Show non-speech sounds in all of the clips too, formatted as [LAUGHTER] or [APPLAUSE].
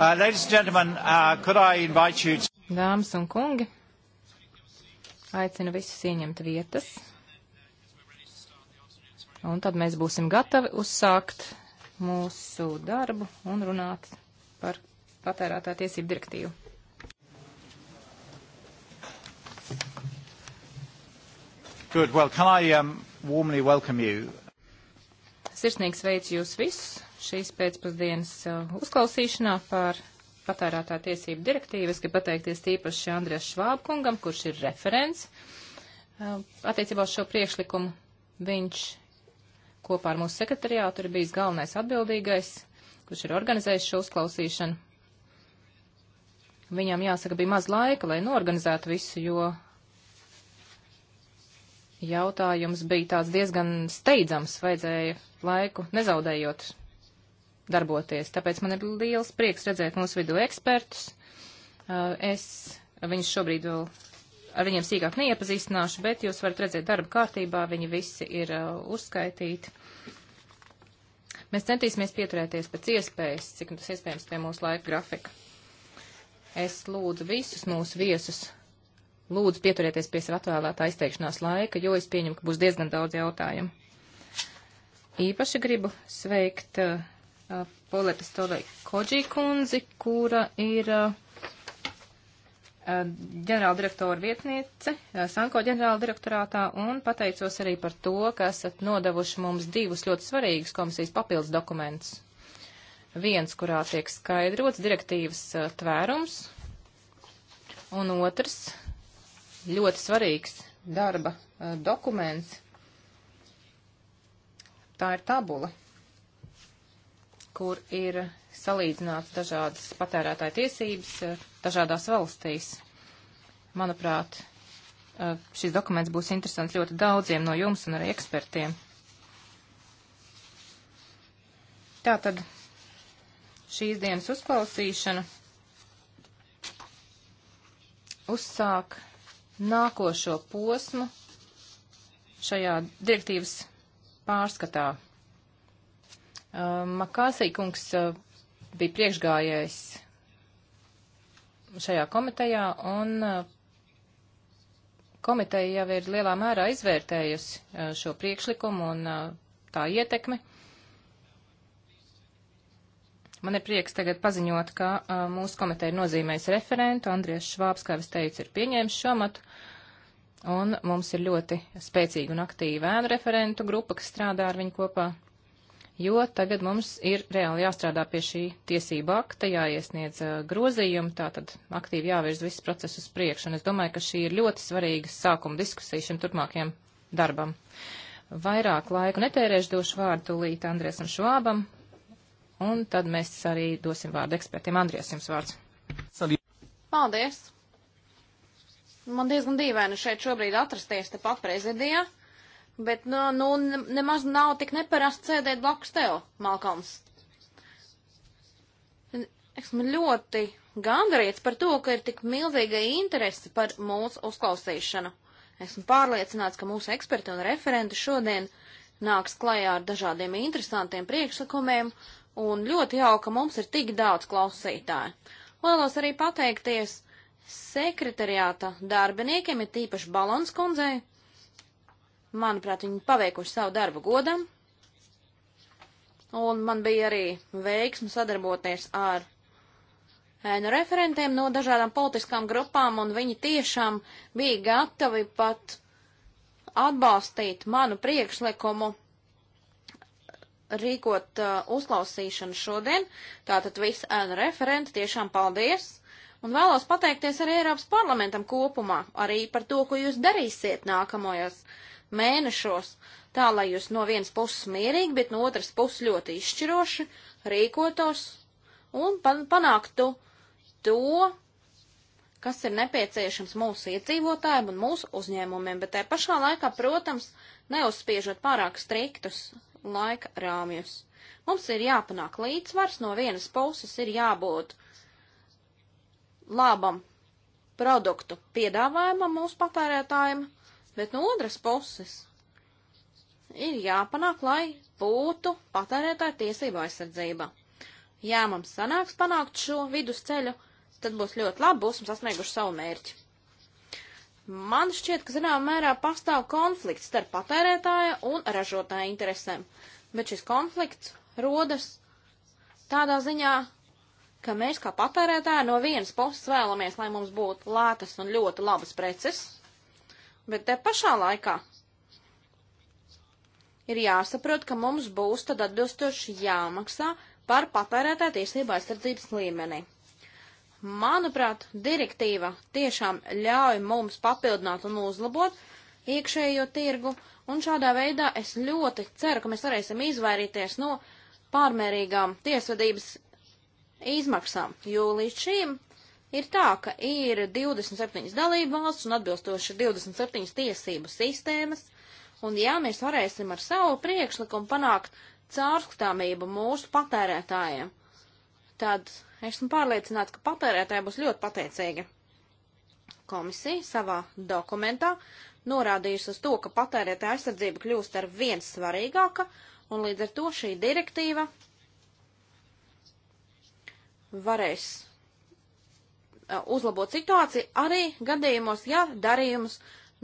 Uh, ladies and gentlemen, uh, could I invite you to... Dāmas un kungi, aicinu visus ieņemt vietas. Un tad mēs būsim gatavi uzsākt mūsu darbu un runāt par patērētā tiesību direktīvu. Good. Well, can I um, warmly welcome you? Sirsnīgi sveicu jūs visus šīs pēcpusdienas uh, uzklausīšanā par patērētā tiesību direktīvu. Es gribu pateikties tīpaši Andrēs Švābkungam, kurš ir referents. Uh, attiecībā uz šo priekšlikumu viņš kopā ar mūsu sekretariātu ir bijis galvenais atbildīgais, kurš ir organizējis šo uzklausīšanu. Viņam jāsaka, bija maz laika, lai norganizētu visu, jo jautājums bija tāds diezgan steidzams, vajadzēja laiku nezaudējot darboties. Tāpēc man ir liels prieks redzēt mūsu vidū ekspertus. Uh, es viņus šobrīd vēl ar viņiem sīkāk neiepazīstināšu, bet jūs varat redzēt darba kārtībā, viņi visi ir uh, uzskaitīti. Mēs centīsimies pieturēties pēc iespējas, cik tas iespējams pie mūsu laika grafika. Es lūdzu visus mūsu viesus, lūdzu pieturēties pie sava atvēlētā izteikšanās laika, jo es pieņemu, ka būs diezgan daudz jautājumu. Īpaši gribu sveikt uh, Uh, Poleta Stolē Koģī kundzi, kura ir uh, uh, ģenerāldirektora vietniece Sanko ģenerāldirektorātā un pateicos arī par to, ka esat nodevuši mums divus ļoti svarīgus komisijas papildus dokumentus. Viens, kurā tiek skaidrots direktīvas tvērums, un otrs ļoti svarīgs darba dokuments. Tā ir tabula, kur ir salīdzināts dažādas patērētāja tiesības eh, dažādās valstīs. Manuprāt, eh, šis dokuments būs interesants ļoti daudziem no jums un arī ekspertiem. Tātad šīs dienas uzklausīšana uzsāk nākošo posmu šajā direktīvas pārskatā. Uh, Makāsī kungs uh, bija priekšgājējs šajā komitejā, un uh, komiteja jau ir lielā mērā izvērtējusi šo priekšlikumu un tā ietekmi. Man ir prieks tagad paziņot, ka mūsu komiteja nozīmēs referentu. Andries Švābs, kā es teicu, ir pieņēmis šo matu. Un mums ir ļoti spēcīga un aktīva ēnu referentu grupa, kas strādā ar viņu kopā jo tagad mums ir reāli jāstrādā pie šī tiesība akta, jāiesniedz uh, grozījumi, tātad aktīvi jāvirz viss process uz priekšu, un es domāju, ka šī ir ļoti svarīga sākuma diskusija šim turpmākajam darbam. Vairāk laiku netērēšu došu vārdu tūlīt Andriesam Švābam, un tad mēs arī dosim vārdu ekspertiem. Andries, jums vārds. Paldies! Man diezgan dīvaini šeit šobrīd atrasties te pat prezidijā. Bet, nu, nu, nemaz nav tik neparasti sēdēt blakus tev, Malkams. Esmu ļoti gandarīts par to, ka ir tik milzīga interese par mūsu uzklausīšanu. Esmu pārliecināts, ka mūsu eksperti un referenti šodien nāks klajā ar dažādiem interesantiem priekšlikumiem, un ļoti jauka, ka mums ir tik daudz klausītāju. Vēlos arī pateikties sekretariāta darbiniekiem, ir tīpaši Balons kundzei, Manuprāt, viņi paveikuši savu darbu godam. Un man bija arī veiksmi sadarboties ar ēnu referentiem no dažādām politiskām grupām, un viņi tiešām bija gatavi pat atbalstīt manu priekšlikumu rīkot uh, uzklausīšanu šodien. Tātad visi ēnu referenti tiešām paldies! Un vēlos pateikties arī Eiropas parlamentam kopumā, arī par to, ko jūs darīsiet nākamajos mēnešos, tā lai jūs no vienas puses mierīgi, bet no otras puses ļoti izšķiroši rīkotos un panāktu to, kas ir nepieciešams mūsu iedzīvotājiem un mūsu uzņēmumiem, bet tajā pašā laikā, protams, neuzspiežot pārāk striktus laika rāmjus. Mums ir jāpanāk līdzsvars, no vienas puses ir jābūt labam produktu piedāvājumam mūsu patērētājiem, Bet no otras puses ir jāpanāk, lai būtu patērētāja tiesība aizsardzība. Ja mums sanāks panākt šo vidusceļu, tad būs ļoti labi, būsim sasnieguši savu mērķi. Man šķiet, ka zināmā mērā pastāv konflikts starp patērētāja un ražotāja interesēm, bet šis konflikts rodas tādā ziņā, ka mēs kā patērētāji no vienas puses vēlamies, lai mums būtu lētas un ļoti labas preces, Bet te pašā laikā ir jāsaprot, ka mums būs tad atbilstoši jāmaksā par patērētāju tiesību aizsardzības līmeni. Manuprāt, direktīva tiešām ļauj mums papildināt un uzlabot iekšējo tirgu, un šādā veidā es ļoti ceru, ka mēs varēsim izvairīties no pārmērīgām tiesvedības izmaksām, jo līdz šim ir tā, ka ir 27 dalība valsts un atbilstoši 27 tiesību sistēmas, un ja mēs varēsim ar savu priekšlikumu panākt caurskatāmību mūsu patērētājiem, tad esmu pārliecināts, ka patērētāji būs ļoti pateicīgi. Komisija savā dokumentā norādījusi uz to, ka patērētāja aizsardzība kļūst ar viens svarīgāka, un līdz ar to šī direktīva varēs Uh, uzlabot situāciju arī gadījumos, ja darījums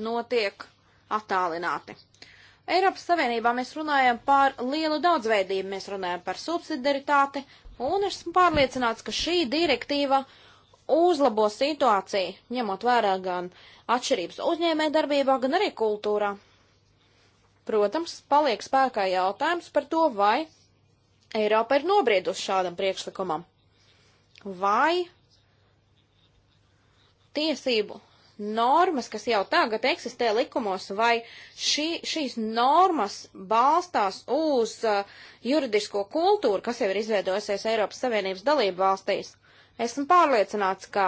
notiek attālināti. Eiropas Savienībā mēs runājam par lielu daudzveidību, mēs runājam par subsidiaritāti, un esmu pārliecināts, ka šī direktīva uzlabo situāciju, ņemot vērā gan atšķirības uzņēmē darbībā, gan arī kultūrā. Protams, paliek spēkā jautājums par to, vai Eiropa ir nobriedusi šādam priekšlikumam. Vai tiesību normas, kas jau tagad eksistē likumos, vai šī, šīs normas balstās uz uh, juridisko kultūru, kas jau ir izveidojusies Eiropas Savienības dalību valstīs. Esmu pārliecināts, ka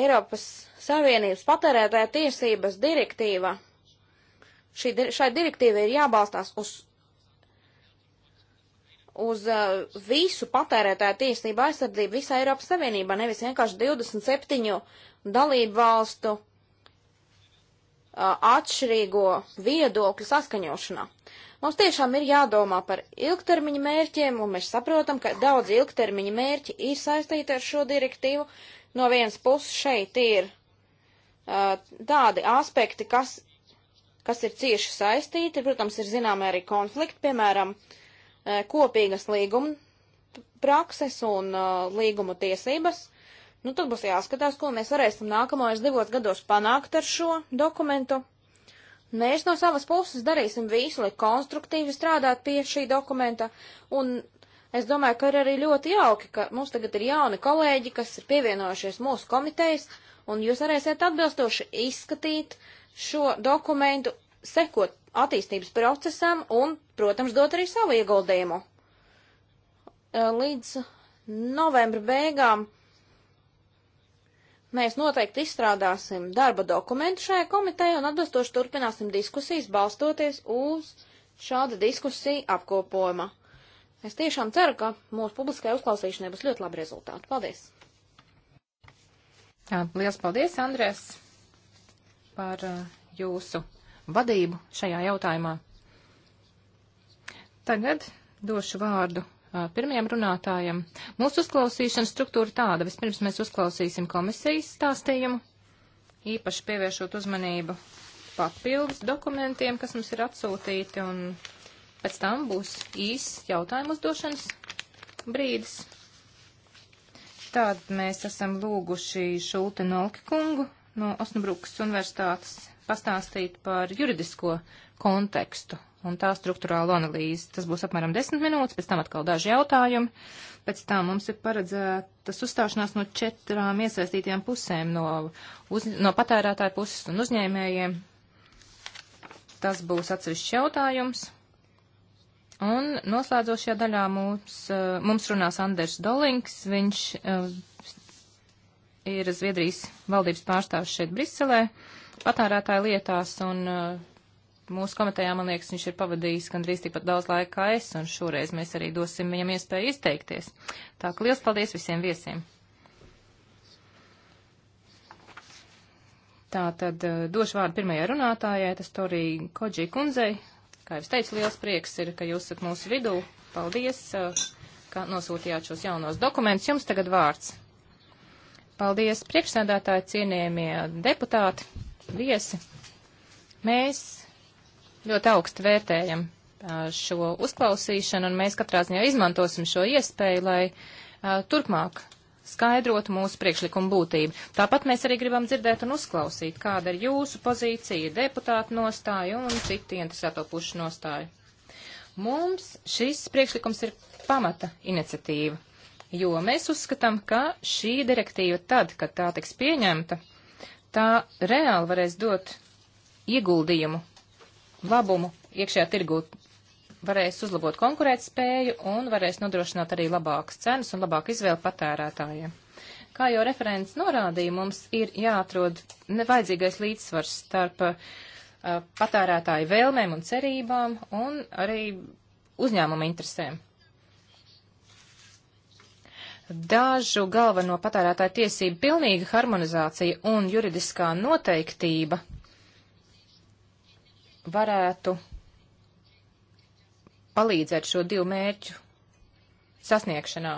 Eiropas Savienības patērētāja tiesības direktīva, šī, šai direktīva ir jābalstās uz uz uh, visu patērētāju tiesību aizsardzību visā Eiropas Savienībā, nevis vienkārši 27 dalību valstu uh, atšķirīgo viedokļu saskaņošanā. Mums tiešām ir jādomā par ilgtermiņa mērķiem, un mēs saprotam, ka daudz ilgtermiņa mērķi ir saistīti ar šo direktīvu. No vienas puses šeit ir uh, tādi aspekti, kas, kas ir cieši saistīti, protams, ir zināmi arī konflikti, piemēram, uh, Eh, kopīgas līguma prakses un uh, līguma tiesības, nu tad būs jāskatās, ko mēs varēsim nākamajos divos gados panākt ar šo dokumentu. Mēs no savas puses darīsim visu, lai konstruktīvi strādātu pie šī dokumenta, un es domāju, ka ir arī ļoti jauki, ka mums tagad ir jauni kolēģi, kas ir pievienojušies mūsu komitejas, un jūs varēsiet atbilstoši izskatīt šo dokumentu, sekot attīstības procesam un, protams, dot arī savu ieguldījumu. Līdz novembra beigām mēs noteikti izstrādāsim darba dokumentu šajā komitejā un atbilstoši turpināsim diskusijas balstoties uz šāda diskusija apkopojuma. Es tiešām ceru, ka mūsu publiskajai uzklausīšanai būs ļoti labi rezultāti. Paldies! Jā, liels paldies, Andrēs, par uh, jūsu vadību šajā jautājumā. Tagad došu vārdu pirmajam runātājam. Mūsu uzklausīšanas struktūra tāda. Vispirms mēs uzklausīsim komisijas stāstījumu, īpaši pievēršot uzmanību papildus dokumentiem, kas mums ir atsūtīti, un pēc tam būs īsts jautājumu uzdošanas brīdis. Tad mēs esam lūguši Šulte Nolki kungu no Osnabrukas universitātes pastāstīt par juridisko kontekstu un tā struktūrālo analīzi. Tas būs apmēram 10 minūtes, pēc tam atkal daži jautājumi. Pēc tam mums ir paredzētas uzstāšanās no četrām iesaistītajām pusēm, no, uz, no patērētāju puses un uzņēmējiem. Tas būs atsevišķs jautājums. Un noslēdzošajā daļā mums, eh, mums runās Anders Dolings. Viņš eh, ir Zviedrijas valdības pārstāvs šeit Briselē. Uh, patērētāju lietās, un uh, mūsu komitejā, man liekas, viņš ir pavadījis gandrīz tikpat daudz laika kā es, un šoreiz mēs arī dosim viņam iespēju izteikties. Tā ka liels paldies visiem viesiem! Tā tad uh, došu vārdu pirmajai runātājai, tas to arī Kodžī kundzei. Kā jau es teicu, liels prieks ir, ka jūs esat mūsu vidū. Paldies, uh, ka nosūtījāt šos jaunos dokumentus. Jums tagad vārds. Paldies, priekšsēdētāji, cienījamie deputāti viesi. Mēs ļoti augstu vērtējam šo uzklausīšanu, un mēs katrā ziņā izmantosim šo iespēju, lai uh, turpmāk skaidrotu mūsu priekšlikumu būtību. Tāpat mēs arī gribam dzirdēt un uzklausīt, kāda ir jūsu pozīcija, deputāta nostāja un citu interesēto pušu nostāja. Mums šis priekšlikums ir pamata iniciatīva, jo mēs uzskatām, ka šī direktīva tad, kad tā tiks pieņemta, tā reāli varēs dot ieguldījumu, labumu iekšējā tirgū, varēs uzlabot konkurētspēju un varēs nodrošināt arī labākas cenas un labāku izvēlu patērētājiem. Kā jau referents norādīja, mums ir jāatrod nevajadzīgais līdzsvars starp uh, patērētāju vēlmēm un cerībām un arī uzņēmuma interesēm. Dažu galveno patērētāju tiesību pilnīga harmonizācija un juridiskā noteiktība varētu palīdzēt šo divu mērķu sasniegšanā.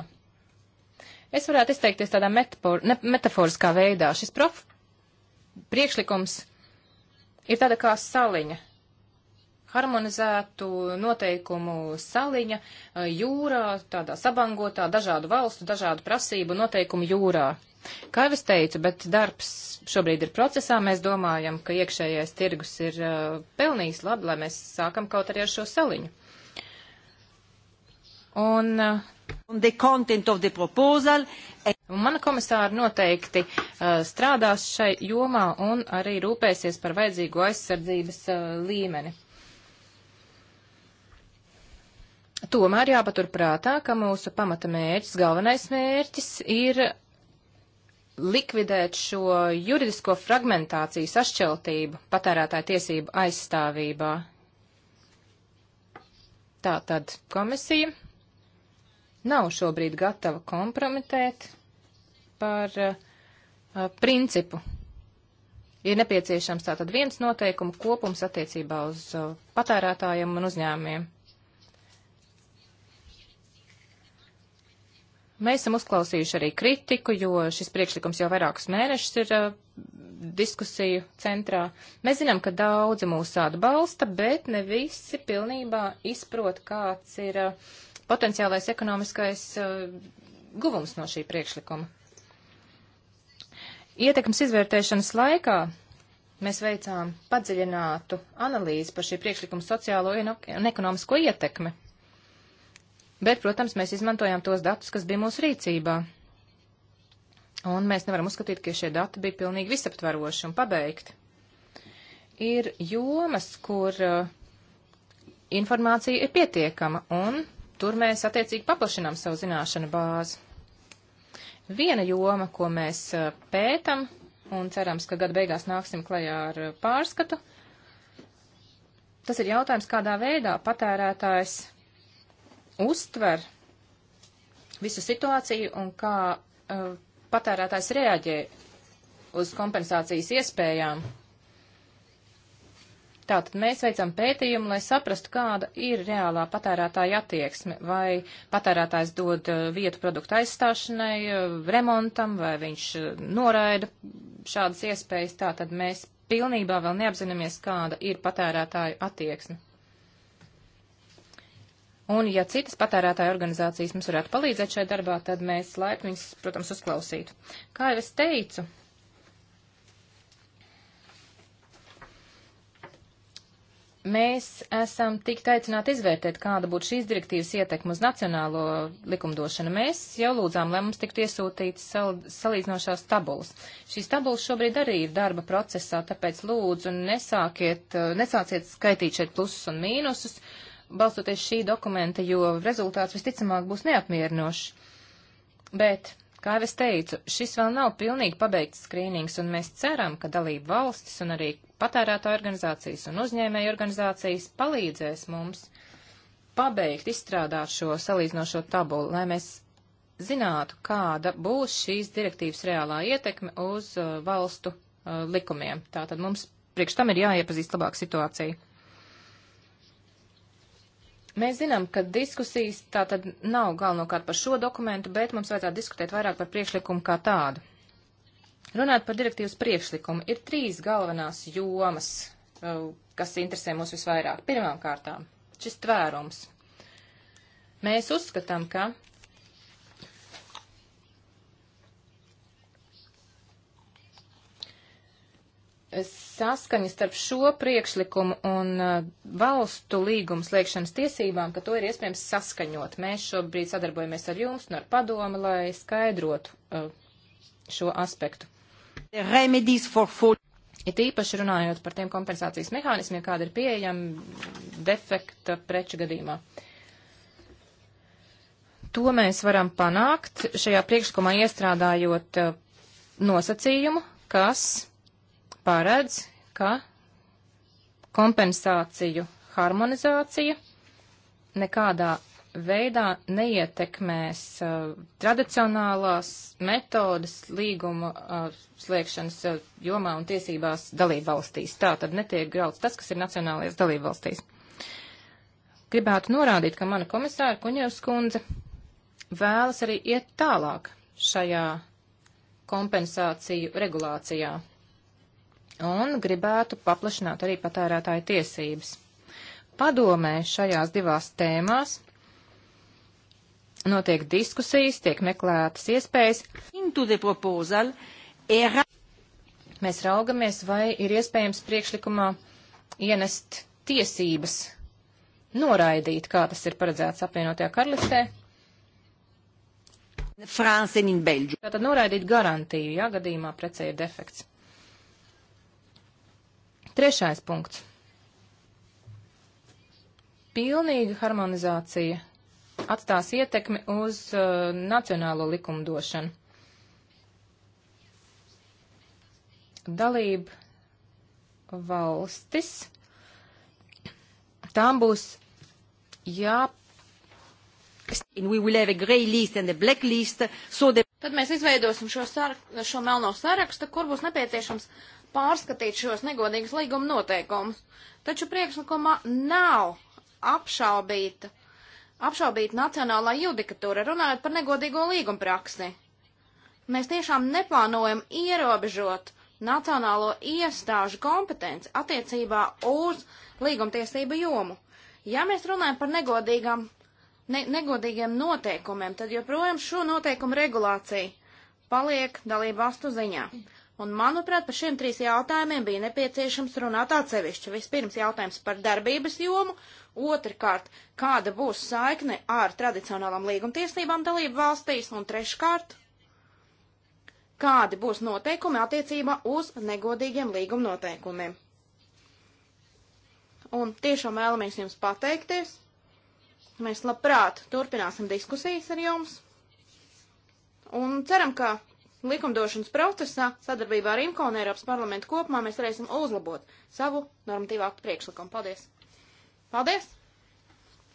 Es varētu izteikties tādā metafor, ne, metaforiskā veidā. Šis prof priekšlikums ir tāda kā saliņa, harmonizētu noteikumu saliņa eh, jūrā, tādā sabangotā, dažādu valstu, dažādu prasību noteikumu jūrā. Kā jau es teicu, bet darbs šobrīd ir procesā, mēs domājam, ka iekšējais tirgus ir uh, pelnījis labi, lai mēs sākam kaut arī ar šo saliņu. Un, uh, Un mana komisāra noteikti uh, strādās šai jomā un arī rūpēsies par vajadzīgo aizsardzības uh, līmeni. Tomēr jāpatur prātā, ka mūsu pamata mērķis, galvenais mērķis ir likvidēt šo juridisko fragmentāciju, sašķeltību patērētāju tiesību aizstāvībā. Tā tad komisija nav šobrīd gatava kompromitēt par uh, principu. Ir nepieciešams tātad viens noteikumu kopums attiecībā uz uh, patērētājiem un uzņēmumiem. Mēs esam uzklausījuši arī kritiku, jo šis priekšlikums jau vairākus mēnešus ir uh, diskusiju centrā. Mēs zinām, ka daudzi mūs atbalsta, bet ne visi pilnībā izprot, kāds ir uh, potenciālais ekonomiskais uh, guvums no šī priekšlikuma. Ietekmes izvērtēšanas laikā mēs veicām padziļinātu analīzi par šī priekšlikuma sociālo un ekonomisko ietekmi. Bet, protams, mēs izmantojām tos datus, kas bija mūsu rīcībā. Un mēs nevaram uzskatīt, ka šie dati bija pilnīgi visaptvaroši un pabeigti. Ir jomas, kur uh, informācija ir pietiekama, un tur mēs attiecīgi paplašinām savu zināšanu bāzi. Viena joma, ko mēs uh, pētam, un cerams, ka gada beigās nāksim klajā ar uh, pārskatu, tas ir jautājums, kādā veidā patērētājs uztver visu situāciju un kā uh, patērētājs reaģē uz kompensācijas iespējām. Tātad mēs veicam pētījumu, lai saprastu, kāda ir reālā patērētāja attieksme, vai patērētājs dod e, vietu produktu aizstāšanai, e, remontam, vai viņš noraida šādas iespējas. Tātad mēs pilnībā vēl neapzināmies, kāda ir patērētāja attieksme. Un, ja citas patērētāja organizācijas mums varētu palīdzēt šajā darbā, tad mēs laipni viņus, protams, uzklausītu. Kā jau es teicu, mēs esam tik aicināti izvērtēt, kāda būtu šīs direktīvas ietekme uz nacionālo likumdošanu. Mēs jau lūdzām, lai mums tiktu iesūtītas sal salīdzinošās tabulas. Šīs tabulas šobrīd arī ir darba procesā, tāpēc lūdzu nesākiet, nesāciet skaitīt šeit plusus un mīnusus. Uh, balstoties šī dokumenta, jo rezultāts visticamāk būs neapmierinošs. Bet, kā jau es teicu, šis vēl nav pilnīgi pabeigts skrīnings, un mēs ceram, ka dalība valstis un arī patērētāju organizācijas un uzņēmēju organizācijas palīdzēs mums pabeigt izstrādāt šo salīdzinošo tabulu, lai mēs zinātu, kāda būs šīs direktīvas reālā ietekme uz uh, valstu uh, likumiem. Tātad mums priekš tam ir jāiepazīst labāk situācija. Mēs zinām, ka diskusijas tā tad nav galvenokārt par šo dokumentu, bet mums vajadzētu diskutēt vairāk par priekšlikumu kā tādu. Runāt par direktīvas priekšlikumu ir trīs galvenās jomas, uh, kas interesē mūs visvairāk. Pirmām kārtām, šis tvērums. Mēs uzskatām, ka saskaņa starp šo priekšlikumu un uh, valstu līgumu slēgšanas tiesībām, ka to ir iespējams saskaņot. Mēs šobrīd sadarbojamies ar jums un ar padomu, lai skaidrotu uh, šo aspektu. Ir īpaši runājot par tiem kompensācijas mehānismiem, kāda ir pieejama defekta preču gadījumā. To mēs varam panākt šajā priekšlikumā iestrādājot uh, nosacījumu, kas paredz, ka kompensāciju harmonizācija nekādā veidā neietekmēs uh, tradicionālās metodas līguma uh, slēgšanas uh, jomā un tiesībās dalībvalstīs. Tā tad netiek grauts tas, kas ir nacionālajās dalībvalstīs. Gribētu norādīt, ka mana komisāra Kuņevs kundze vēlas arī iet tālāk šajā kompensāciju regulācijā un gribētu paplašināt arī patērētāju tiesības. Padomē šajās divās tēmās notiek diskusijas, tiek meklētas iespējas. Mēs raugamies, vai ir iespējams priekšlikumā ienest tiesības noraidīt, kā tas ir paredzēts apvienotajā karalistē. Tātad noraidīt garantiju, ja gadījumā precē ir defekts. Trešais punkts. Pilnīga harmonizācija atstās ietekmi uz uh, nacionālo likumdošanu. Dalība valstis. Tām būs jā. List, so that... Tad mēs izveidosim šo, sar... šo melno sarakstu, kur būs nepieciešams pārskatīt šos negodīgus līguma noteikumus. Taču priekšlikumā nav apšaubīta, apšaubīta nacionālā judikatūra runājot par negodīgo līguma praksi. Mēs tiešām neplānojam ierobežot nacionālo iestāžu kompetenci attiecībā uz līgumtiesību jomu. Ja mēs runājam par negodīgām, ne, negodīgiem noteikumiem, tad joprojām šo noteikumu regulācija paliek dalību valstu ziņā. Un, manuprāt, par šiem trīs jautājumiem bija nepieciešams runāt atsevišķi. Vispirms jautājums par darbības jomu, otrkārt, kāda būs saikne ar tradicionālām līgumtiesībām dalību valstīs, un treškārt, kādi būs noteikumi attiecībā uz negodīgiem līguma noteikumiem. Un tiešām vēlamies jums pateikties. Mēs labprāt turpināsim diskusijas ar jums. Un ceram, ka likumdošanas procesā, sadarbībā ar IMCO un Eiropas parlamentu kopumā, mēs varēsim uzlabot savu normatīvā aktu priekšlikumu. Paldies! Paldies!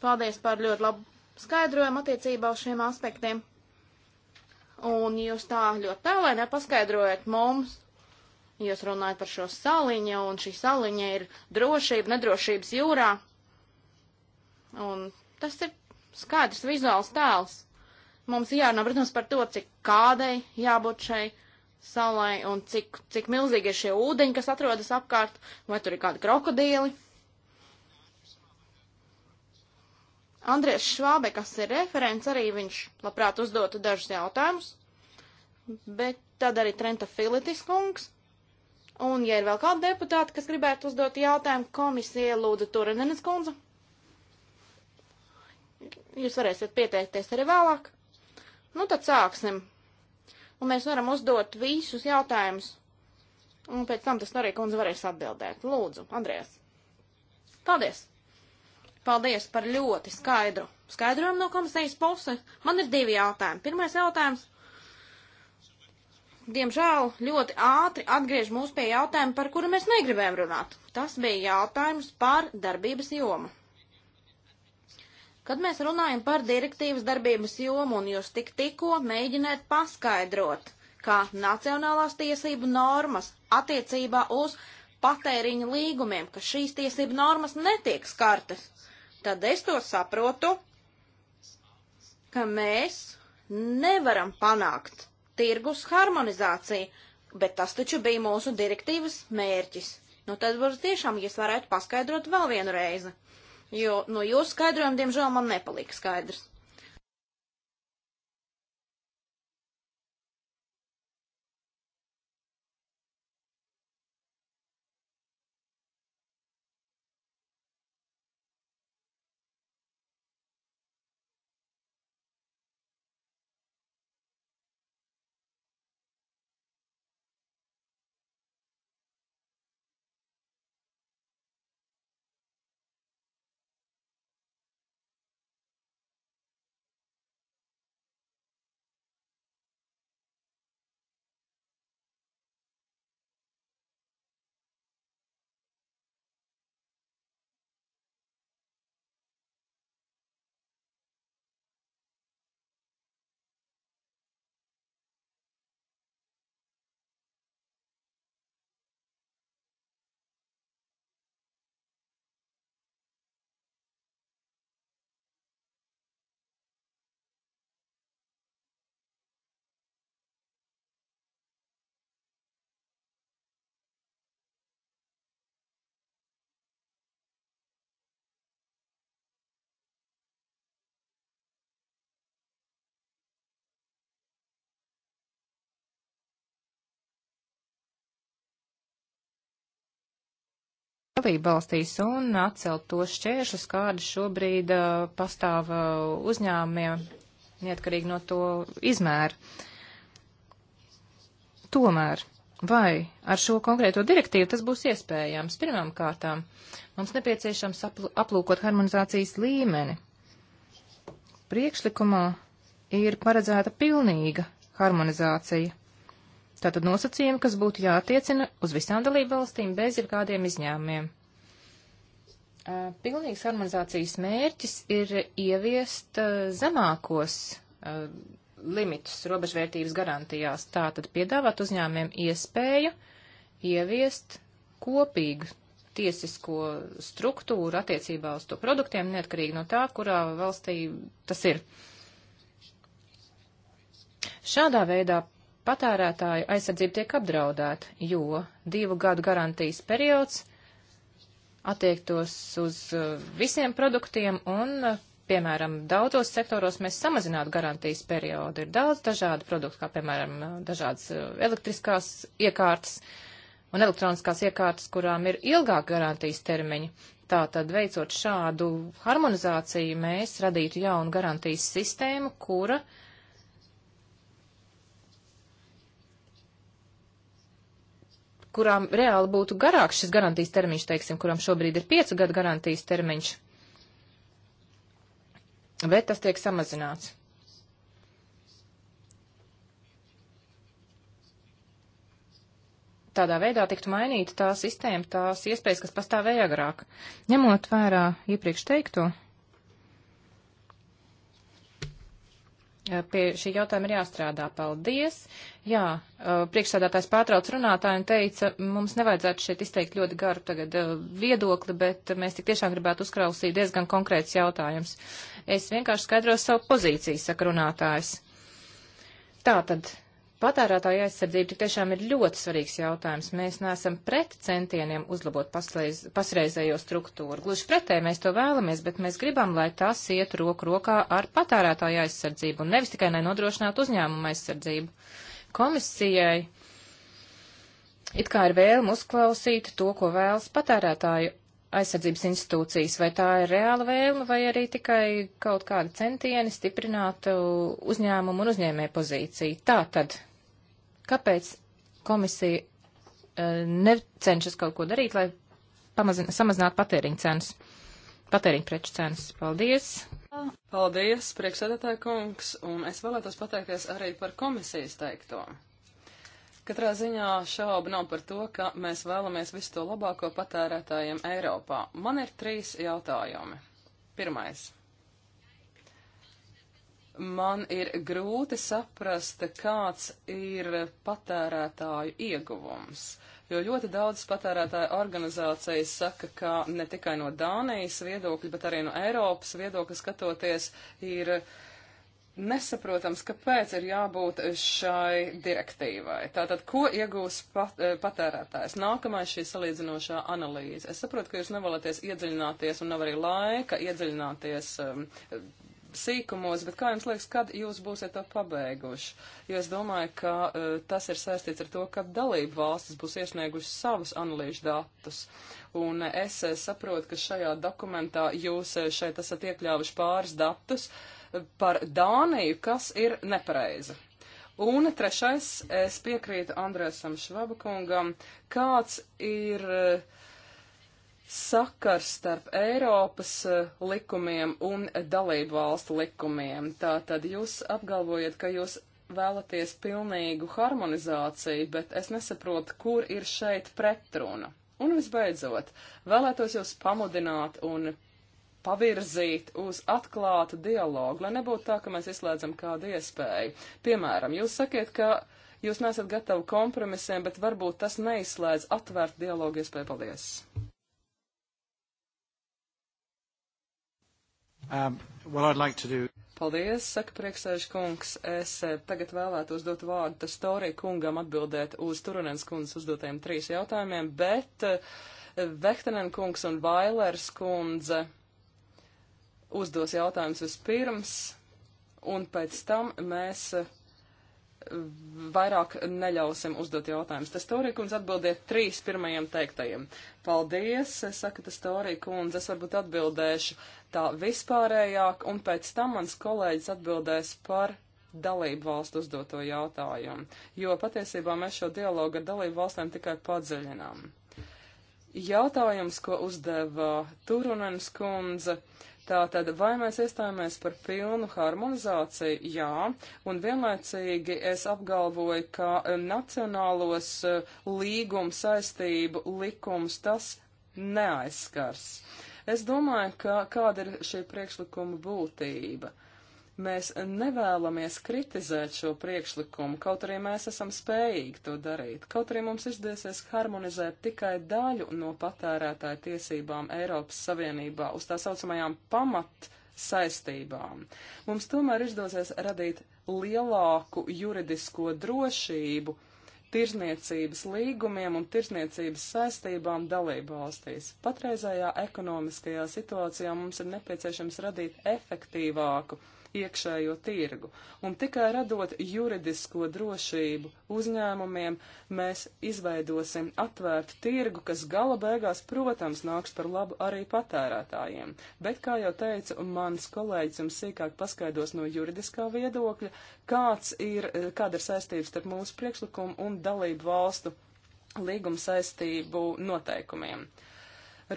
Paldies par ļoti labu skaidrojumu attiecībā uz šiem aspektiem. Un jūs tā ļoti tālēnē paskaidrojat mums, jūs runājat par šo saliņu, un šī saliņa ir drošība, nedrošības jūrā. Un tas ir skaidrs vizuāls tēls. Mums jārunā, protams, par to, cik kādai jābūt šai salai un cik, cik milzīgi ir šie ūdeņi, kas atrodas apkārt, vai tur ir kādi krokodīli. Andrēs Švābe, kas ir referents, arī viņš labprāt uzdotu dažus jautājumus, bet tad arī Trenta Filitis kungs. Un, ja ir vēl kāda deputāta, kas gribētu uzdot jautājumu, komisija lūdzu Turenenes kundze. Jūs varēsiet pieteikties arī vēlāk. Nu, tad sāksim. Un mēs varam uzdot visus jautājumus. Un pēc tam tas arī kundze varēs atbildēt. Lūdzu, Andrēs. Paldies! Paldies par ļoti skaidru skaidrojumu no komisijas puses. Man ir divi jautājumi. Pirmais jautājums. Diemžēl ļoti ātri atgriež mūs pie jautājuma, par kuru mēs negribējām runāt. Tas bija jautājums par darbības jomu. Kad mēs runājam par direktīvas darbības jomu, un jūs tik tikko mēģināt paskaidrot, kā nacionālās tiesību normas attiecībā uz patēriņa līgumiem, ka šīs tiesību normas netiek skartas, tad es to saprotu, ka mēs nevaram panākt tirgus harmonizāciju, bet tas taču bija mūsu direktīvas mērķis. Nu tad varbūt tiešām jūs varētu paskaidrot vēl vienu reizi jo no jūsu skaidrojuma, diemžēl, man nepalika skaidrs. dalību valstīs un atcelt tos šķēršus, kādi šobrīd uh, pastāv uh, uzņēmumiem, neatkarīgi no to izmēra. Tomēr, vai ar šo konkrēto direktīvu tas būs iespējams? Pirmām kārtām, mums nepieciešams aplūkot harmonizācijas līmeni. Priekšlikumā ir paredzēta pilnīga harmonizācija Tātad nosacījumi, kas būtu jātiecina uz visām dalībvalstīm bez jebkādiem izņēmumiem. Pilnīgas harmonizācijas mērķis ir ieviest zemākos limitus robežvērtības garantijās, tātad piedāvāt uzņēmiem iespēju ieviest kopīgu tiesisko struktūru attiecībā uz to produktiem, neatkarīgi no tā, kurā valstī tas ir. Šādā veidā patērētāju aizsardzība tiek apdraudēta, jo divu gadu garantijas periods attiektos uz uh, visiem produktiem un, uh, piemēram, daudzos sektoros mēs samazinātu garantijas periodu. Ir daudz dažādu produktu, kā, piemēram, uh, dažādas elektriskās iekārtas un elektroniskās iekārtas, kurām ir ilgāk garantijas termiņi. Tātad, veicot šādu harmonizāciju, mēs radītu jaunu garantijas sistēmu, kura uh, kurām reāli būtu garāks šis garantijas termiņš, teiksim, kuram šobrīd ir piecu gadu garantijas termiņš, bet tas tiek samazināts. tādā veidā tiktu mainīta tā sistēma, tās iespējas, kas pastāvēja agrāk. Ņemot vērā iepriekš teikto, Pie šī jautājuma ir jāstrādā. Paldies! Jā, priekšsādātājs pārtrauc runātāju un teica, mums nevajadzētu šeit izteikt ļoti garu tagad viedokli, bet mēs tik tiešām gribētu uzkrausīt diezgan konkrēts jautājums. Es vienkārši skaidroju savu pozīciju, saka runātājs. Tātad Patērētāja aizsardzība tik tiešām ir ļoti svarīgs jautājums. Mēs neesam pret centieniem uzlabot paslēz, pasreizējo struktūru. Gluži pretēji mēs to vēlamies, bet mēs gribam, lai tas iet roku rokā ar patērētāja aizsardzību un nevis tikai nodrošinātu uzņēmumu aizsardzību. Komisijai it kā ir vēlme uzklausīt to, ko vēlas patērētāju aizsardzības institūcijas, vai tā ir reāla vēlme, vai arī tikai kaut kāda centieni stiprināt uh, uzņēmumu un uzņēmē pozīciju. Tā tad, kāpēc komisija uh, necenšas kaut ko darīt, lai pamazin, samazinātu patēriņu cenas, patēriņu preču cenas? Paldies! Paldies, priekšsēdētāja kungs, un es vēlētos pateikties arī par komisijas teikto. Katrā ziņā šaubu nav par to, ka mēs vēlamies visu to labāko patērētājiem Eiropā. Man ir trīs jautājumi. Pirmais. Man ir grūti saprast, kāds ir patērētāju ieguvums, jo ļoti daudz patērētāju organizācijas saka, ka ne tikai no Dānijas viedokļa, bet arī no Eiropas viedokļa skatoties ir uh, nesaprotams, kāpēc ir jābūt šai direktīvai. Tātad, ko iegūs pat, eh, patērētājs? Nākamais šī salīdzinošā analīze. Es saprotu, ka jūs nevēlaties iedziļināties un nav arī laika iedziļināties um, sīkumos, bet kā jums liekas, kad jūs būsiet to pabeiguši? Jo es domāju, ka uh, tas ir saistīts ar to, ka dalību valstis būs iesnieguši savus analīžu datus. Un eh, es saprotu, ka šajā dokumentā jūs šeit esat iekļāvuši pāris datus. Uh, par Dāniju, kas ir nepareiza. Un trešais, es piekrītu Andrēsam Švabakungam, kāds ir eh, sakars starp Eiropas eh, likumiem un dalību valstu likumiem. Tātad jūs apgalvojat, ka jūs vēlaties pilnīgu harmonizāciju, bet es nesaprotu, kur ir šeit pretruna. Un visbeidzot, vēlētos jūs pamudināt un pavirzīt uz atklātu dialogu, lai nebūtu tā, ka mēs izslēdzam kādu iespēju. Piemēram, jūs sakiet, ka jūs nesat gatavi kompromisiem, bet varbūt tas neizslēdz atvērt dialogu iespēju. Paldies! Um, like do... Paldies, saka priekšsēžu kungs. Es eh, tagad vēlētos dot vārdu Tastorī kungam atbildēt uz Turunens kundas uzdotajiem trīs jautājumiem, bet eh, Vehtenen kungs un Vailers kundze uzdos jautājumus vispirms, un pēc tam mēs eh, vairāk neļausim uzdot jautājumus. Tas Torija kundze atbildiet trīs pirmajiem teiktajiem. Paldies, eh, saka tas Torija kundze, es varbūt atbildēšu tā vispārējāk, un pēc tam mans kolēģis atbildēs par dalību valstu uzdoto jautājumu, jo patiesībā mēs šo dialogu ar dalību valstēm tikai padziļinām. Jautājums, ko uzdeva Turunens kundze, uh, Tātad, vai mēs iestājāmies par pilnu harmonizāciju? Jā, un vienlaicīgi es apgalvoju, ka e, nacionālos e, līguma saistību likums tas neaizskars. Es domāju, ka kāda ir šī priekšlikuma būtība. Uh, Mēs nevēlamies kritizēt šo priekšlikumu, kaut arī mēs esam spējīgi to darīt. Kaut arī mums izdiesies harmonizēt tikai daļu no patērētāja tiesībām Eiropas Savienībā uz tā saucamajām pamat saistībām. Mums tomēr izdosies radīt lielāku juridisko drošību tirzniecības līgumiem un tirzniecības saistībām dalību valstīs. Patreizējā ekonomiskajā situācijā mums ir nepieciešams radīt efektīvāku iekšējo tirgu. Un tikai radot juridisko drošību uzņēmumiem, mēs izveidosim atvērtu tirgu, kas gala beigās, protams, nāks par labu arī patērētājiem. Bet, kā jau teicu, mans kolēģis jums sīkāk paskaidros no juridiskā viedokļa, kāds ir, kāda ir saistības starp mūsu priekšlikumu un dalību valstu līguma saistību noteikumiem.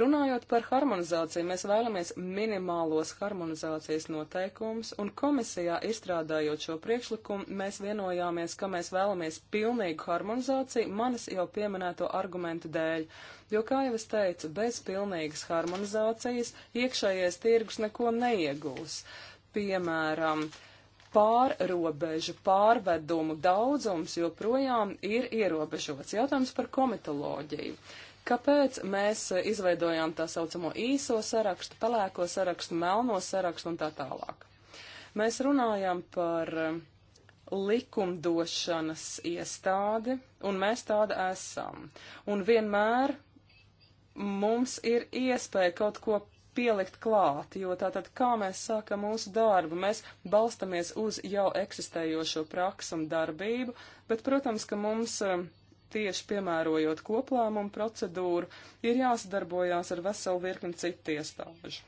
Runājot par harmonizāciju, mēs vēlamies minimālos harmonizācijas noteikumus, un komisijā izstrādājot šo priekšlikumu, mēs vienojāmies, ka mēs vēlamies pilnīgu harmonizāciju manis jau pieminēto argumentu dēļ, jo, kā jau es teicu, bez pilnīgas harmonizācijas iekšējais tirgus neko neiegūs. Piemēram, pārrobežu pārvedumu daudzums joprojām ir ierobežots. Jautājums par komitoloģiju. Kāpēc mēs izveidojām tā saucamo īso sarakstu, pelēko sarakstu, melno sarakstu un tā tālāk? Mēs runājam par eh, likumdošanas iestādi, un mēs tāda esam. Un vienmēr mums ir iespēja kaut ko pielikt klāt, jo tātad kā mēs sākam mūsu darbu, mēs balstamies uz jau eksistējošo praksu un darbību, bet, protams, ka mums uh, tieši piemērojot koplēmumu procedūru, ir jāsadarbojās ar veselu virkni citu iestāžu.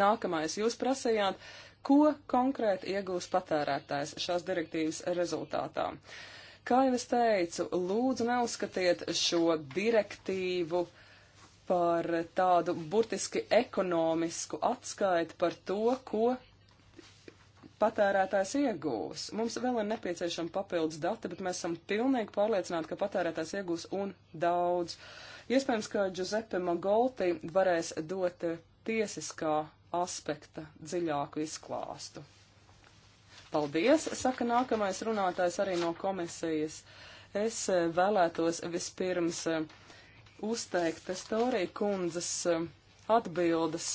Nākamais jūs prasījāt, ko konkrēti iegūs patērētājs šās direktīvas rezultātā. Kā jau es teicu, lūdzu neuzskatiet šo direktīvu par tādu burtiski ekonomisku atskaiti par to, ko patērētājs iegūs. Mums vēl ir nepieciešama papildus dati, bet mēs esam pilnīgi pārliecināti, ka patērētājs iegūs un daudz. Iespējams, ka Giuseppe Magolti varēs dot tiesiskā aspekta dziļāku izklāstu. Paldies, saka nākamais runātājs arī no komisijas. Es eh, vēlētos vispirms eh, uzteikt Testorija kundzes eh, atbildes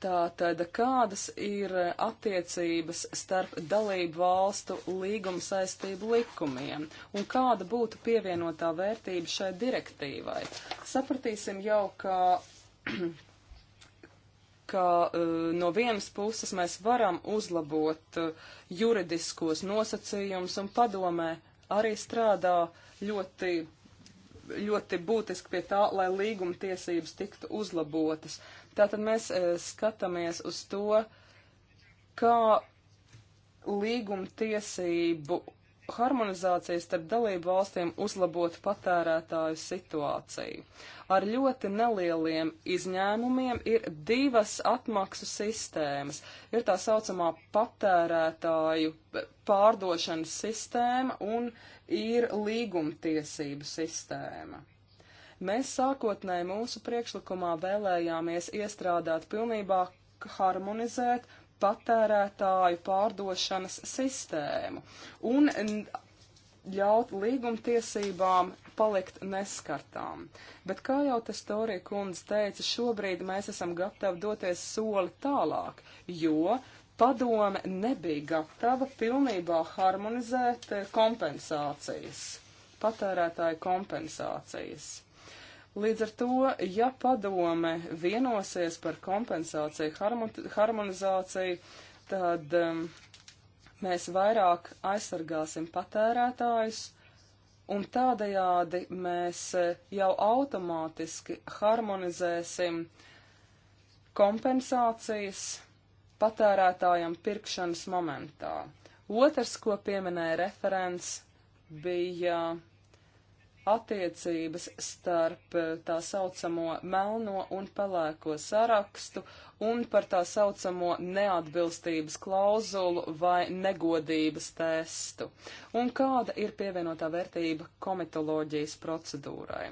Tātad, kādas ir attiecības starp dalību valstu līguma saistību likumiem un kāda būtu pievienotā vērtība šai direktīvai? Sapratīsim jau, ka [CLEARS THROAT] ka uh, no vienas puses mēs varam uzlabot uh, juridiskos nosacījumus un padomē arī strādā ļoti, ļoti būtiski pie tā, lai līguma tiesības tiktu uzlabotas. Tātad mēs e, skatāmies uz to, kā līgumtiesību harmonizācijas starp dalību valstīm uzlabot patērētāju situāciju. Ar ļoti nelieliem izņēmumiem ir divas atmaksu sistēmas. Ir tā saucamā patērētāju pārdošanas sistēma un ir līgumtiesību sistēma. Mēs sākotnēji mūsu priekšlikumā vēlējāmies iestrādāt pilnībā harmonizēt patērētāju pārdošanas sistēmu un ļaut līgumtiesībām palikt neskartām. Bet, kā jau tas Torija kundze teica, šobrīd mēs esam gatavi doties soli tālāk, jo padome nebija gatava pilnībā harmonizēt eh, kompensācijas, patērētāju kompensācijas. Līdz ar to, ja padome vienosies par kompensāciju, harmonizāciju, tad um, mēs vairāk aizsargāsim patērētājus, un tādējādi mēs eh, jau automātiski harmonizēsim kompensācijas patērētājam pirkšanas momentā. Otrs, ko pieminēja referents, bija uh, attiecības starp eh, tā saucamo melno un pelēko sarakstu un par tā saucamo neatbilstības klauzulu vai negodības testu, un kāda ir pievienotā vērtība komitoloģijas procedūrai.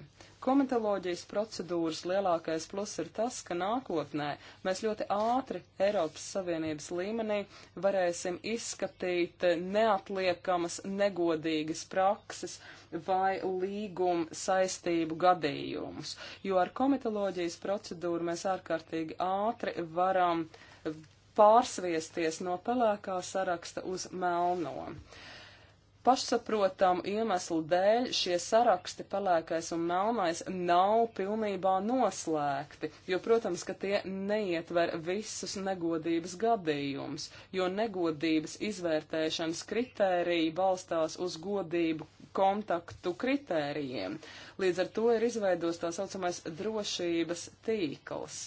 Komitoloģijas procedūras lielākais pluss ir tas, ka nākotnē mēs ļoti ātri Eiropas Savienības līmenī varēsim izskatīt neatliekamas negodīgas prakses vai līguma saistību gadījumus, jo ar komitoloģijas procedūru mēs ārkārtīgi ātri varam pārsviesties no pelēkā saraksta uz melno. Uh, pašsaprotamu iemeslu dēļ šie saraksti pelēkais un melnais nav pilnībā noslēgti, jo, protams, ka tie neietver visus negodības gadījumus, jo negodības izvērtēšanas kritērija balstās uz godību kontaktu kritērijiem. Līdz ar to ir izveidos tā saucamais drošības tīkls.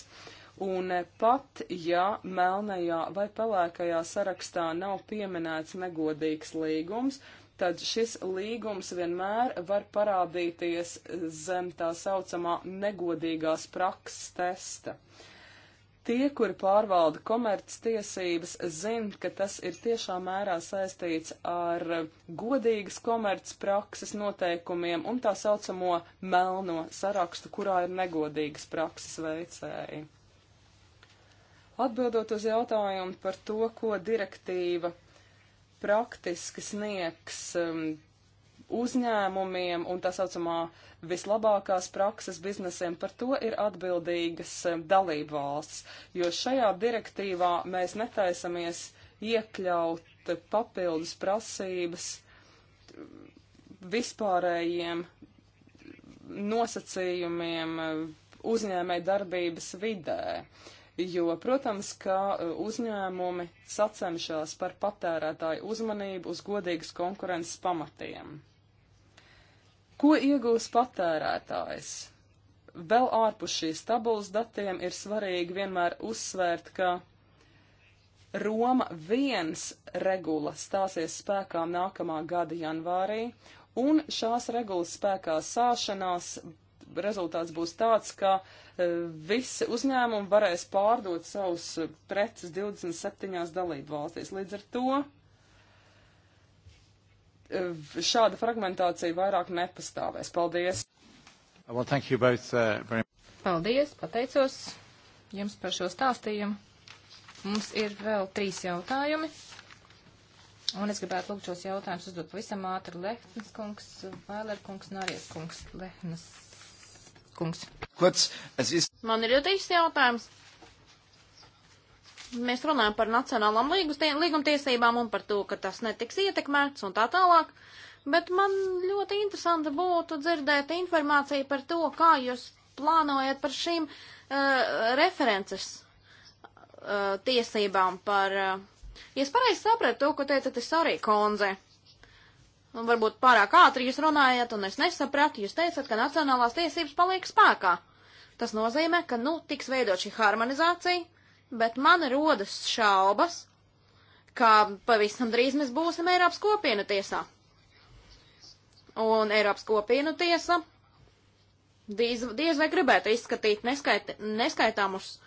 Un pat, ja melnajā vai pelēkajā sarakstā nav pieminēts negodīgs līgums, tad šis līgums vienmēr var parādīties zem tā saucamā negodīgās prakses testa. Tie, kuri pārvalda komerces tiesības, zina, ka tas ir tiešā mērā saistīts ar godīgas komerces prakses noteikumiem un tā saucamo melno sarakstu, kurā ir negodīgas prakses veicēji. Atbildot uz jautājumu par to, ko direktīva praktiski sniegs um, uzņēmumiem un tā saucamā vislabākās prakses biznesiem, par to ir atbildīgas um, dalību valsts, jo šajā direktīvā mēs netaisamies iekļaut papildus prasības um, vispārējiem nosacījumiem um, uzņēmē darbības vidē. Uh, jo, protams, ka e, uzņēmumi sacenšas par patērētāju uzmanību uz godīgas konkurences pamatiem. Ko iegūs patērētājs? Vēl ārpus šīs tabulas datiem ir svarīgi vienmēr uzsvērt, ka Roma viens regula stāsies spēkā nākamā gada janvārī, un šās regulas spēkā sāšanās rezultāts būs tāds, ka e, visi uzņēmumi varēs pārdot savus e, preces 27 dalību valstīs. Līdz ar to e, šāda fragmentācija vairāk nepastāvēs. Paldies! Well, thank you both, uh, very... Paldies, pateicos jums par šo stāstījumu. Mums ir vēl trīs jautājumi. Un es gribētu lūgt šos jautājumus uzdot pavisam ātri Lehnas kungs, Vailēr kungs un Arijas kungs Lehnas kungs. Man ir ļoti īsts jautājums. Mēs runājam par nacionālām līgumtiesībām un par to, ka tas netiks ietekmēts un tā tālāk, bet man ļoti interesanti būtu dzirdēt informāciju par to, kā jūs plānojat par šīm uh, references uh, tiesībām par. Uh, ja es pareizi sapratu to, ko teicat, es arī konze. Uh, Un varbūt pārāk ātri jūs runājat, un es nesapratu, jūs teicat, ka nacionālās tiesības paliek spēkā. Tas nozīmē, ka, nu, tiks veidot šī harmonizācija, bet man rodas šaubas, ka pavisam drīz mēs būsim Eiropas kopienu tiesā. Un Eiropas kopienu tiesa diez, diez vai gribētu izskatīt neskait, neskaitāmus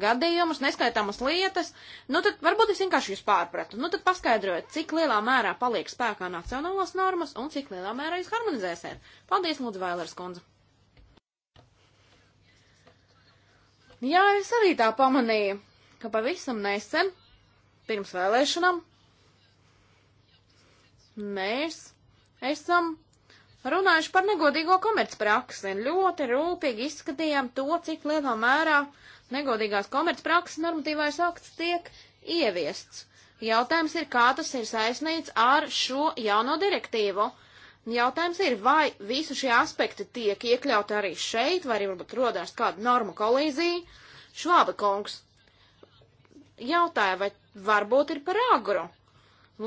gadījumus, neskaitāmas lietas, nu tad varbūt es vienkārši jūs pārpratu. Nu tad paskaidrojiet, cik lielā mērā paliek spēkā nacionālās normas un cik lielā mērā jūs harmonizēsiet. Paldies, Lūdzu, Vailers kundze. Jā, es arī tā pamanīju, ka pavisam nesen, pirms vēlēšanām, mēs esam runājuši par negodīgo komercpraksi un ļoti rūpīgi izskatījām to, cik lielā mērā uh, negodīgās komercprakses normatīvais akts tiek ieviests. Jautājums ir, kā tas ir saistīts ar šo jauno direktīvu. Jautājums ir, vai visi šie aspekti tiek iekļauti arī šeit, vai arī varbūt rodās kāda norma kolīzija. Švāba kungs jautāja, vai varbūt ir par agru,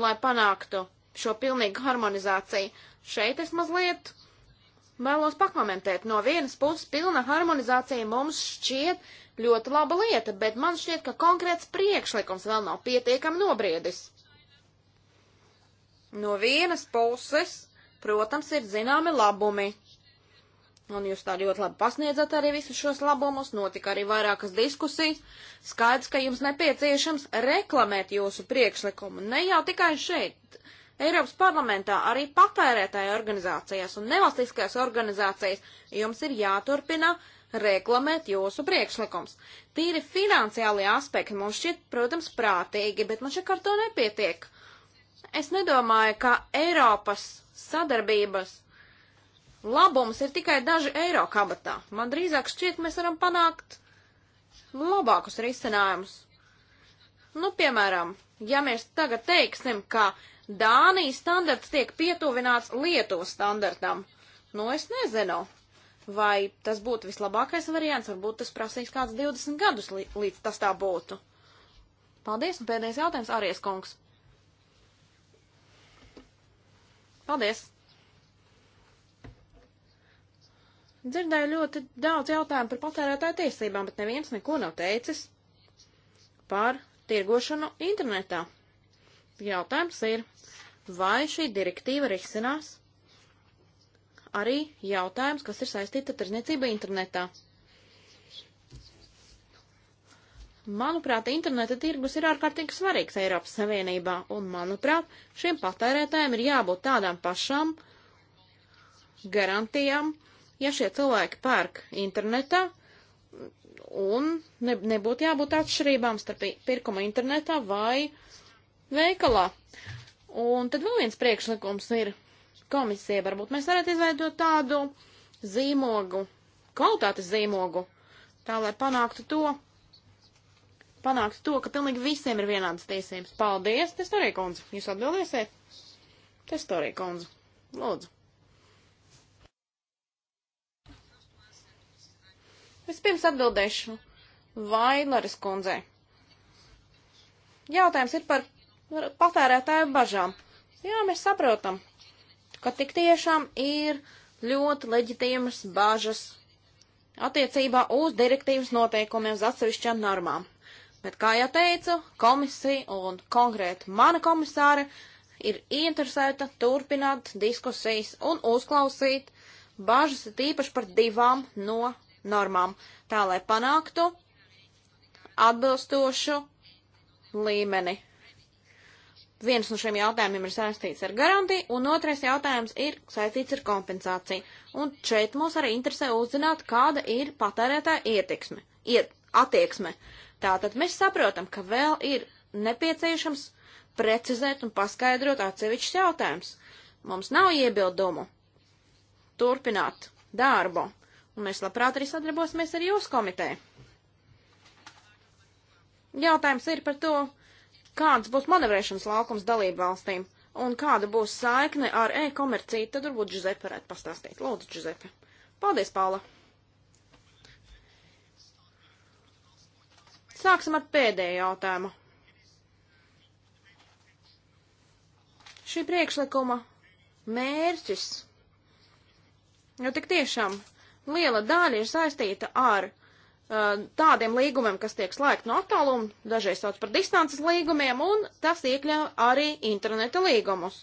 lai panāktu šo pilnīgu harmonizāciju. Šeit es mazliet Vēlos pakomentēt, no vienas puses pilna harmonizācija mums šķiet ļoti laba lieta, bet man šķiet, ka konkrēts priekšlikums vēl nav pietiekami nobriedis. No vienas puses, protams, ir zināmi labumi. Un jūs tā ļoti labi pasniedzat arī visus šos labumus, notika arī vairākas diskusijas. Skaidrs, ka jums nepieciešams reklamēt jūsu priekšlikumu, ne jau tikai šeit, Eiropas parlamentā, arī patērētāju organizācijās un nevalstiskajās organizācijas jums ir jāturpina reklamēt jūsu priekšlikums. Tīri finansiāli aspekti mums šķiet, protams, prātīgi, bet man šeit ar to nepietiek. Es nedomāju, ka Eiropas sadarbības labums ir tikai daži eiro kabatā. Man drīzāk šķiet, mēs varam panākt labākus risinājumus. Nu, piemēram, ja mēs tagad teiksim, ka Dānijas standarts tiek pietuvināts Lietuvas standartam. Nu, es nezinu, vai tas būtu vislabākais variants, varbūt tas prasīs kāds 20 gadus, līdz tas tā būtu. Paldies, un pēdējais jautājums, Aries kungs. Paldies! Dzirdēju ļoti daudz jautājumu par patērētāju tiesībām, bet neviens neko nav teicis par tirgošanu internetā. Jautājums ir, vai šī direktīva risinās arī jautājums, kas ir saistīta ar tirzniecību internetā. Manuprāt, interneta tirgus ir ārkārtīgi svarīgs Eiropas Savienībā, un, manuprāt, šiem patērētājiem ir jābūt tādām pašām garantijām, ja šie cilvēki pērk internetā, un ne, nebūtu jābūt atšķirībām starp pirkumu internetā vai uh, veikalā. Un tad vēl viens priekšlikums ir komisija. Varbūt mēs varētu izveidot tādu zīmogu, kvalitātes zīmogu, tā lai panāktu to, panāktu to, ka pilnīgi visiem ir vienādas tiesības. Paldies, Testorija kundze. Jūs atbildēsiet? Testorija kundze. Lūdzu. Vispirms atbildēšu Vailaras kundzei. Jautājums ir par patērētāju bažām. Jā, mēs saprotam, ka tik tiešām ir ļoti leģitīmas bažas attiecībā uz direktīvas noteikumiem, uz atsevišķām normām. Bet, kā jau teicu, komisija un konkrēti mana komisāra ir interesēta turpināt diskusijas un uzklausīt bažas tīpaši par divām no normām, tā lai panāktu atbilstošu līmeni. Viens no šiem jautājumiem ir saistīts ar garantiju, un otrais jautājums ir saistīts ar kompensāciju. Un šeit mūs arī interesē uzzināt, kāda ir patērētāja ietiksme, iet, attieksme. Tātad mēs saprotam, ka vēl ir nepieciešams precizēt un paskaidrot atsevišķus jautājumus. Mums nav iebildumu turpināt darbu, un mēs labprāt arī sadarbosimies ar jūsu komiteju. Jautājums ir par to, kāds būs manevrēšanas laukums dalību valstīm un kāda būs saikne ar e-komerciju, tad varbūt Giuseppe varētu pastāstīt. Lūdzu, Giuseppe. Paldies, Paula. Sāksim ar pēdējo jautājumu. Šī priekšlikuma mērķis, jo tik tiešām liela daļa ir saistīta ar uh, Uh, tādiem līgumiem, kas tiek slēgt no attāluma, dažreiz sauc par distances līgumiem, un tas iekļauj arī interneta līgumus.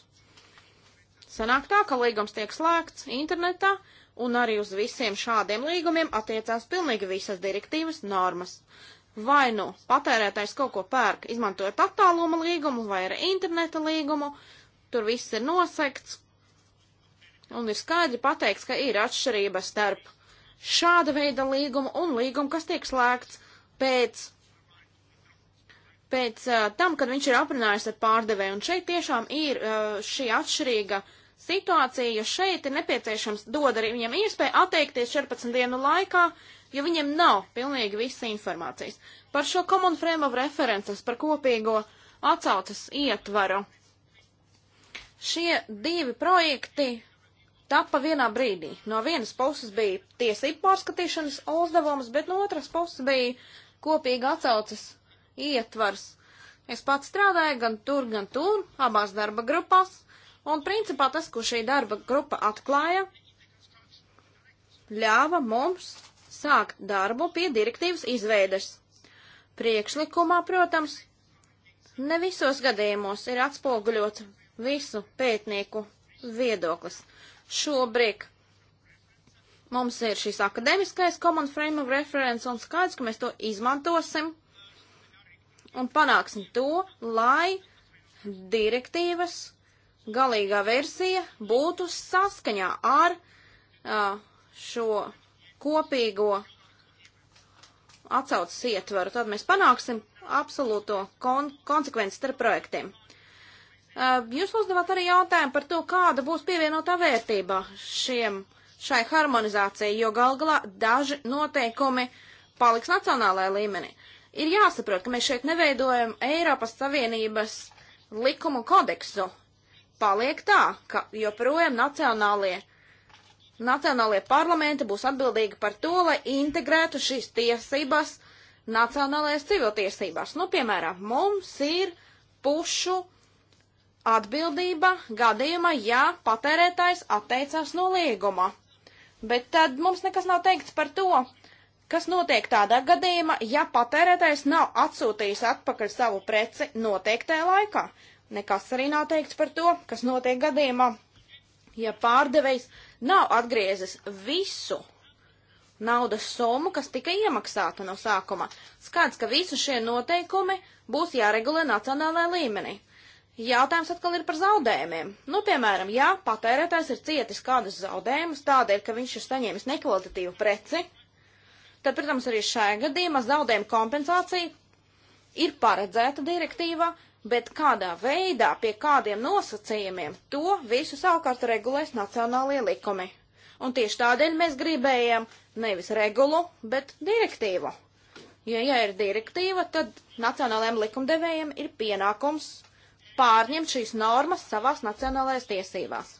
Sanāk tā, ka līgums tiek slēgts internetā, un arī uz visiem šādiem līgumiem attiecās pilnīgi visas direktīvas normas. Vai nu patērētājs kaut ko pērk, izmantojot attāluma līgumu vai arī interneta līgumu, tur viss ir nosekts, un ir skaidri pateikts, ka ir atšķirības starp šāda veida līgumu un līgumu, kas tiek slēgts pēc, pēc uh, tam, kad viņš ir aprunājis ar pārdevēju. Un šeit tiešām ir uh, šī atšķirīga situācija, jo šeit ir nepieciešams dod arī viņam iespēju atteikties 14 dienu laikā, jo viņam nav pilnīgi visa informācijas. Par šo common frame of references, par kopīgo atsaucas ietvaru. Šie divi projekti tapa vienā brīdī. No vienas puses bija tiesību pārskatīšanas uzdevums, bet no otras puses bija kopīga atsaucas ietvars. Es pats strādāju gan tur, gan tur, abās darba grupās, un principā tas, ko šī darba grupa atklāja, ļāva mums sākt darbu pie direktīvas izveides. Priekšlikumā, protams, ne visos gadījumos ir atspoguļots visu pētnieku viedoklis. Šobrīd mums ir šis akademiskais Common Frame of Reference un skaidrs, ka mēs to izmantosim un panāksim to, lai direktīvas galīgā versija būtu saskaņā ar uh, šo kopīgo atsaucas ietvaru. Tad mēs panāksim absolūto kon konsekvenci starp projektiem. Jūs uzdevat arī jautājumu par to, kāda būs pievienotā vērtība šiem, šai harmonizācijai, jo gal galā daži noteikumi paliks nacionālajā līmenī. Ir jāsaprot, ka mēs šeit neveidojam Eiropas Savienības likumu kodeksu. Paliek tā, ka joprojām nacionālie Nacionālajie parlamenti būs atbildīgi par to, lai integrētu šīs tiesības nacionālajās civiltiesībās. Nu, piemēram, mums ir pušu atbildība gadījumā, ja patērētājs atteicās no lieguma. Bet tad mums nekas nav teikts par to, kas notiek tādā gadījumā, ja patērētājs nav atsūtījis atpakaļ savu preci noteiktajā laikā. Nekas arī nav teikts par to, kas notiek gadījumā, ja pārdevējs nav atgriezis visu naudas summu, kas tika iemaksāta no sākuma. Skats, ka visi šie noteikumi būs jāregulē nacionālajā līmenī. Jautājums atkal ir par zaudējumiem. Nu, piemēram, ja patērētājs ir cietis kādus zaudējumus tādēļ, ka viņš ir saņēmis nekvalitatīvu preci, tad, protams, arī šajā gadījumā zaudējuma kompensācija ir paredzēta direktīvā, bet kādā veidā, pie kādiem nosacījumiem, to visu savukārt regulēs nacionālie likumi. Un tieši tādēļ mēs gribējām nevis regulu, bet direktīvu. Jo, ja ir direktīva, tad nacionālajiem likumdevējiem ir pienākums pārņemt šīs normas savās nacionālajās tiesībās.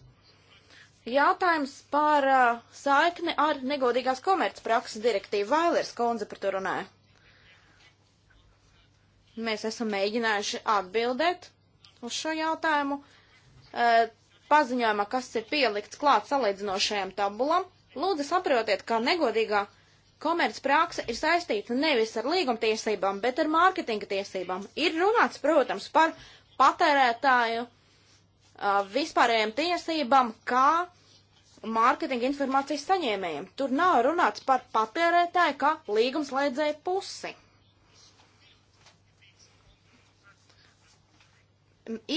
Jātājums par uh, saikni ar negodīgās komercprakses direktīvu. Vailers kundze par to runāja. Mēs esam mēģinājuši atbildēt uz šo jautājumu. Uh, paziņojumā, kas ir pielikts klāt salīdzinošajam tabulam, lūdzu saprotiet, ka negodīgā komercprakse ir saistīta nevis ar līgumtiesībām, bet ar mārketinga tiesībām. Ir runāts, protams, par patērētāju vispārējiem tiesībām, kā mārketinga informācijas saņēmējiem. Tur nav runāts par patērētāju kā līgumslēdzēju pusi.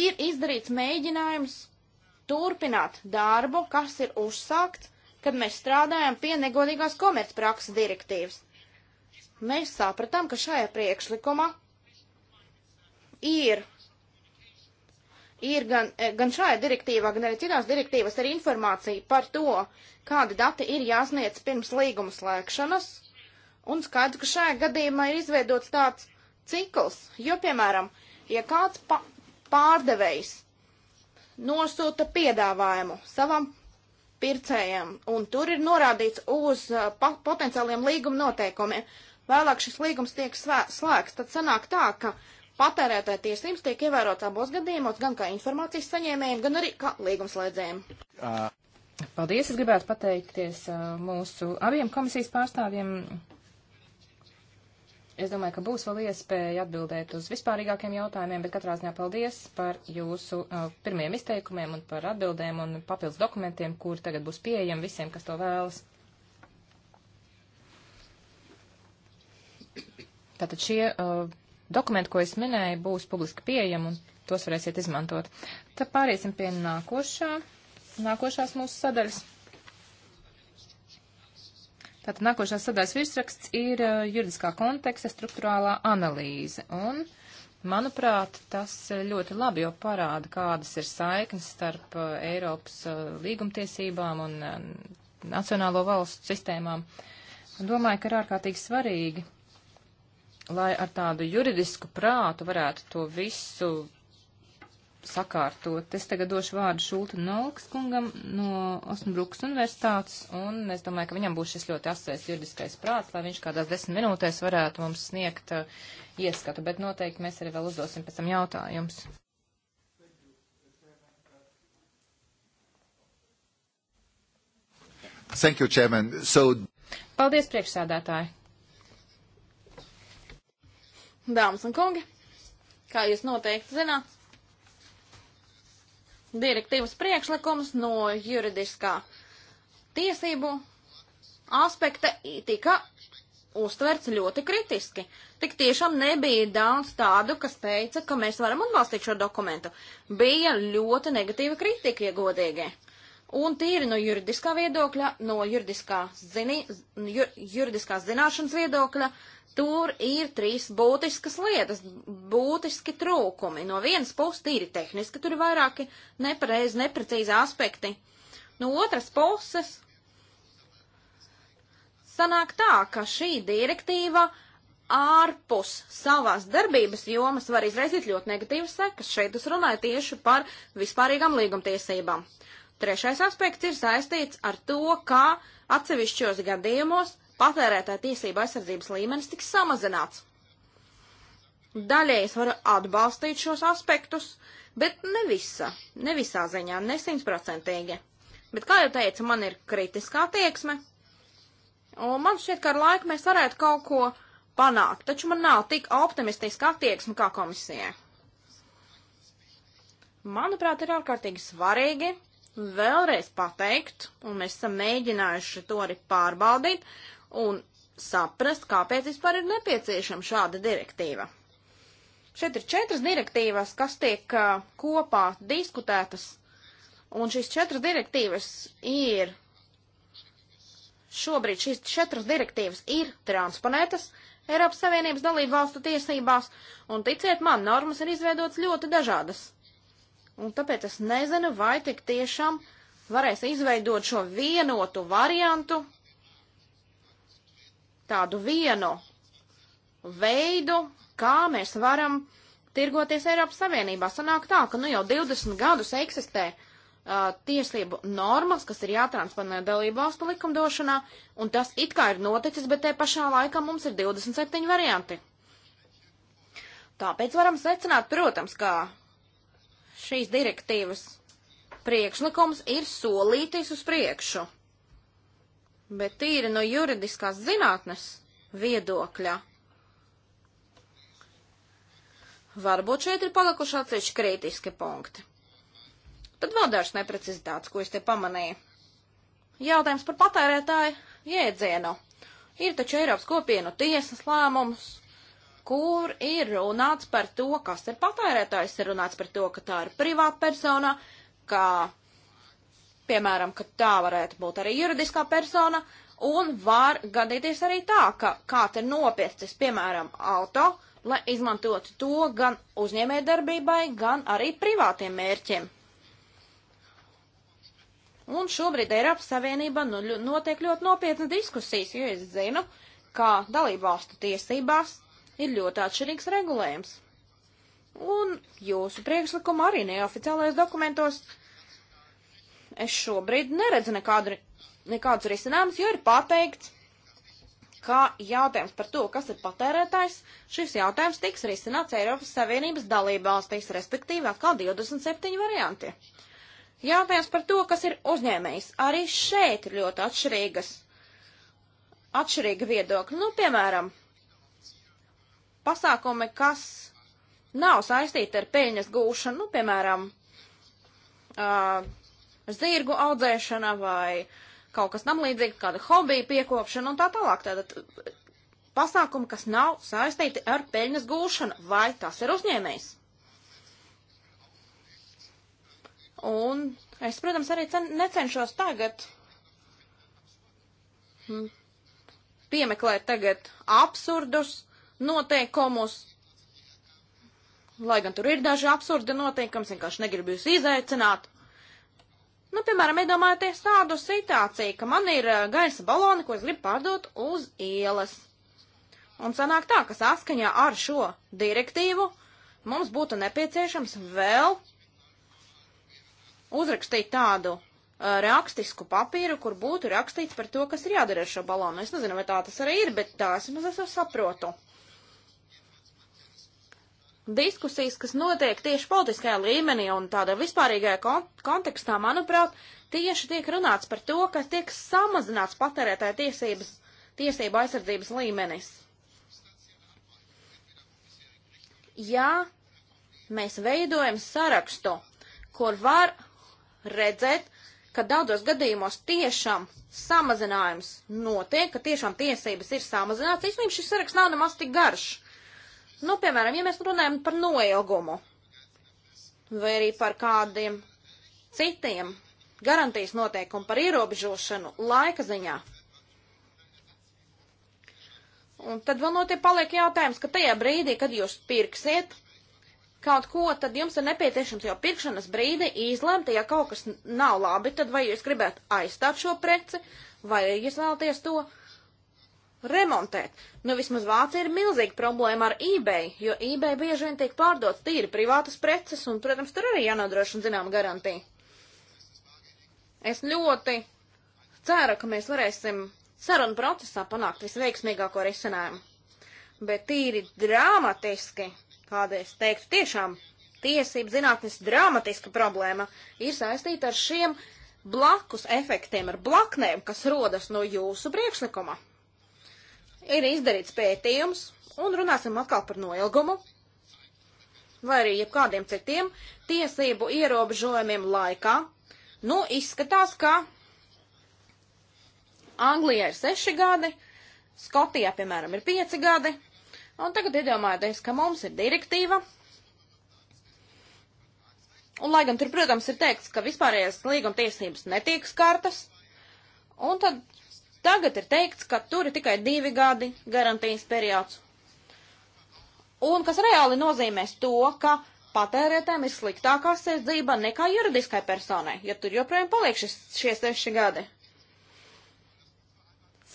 Ir izdarīts mēģinājums turpināt darbu, kas ir uzsākts, kad mēs strādājam pie negodīgās komercprakses direktīvas. Mēs sapratām, ka šajā priekšlikumā ir ir gan, e, gan šajā direktīvā, gan arī citās direktīvas ir informācija par to, kādi dati ir jāsniedz pirms līguma slēgšanas. Un skaidrs, ka šajā gadījumā ir izveidots tāds cikls, jo, piemēram, ja kāds pa pārdevējs nosūta piedāvājumu savam pircējam, un tur ir norādīts uz uh, potenciāliem līguma noteikumiem, vēlāk šis līgums tiek slēgts, tad sanāk tā, ka uh, patērētāja tiesības tiek ievērotas abos gadījumos, gan kā informācijas saņēmējiem, gan arī kā līgumslēdzējiem. Uh. Paldies! Es gribētu pateikties uh, mūsu abiem komisijas pārstāvjiem. Es domāju, ka būs vēl iespēja atbildēt uz vispārīgākiem jautājumiem, bet katrā ziņā paldies par jūsu uh, pirmiem izteikumiem un par atbildēm un papildus dokumentiem, kur tagad būs pieejami visiem, kas to vēlas. Tātad šie uh, dokumenti, ko es minēju, būs publiski pieejami un tos varēsiet izmantot. Tad pāriesim pie nākošā, nākošās mūsu sadaļas. Tātad nākošās sadaļas virsraksts ir eh, juridiskā konteksta struktūrālā analīze. Un, manuprāt, tas ļoti labi jau parāda, kādas ir saiknes starp eh, Eiropas eh, līgumtiesībām un nacionālo valstu sistēmām. Domāju, ka ir ārkārtīgi svarīgi lai ar tādu juridisku prātu varētu to visu sakārtot. Es tagad došu vārdu Šulta Nolks kungam no Osnabrukas universitātes, un es domāju, ka viņam būs šis ļoti asais juridiskais prāts, lai viņš kādās desmit minūtēs varētu mums sniegt uh, ieskatu, bet noteikti mēs arī vēl uzdosim pēc tam jautājumus. Thank you, Chairman. So... Paldies, priekšsādātāji. Dāmas un kungi, kā jūs noteikti zināt, direktīvas priekšlikums no juridiskā tiesību aspekta tika uztverts ļoti kritiski. Tik tiešām nebija daudz tādu, kas teica, ka mēs varam atbalstīt šo dokumentu. Bija ļoti negatīva kritika iegodīgie. Ja Un tīri no juridiskā viedokļa, no juridiskās, zini, jur, juridiskās zināšanas viedokļa, tur ir trīs būtiskas lietas, būtiski trūkumi. No vienas puses tīri tehniski tur ir vairāki nepareizi, neprecīzi aspekti. No otras puses sanāk tā, ka šī direktīva ārpus savās darbības jomas var izraisīt ļoti negatīvas sekas. Šeit es runāju tieši par vispārīgām līgumtiesībām. Trešais aspekts ir saistīts ar to, kā atsevišķos gadījumos patērētāja tiesība aizsardzības līmenis tiks samazināts. Daļēji es varu atbalstīt šos aspektus, bet ne visa, ne visā ziņā, ne simtprocentīgi. Bet, kā jau teicu, man ir kritiskā tieksme, un man šķiet, ka ar laiku mēs varētu kaut ko panākt, taču man nav tik optimistiska attieksme kā komisijai. Manuprāt, ir ārkārtīgi svarīgi vēlreiz pateikt, un mēs esam mēģinājuši to arī pārbaudīt un saprast, kāpēc vispār ir nepieciešama šāda direktīva. Šeit ir četras direktīvas, kas tiek kopā diskutētas, un šīs četras direktīvas ir šobrīd šīs četras direktīvas ir transponētas Eiropas Savienības dalību valstu tiesībās, un ticiet man, normas ir izveidotas ļoti dažādas un tāpēc es nezinu, vai tik tiešām varēs izveidot šo vienotu variantu, tādu vienu veidu, kā mēs varam tirgoties Eiropas Savienībā. Sanāk tā, ka nu jau 20 gadus eksistē uh, tieslību normas, kas ir jātransponē dalību valstu likumdošanā, un tas it kā ir noticis, bet te pašā laikā mums ir 27 varianti. Tāpēc varam secināt, protams, ka šīs direktīvas priekšlikums ir solītis uz priekšu. Bet tīri no juridiskās zinātnes viedokļa. Varbūt šeit ir palikuši atsevišķi kritiski punkti. Tad vēl dažs neprecizitāts, ko es te pamanīju. Jautājums par patērētāju jēdzienu. Ir taču Eiropas kopienu tiesas lēmums, kur ir runāts par to, kas ir patērētājs, ir runāts par to, ka tā ir privāta persona, ka, piemēram, ka tā varētu būt arī juridiskā persona, un var gadīties arī tā, ka kāds ir nopircis, piemēram, auto, lai izmantotu to gan uzņēmējdarbībai, gan arī privātiem mērķiem. Un šobrīd Eiropas Savienībā nu, notiek ļoti nopietnas diskusijas, jo es zinu, kā dalībvalstu tiesībās ir ļoti atšķirīgs regulējums. Un jūsu priekšlikuma arī neoficiālajos dokumentos es šobrīd neredzu nekādu, nekādus risinājumus, jo ir pateikts, ka jautājums par to, kas ir patērētājs, šis jautājums tiks risināts Eiropas Savienības dalībvalstīs, respektīvi atkal 27 varianti. Jautājums par to, kas ir uzņēmējs, arī šeit ir ļoti atšķirīgas, atšķirīga viedokļa. Nu, piemēram, pasākumi, kas nav saistīti ar peļņas gūšanu, nu, piemēram, uh, zirgu audzēšana vai kaut kas tam līdzīgs, kāda hobija piekopšana un tā tālāk. Tātad pasākumi, kas nav saistīti ar peļņas gūšanu, vai tas ir uzņēmējs. Un es, protams, arī cen, necenšos tagad hmm, piemeklēt tagad absurdus, noteikumus. Lai gan tur ir daži absurdi noteikums, vienkārši negribu jūs izaicināt. Nu, piemēram, iedomājieties tādu situāciju, ka man ir eh, gaisa baloni, ko es gribu pārdot uz ielas. Un sanāk tā, ka saskaņā ar šo direktīvu mums būtu nepieciešams vēl uzrakstīt tādu eh, rakstisku papīru, kur būtu rakstīts par to, kas ir jādara ar šo balonu. Es nezinu, vai tā tas arī ir, bet tā es mazliet saprotu diskusijas, kas notiek tieši politiskajā līmenī un tādā vispārīgajā kon kontekstā, manuprāt, tieši tiek runāts par to, ka tiek samazināts patērētāja tiesības, tiesība aizsardzības līmenis. Ja mēs veidojam sarakstu, kur var redzēt, ka daudzos gadījumos tiešām samazinājums notiek, ka tiešām tiesības ir samazināts, īstenībā šis saraksts nav nemaz tik garš. Nu, piemēram, ja mēs runājam par noilgumu vai arī par kādiem citiem garantijas noteikumu par ierobežošanu laika ziņā. Un tad vēl no tie paliek jautājums, ka tajā brīdī, kad jūs pirksiet kaut ko, tad jums ir nepieciešams jau pirkšanas brīdī izlemt, ja kaut kas nav labi, tad vai jūs gribētu aizstāt šo preci, vai jūs vēlaties to remontēt. Nu, vismaz Vācija ir milzīga problēma ar eBay, jo eBay bieži vien tiek pārdots tīri privātas preces, un, protams, tur arī jānodrošina zinām garantija. Es ļoti ceru, ka mēs varēsim sarunu procesā panākt visveiksmīgāko risinājumu. Bet tīri dramatiski, kāda es teiktu, tiešām tiesību zinātnes dramatiska problēma ir saistīta ar šiem blakus efektiem, ar blaknēm, kas rodas no jūsu priekšlikuma ir izdarīts pētījums, un runāsim atkal par noilgumu, vai arī jebkādiem citiem tiesību ierobežojumiem laikā. Nu, izskatās, ka Anglijā ir seši gadi, Skotijā, piemēram, ir pieci gadi, un tagad iedomājieties, ka mums ir direktīva, un lai gan tur, protams, ir teikts, ka vispārējās līguma tiesības netiek skartas, un tad Tagad ir teikts, ka tur ir tikai divi gadi garantijas periods. Un kas reāli nozīmēs to, ka patērētājiem ir sliktākā sēdzība nekā juridiskai personai, ja tur joprojām paliek šis, šie seši gadi.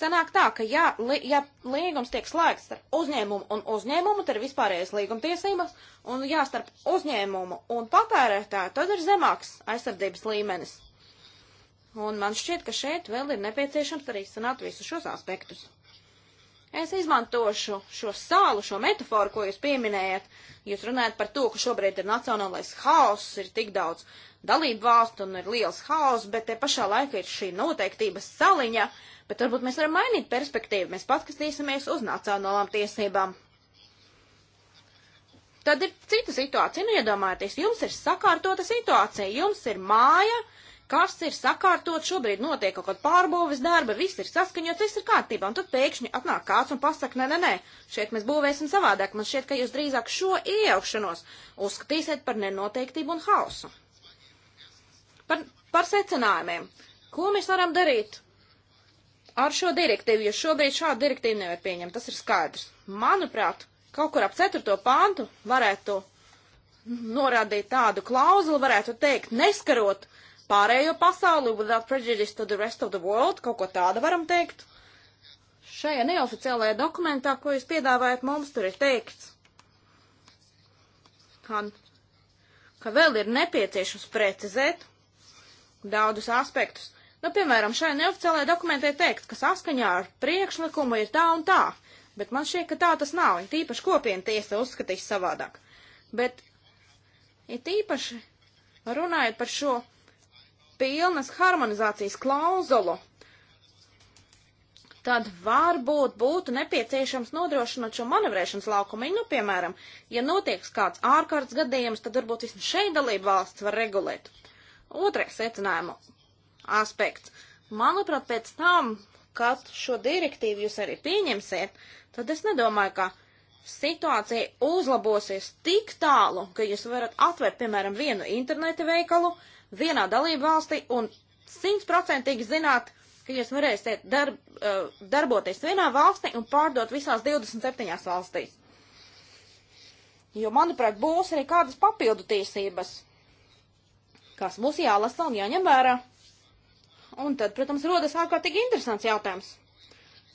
Sanāk tā, ka ja, li, ja līgums tiek slēgts starp uzņēmumu un uzņēmumu, tad ir vispārējais līgumtiesības, un jā, starp uzņēmumu un patērētāju, tad ir zemāks aizsardzības līmenis. Un man šķiet, ka šeit vēl ir nepieciešams arī sanāt visus šos aspektus. Es izmantošu šo sālu, šo metaforu, ko jūs pieminējat. Jūs runājat par to, ka šobrīd ir nacionālais haoss, ir tik daudz dalību valstu un ir liels haoss, bet te pašā laikā ir šī noteiktības saliņa, bet varbūt mēs varam mainīt perspektīvu, mēs paskatīsimies uz nacionālām tiesībām. Tad ir cita situācija, nu iedomājieties, jums ir sakārtota situācija, jums ir māja, uh, kas ir sakārtot, šobrīd notiek kaut kāda pārbūves darba, viss ir saskaņots, viss ir kārtībā, un tad pēkšņi atnāk kāds un pasaka, nē, nē, nē, šeit mēs būvēsim savādāk, man šķiet, ka jūs drīzāk šo iejaukšanos uzskatīsiet par nenoteiktību un hausu. Par, par secinājumiem. Ko mēs varam darīt ar šo direktīvu, jo šobrīd šādu direktīvu nevar pieņemt, tas ir skaidrs. Manuprāt, kaut kur ap 4. pāntu varētu norādīt tādu klauzulu, varētu teikt, neskarot uh, pārējo pasauli, without prejudice to the rest of the world, kaut ko tādu varam teikt. Šajā neoficiālajā dokumentā, ko jūs piedāvājat, mums tur ir teikts, ka, ka vēl ir nepieciešams precizēt daudzus aspektus. Nu, piemēram, šajā neoficiālajā dokumentā ir teikts, ka saskaņā ar priekšlikumu ir tā un tā, bet man šķiet, ka tā tas nav, ir tīpaši kopiena tiesa uzskatīs savādāk. Bet ir tīpaši runājot par šo pilnas harmonizācijas klauzulu, tad varbūt būtu nepieciešams nodrošināt šo manevrēšanas laukumu. Nu, piemēram, ja notiek kāds ārkārtas gadījums, tad varbūt vismaz šeit dalība valsts var regulēt. Otrais secinājuma aspekts. Manuprāt, pēc tam, kad šo direktīvu jūs arī pieņemsiet, tad es nedomāju, ka situācija uzlabosies tik tālu, ka jūs varat atvērt, piemēram, vienu interneta veikalu, uh, vienā dalību valstī un simtprocentīgi zināt, ka jūs varēsiet darb, uh, darboties vienā valstī un pārdot visās 27 valstīs. Jo, manuprāt, būs arī kādas papildu tiesības, kas mums jālasa un jāņem vērā. Un tad, protams, rodas ārkārtīgi interesants jautājums.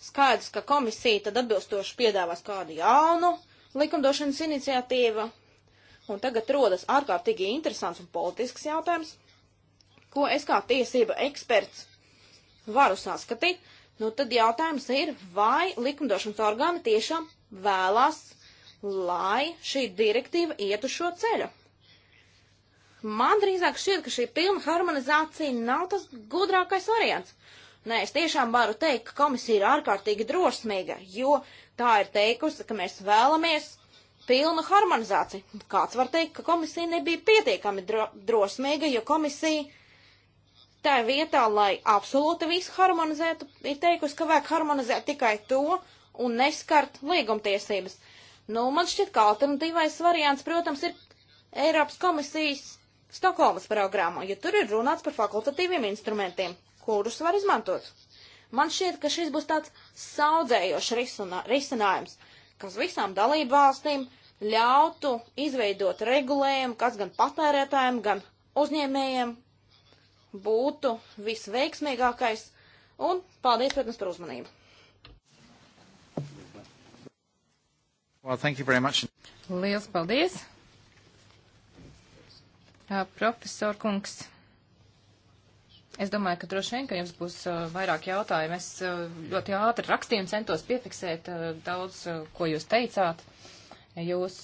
Skaidrs, ka komisija tad atbilstoši piedāvās kādu jaunu likumdošanas iniciatīvu, un tagad rodas ārkārtīgi interesants un politisks jautājums ko es kā tiesība eksperts varu saskatīt, nu tad jautājums ir, vai likumdošanas orgāni tiešām vēlas, lai šī direktīva iet uz šo ceļu. Man drīzāk šķiet, ka šī pilna harmonizācija nav tas gudrākais variants. Nē, es tiešām varu teikt, ka komisija ir ārkārtīgi drosmīga, jo tā ir teikusi, ka mēs vēlamies pilnu harmonizāciju. Kāds var teikt, ka komisija nebija pietiekami dro drosmīga, jo komisija tā vietā, lai absolūti visu harmonizētu, ir teikusi, ka vajag harmonizēt tikai to un neskart līgumtiesības. Nu, man šķiet, ka alternatīvais variants, protams, ir Eiropas komisijas Stokholmas programma, jo tur ir runāts par fakultatīviem instrumentiem, kurus var izmantot. Man šķiet, ka šis būs tāds saudzējošs risinājums, kas visām dalību valstīm ļautu izveidot regulējumu, kas gan patērētājiem, gan uzņēmējiem būtu visveiksmīgākais. Un paldies, protams, par uzmanību. Well, thank you very much. Liels paldies. Uh, profesor Kungs, es domāju, ka droši vien, ka jums būs uh, vairāk jautājumu. Es uh, ļoti ātri rakstiem centos piefiksēt daudz, ko jūs teicāt. Jūs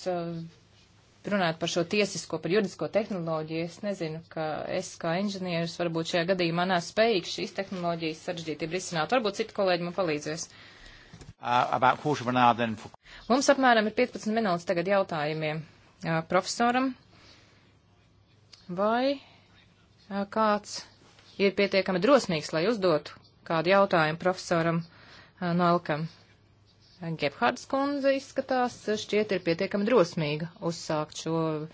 runājot par šo tiesisko, par juridisko tehnoloģiju, es nezinu, ka es kā inženieris varbūt šajā gadījumā nesu spējīgs šīs tehnoloģijas sarežģītību risināt. Varbūt citi kolēģi man palīdzēs. Uh, for... Mums apmēram ir 15 minūtes tagad jautājumiem uh, profesoram. Vai uh, kāds ir pietiekami drosmīgs, lai uzdotu kādu jautājumu profesoram uh, Nolkam? No Gebhards kundze izskatās, šķiet ir pietiekami drosmīga uzsākt šo uh,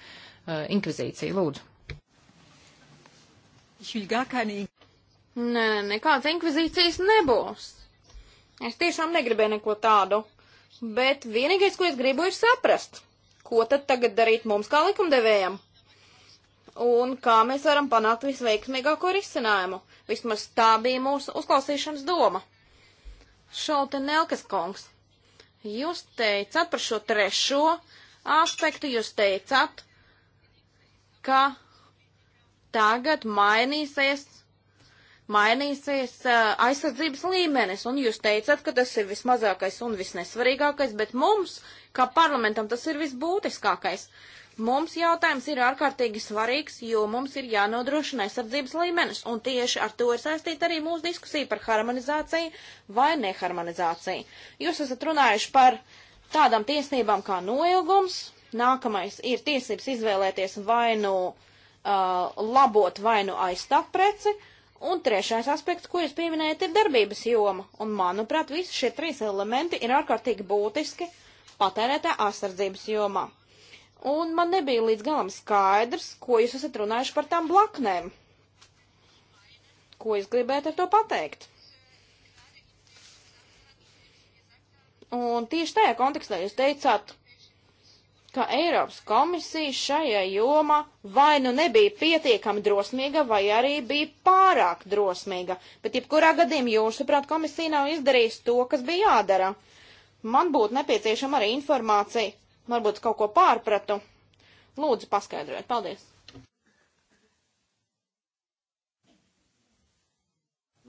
inkvizīciju. Lūdzu. Nē, nekādas inkvizīcijas nebūs. Es tiešām negribēju neko tādu. Bet vienīgais, ko es gribu, ir saprast, ko tad tagad darīt mums kā likumdevējam. Un kā mēs varam panākt visveiksmīgāko risinājumu. Vismaz tā bija mūsu uzklausīšanas doma. Šauten Nelkas kungs. Jūs teicāt par šo trešo aspektu, jūs teicāt, ka tagad mainīsies, mainīsies uh, aizsardzības līmenis, un jūs teicat, ka tas ir vismazākais un visnesvarīgākais, bet mums, kā parlamentam, tas ir visbūtiskākais. Mums jautājums ir ārkārtīgi svarīgs, jo mums ir jānodrošina aizsardzības līmenis, un tieši ar to ir saistīta arī mūsu diskusija par harmonizāciju vai neharmonizāciju. Jūs esat runājuši par tādām tiesībām kā noilgums, nākamais ir tiesības izvēlēties vai nu uh, labot, vai nu aizstāt preci, un trešais aspekts, ko jūs pieminējat, ir darbības joma, un manuprāt, visi šie trīs elementi ir ārkārtīgi būtiski patērētā aizsardzības jomā un man nebija līdz galam skaidrs, ko jūs esat runājuši par tām blaknēm. Ko es gribētu ar to pateikt? Un tieši tajā kontekstā jūs teicāt, ka Eiropas komisija šajā jomā vai nu nebija pietiekami drosmīga, vai arī bija pārāk drosmīga. Bet, jebkurā gadījumā, jūsuprāt, komisija nav izdarījusi to, kas bija jādara. Man būtu nepieciešama arī informācija varbūt kaut ko pārpratu. Lūdzu, paskaidrojiet. Paldies!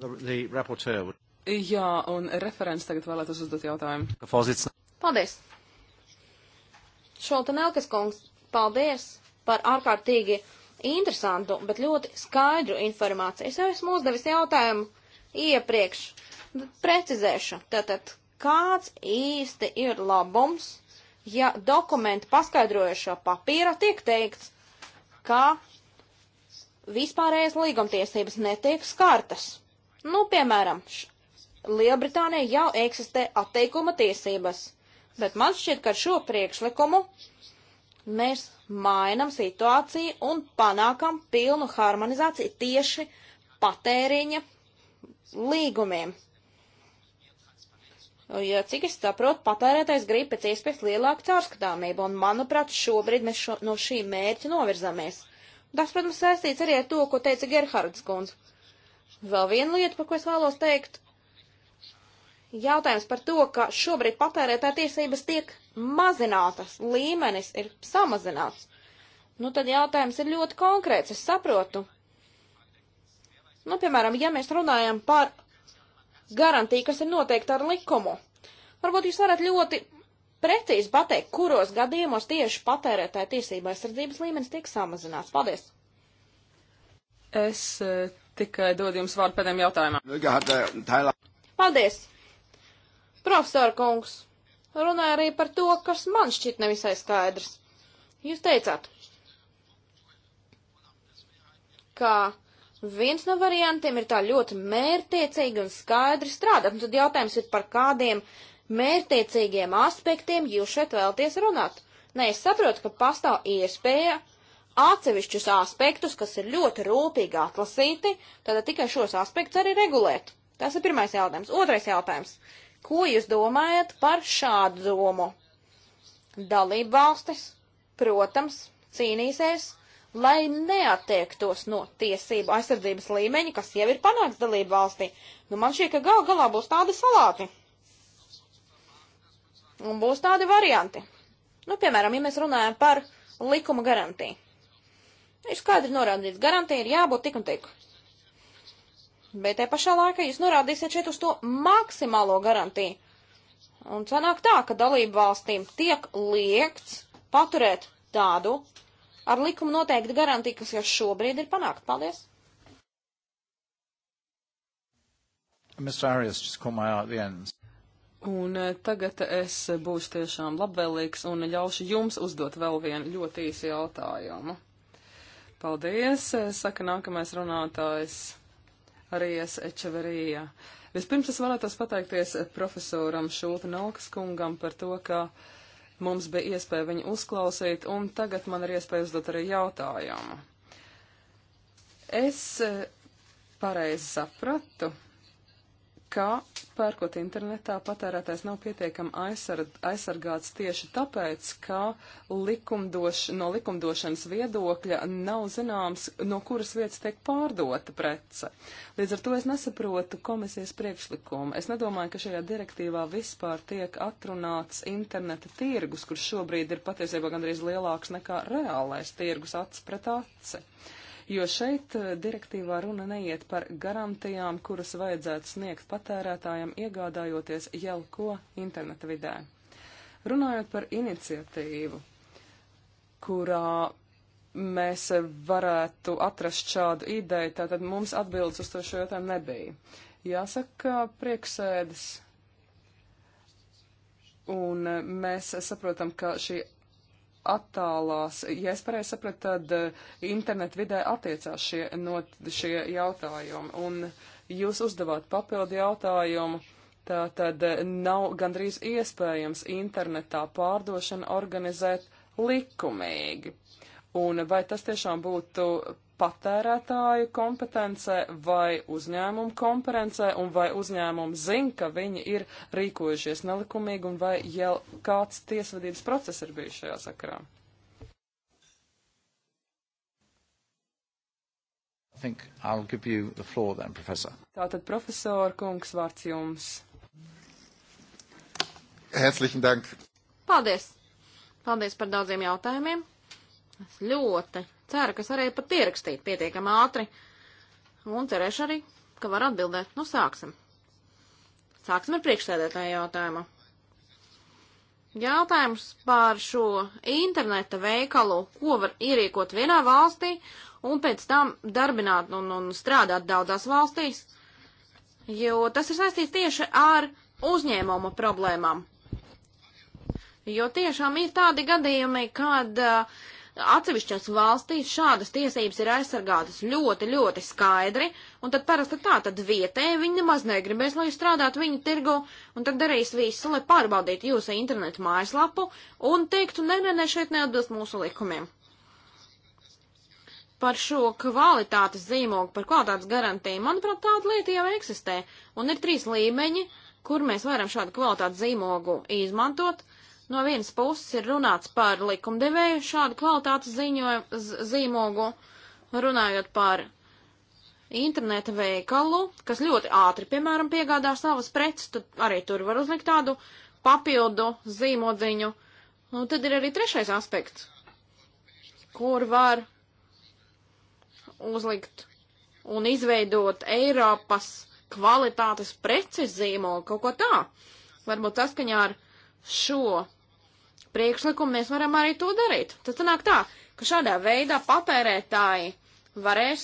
The, the Jā, un referents tagad vēlētos uzdot jautājumu. Paldies! Šoltenelkas kungs, paldies par ārkārtīgi interesantu, bet ļoti skaidru informāciju. Es jau esmu uzdevis jautājumu iepriekš. Precizēšu. Tātad, kāds īsti ir labums ja dokumenta paskaidrojošā papīra tiek teikts, ka vispārējais līgumtiesības netiek skartas. Nu, piemēram, Lielbritānija jau eksistē atteikuma tiesības, bet man šķiet, ka ar šo priekšlikumu mēs mainam situāciju un panākam pilnu harmonizāciju tieši patēriņa līgumiem. Uh, ja cik es saprotu, patērētais grib pēc iespējas lielāku caurskatāmību, un manuprāt, šobrīd mēs šo, no šī mērķa novirzāmies. Tas, protams, saistīts arī ar to, ko teica Gerhards Kunz. Vēl viena lieta, par ko es vēlos teikt. Jautājums par to, ka šobrīd patērētāja tiesības tiek mazinātas, līmenis ir samazināts. Nu, tad jautājums ir ļoti konkrēts, es saprotu. Nu, piemēram, ja mēs runājam par garantija, kas ir noteikta ar likumu. Varbūt jūs varat ļoti precīzi pateikt, kuros gadījumos tieši patērētāja tiesība aizsardzības līmenis tiek samazināts. Paldies! Es eh, tikai dodu jums vārdu pēdējiem jautājumam. Paldies! Profesor kungs, runāja arī par to, kas man šķiet nevisai skaidrs. Jūs teicāt, ka Viens no variantiem ir tā ļoti mērtiecīgi un skaidri strādāt. Un nu, tad jautājums ir, par kādiem mērtiecīgiem aspektiem jūs šeit vēlties runāt. Nē, es saprotu, ka pastāv iespēja atsevišķus aspektus, kas ir ļoti rūpīgi atlasīti, tad tikai šos aspektus arī regulēt. Tas ir pirmais jautājums. Otrais jautājums. Ko jūs domājat par šādu domu? Dalību valstis, protams, cīnīsies lai neatiektos no tiesību aizsardzības līmeņa, kas jau ir panāks dalību valstī. Nu, man šķiet, ka gal galā būs tādi salāti. Un būs tādi varianti. Nu, piemēram, ja mēs runājam par likuma garantiju. Nu, ir skaidri norādīts, garantija ir jābūt tik un tik. Bet te pašā laikā jūs norādīsiet šeit uz to maksimālo garantiju. Un sanāk tā, ka dalību valstīm tiek liekts paturēt tādu ar likumu noteikti garantija, kas jau šobrīd ir panākt. Paldies! Mr. Arias just caught my eye at the end. Un eh, tagad es būšu tiešām labvēlīgs un ļaušu jums uzdot vēl vienu ļoti īsu jautājumu. Paldies, eh, saka nākamais runātājs Arijas Ečeverija. Vispirms es vēlētos pateikties profesoram Šulta Nalkas kungam par to, ka uh, Mums bija iespēja viņu uzklausīt, un tagad man ir iespēja uzdot arī jautājumu. Es eh, pareizi sapratu, ka pērkot internetā patērētājs nav pietiekami aizsarg aizsargāts tieši tāpēc, ka likumdoš, no likumdošanas viedokļa nav zināms, no kuras vietas tiek pārdota prece. Līdz ar to es nesaprotu komisijas priekšlikumu. Es nedomāju, ka šajā direktīvā vispār tiek atrunāts interneta tirgus, kurš šobrīd ir patiesībā gandrīz lielāks nekā reālais tirgus acis pret aci jo šeit eh, direktīvā runa neiet par garantijām, kuras vajadzētu sniegt patērētājiem iegādājoties jau ko interneta vidē. Runājot par iniciatīvu, kurā mēs varētu atrast šādu ideju, tātad mums atbildes uz to šo jautājumu nebija. Jāsaka, priekšsēdes. Un eh, mēs saprotam, ka šī attālās, ja es pareizi sapratu, tad eh, internetu vidē attiecās šie, not, šie jautājumi. Un jūs uzdevāt papildu jautājumu. Tā tad eh, nav gandrīz iespējams internetā pārdošanu organizēt likumīgi. Un vai tas tiešām būtu patērētāju kompetencē vai uzņēmumu kompetencē, un vai uzņēmumi zina, ka viņi ir rīkojušies nelikumīgi, un vai jau kāds tiesvedības process ir bijis šajā sakarā. Then, Tātad, profesor kungs, vārds jums. Herzlichen Dank. Paldies. Paldies par daudziem jautājumiem. Es ļoti Ceru, ka es varēju pat pierakstīt pietiekami ātri. Un cerēšu arī, ka var atbildēt. Nu, sāksim. Sāksim ar priekšsēdētāju jautājumu. Jautājums par šo interneta veikalu, ko var ierīkot vienā valstī un pēc tam darbināt un, un strādāt daudzās valstīs, jo tas ir saistīts tieši ar uzņēmuma problēmām. Jo tiešām ir tādi gadījumi, kad uh, atsevišķās valstīs šādas tiesības ir aizsargātas ļoti, ļoti skaidri, un tad parasti tā, tad vietēji viņi nemaz negribēs, lai jūs strādātu viņu tirgu, un tad darīs visu, lai pārbaudītu jūsu internetu mājaslapu un teiktu, nē, nē, nē, šeit neatbilst mūsu likumiem. Par šo kvalitātes zīmogu, par kvalitātes garantiju, manuprāt, tāda lieta jau eksistē, un ir trīs līmeņi, kur mēs varam šādu kvalitātes zīmogu izmantot. Uh, No vienas puses ir runāts par likumdevēju šādu kvalitātes ziņoju, zīmogu, runājot par interneta veikalu, kas ļoti ātri, piemēram, piegādā savas preces, tad arī tur var uzlikt tādu papildu zīmodziņu. Un tad ir arī trešais aspekts, kur var uzlikt un izveidot Eiropas kvalitātes preces zīmogu, kaut ko tā. Varbūt saskaņā ar šo priekšlikumu, mēs varam arī to darīt. Tad sanāk tā, ka šādā veidā patērētāji varēs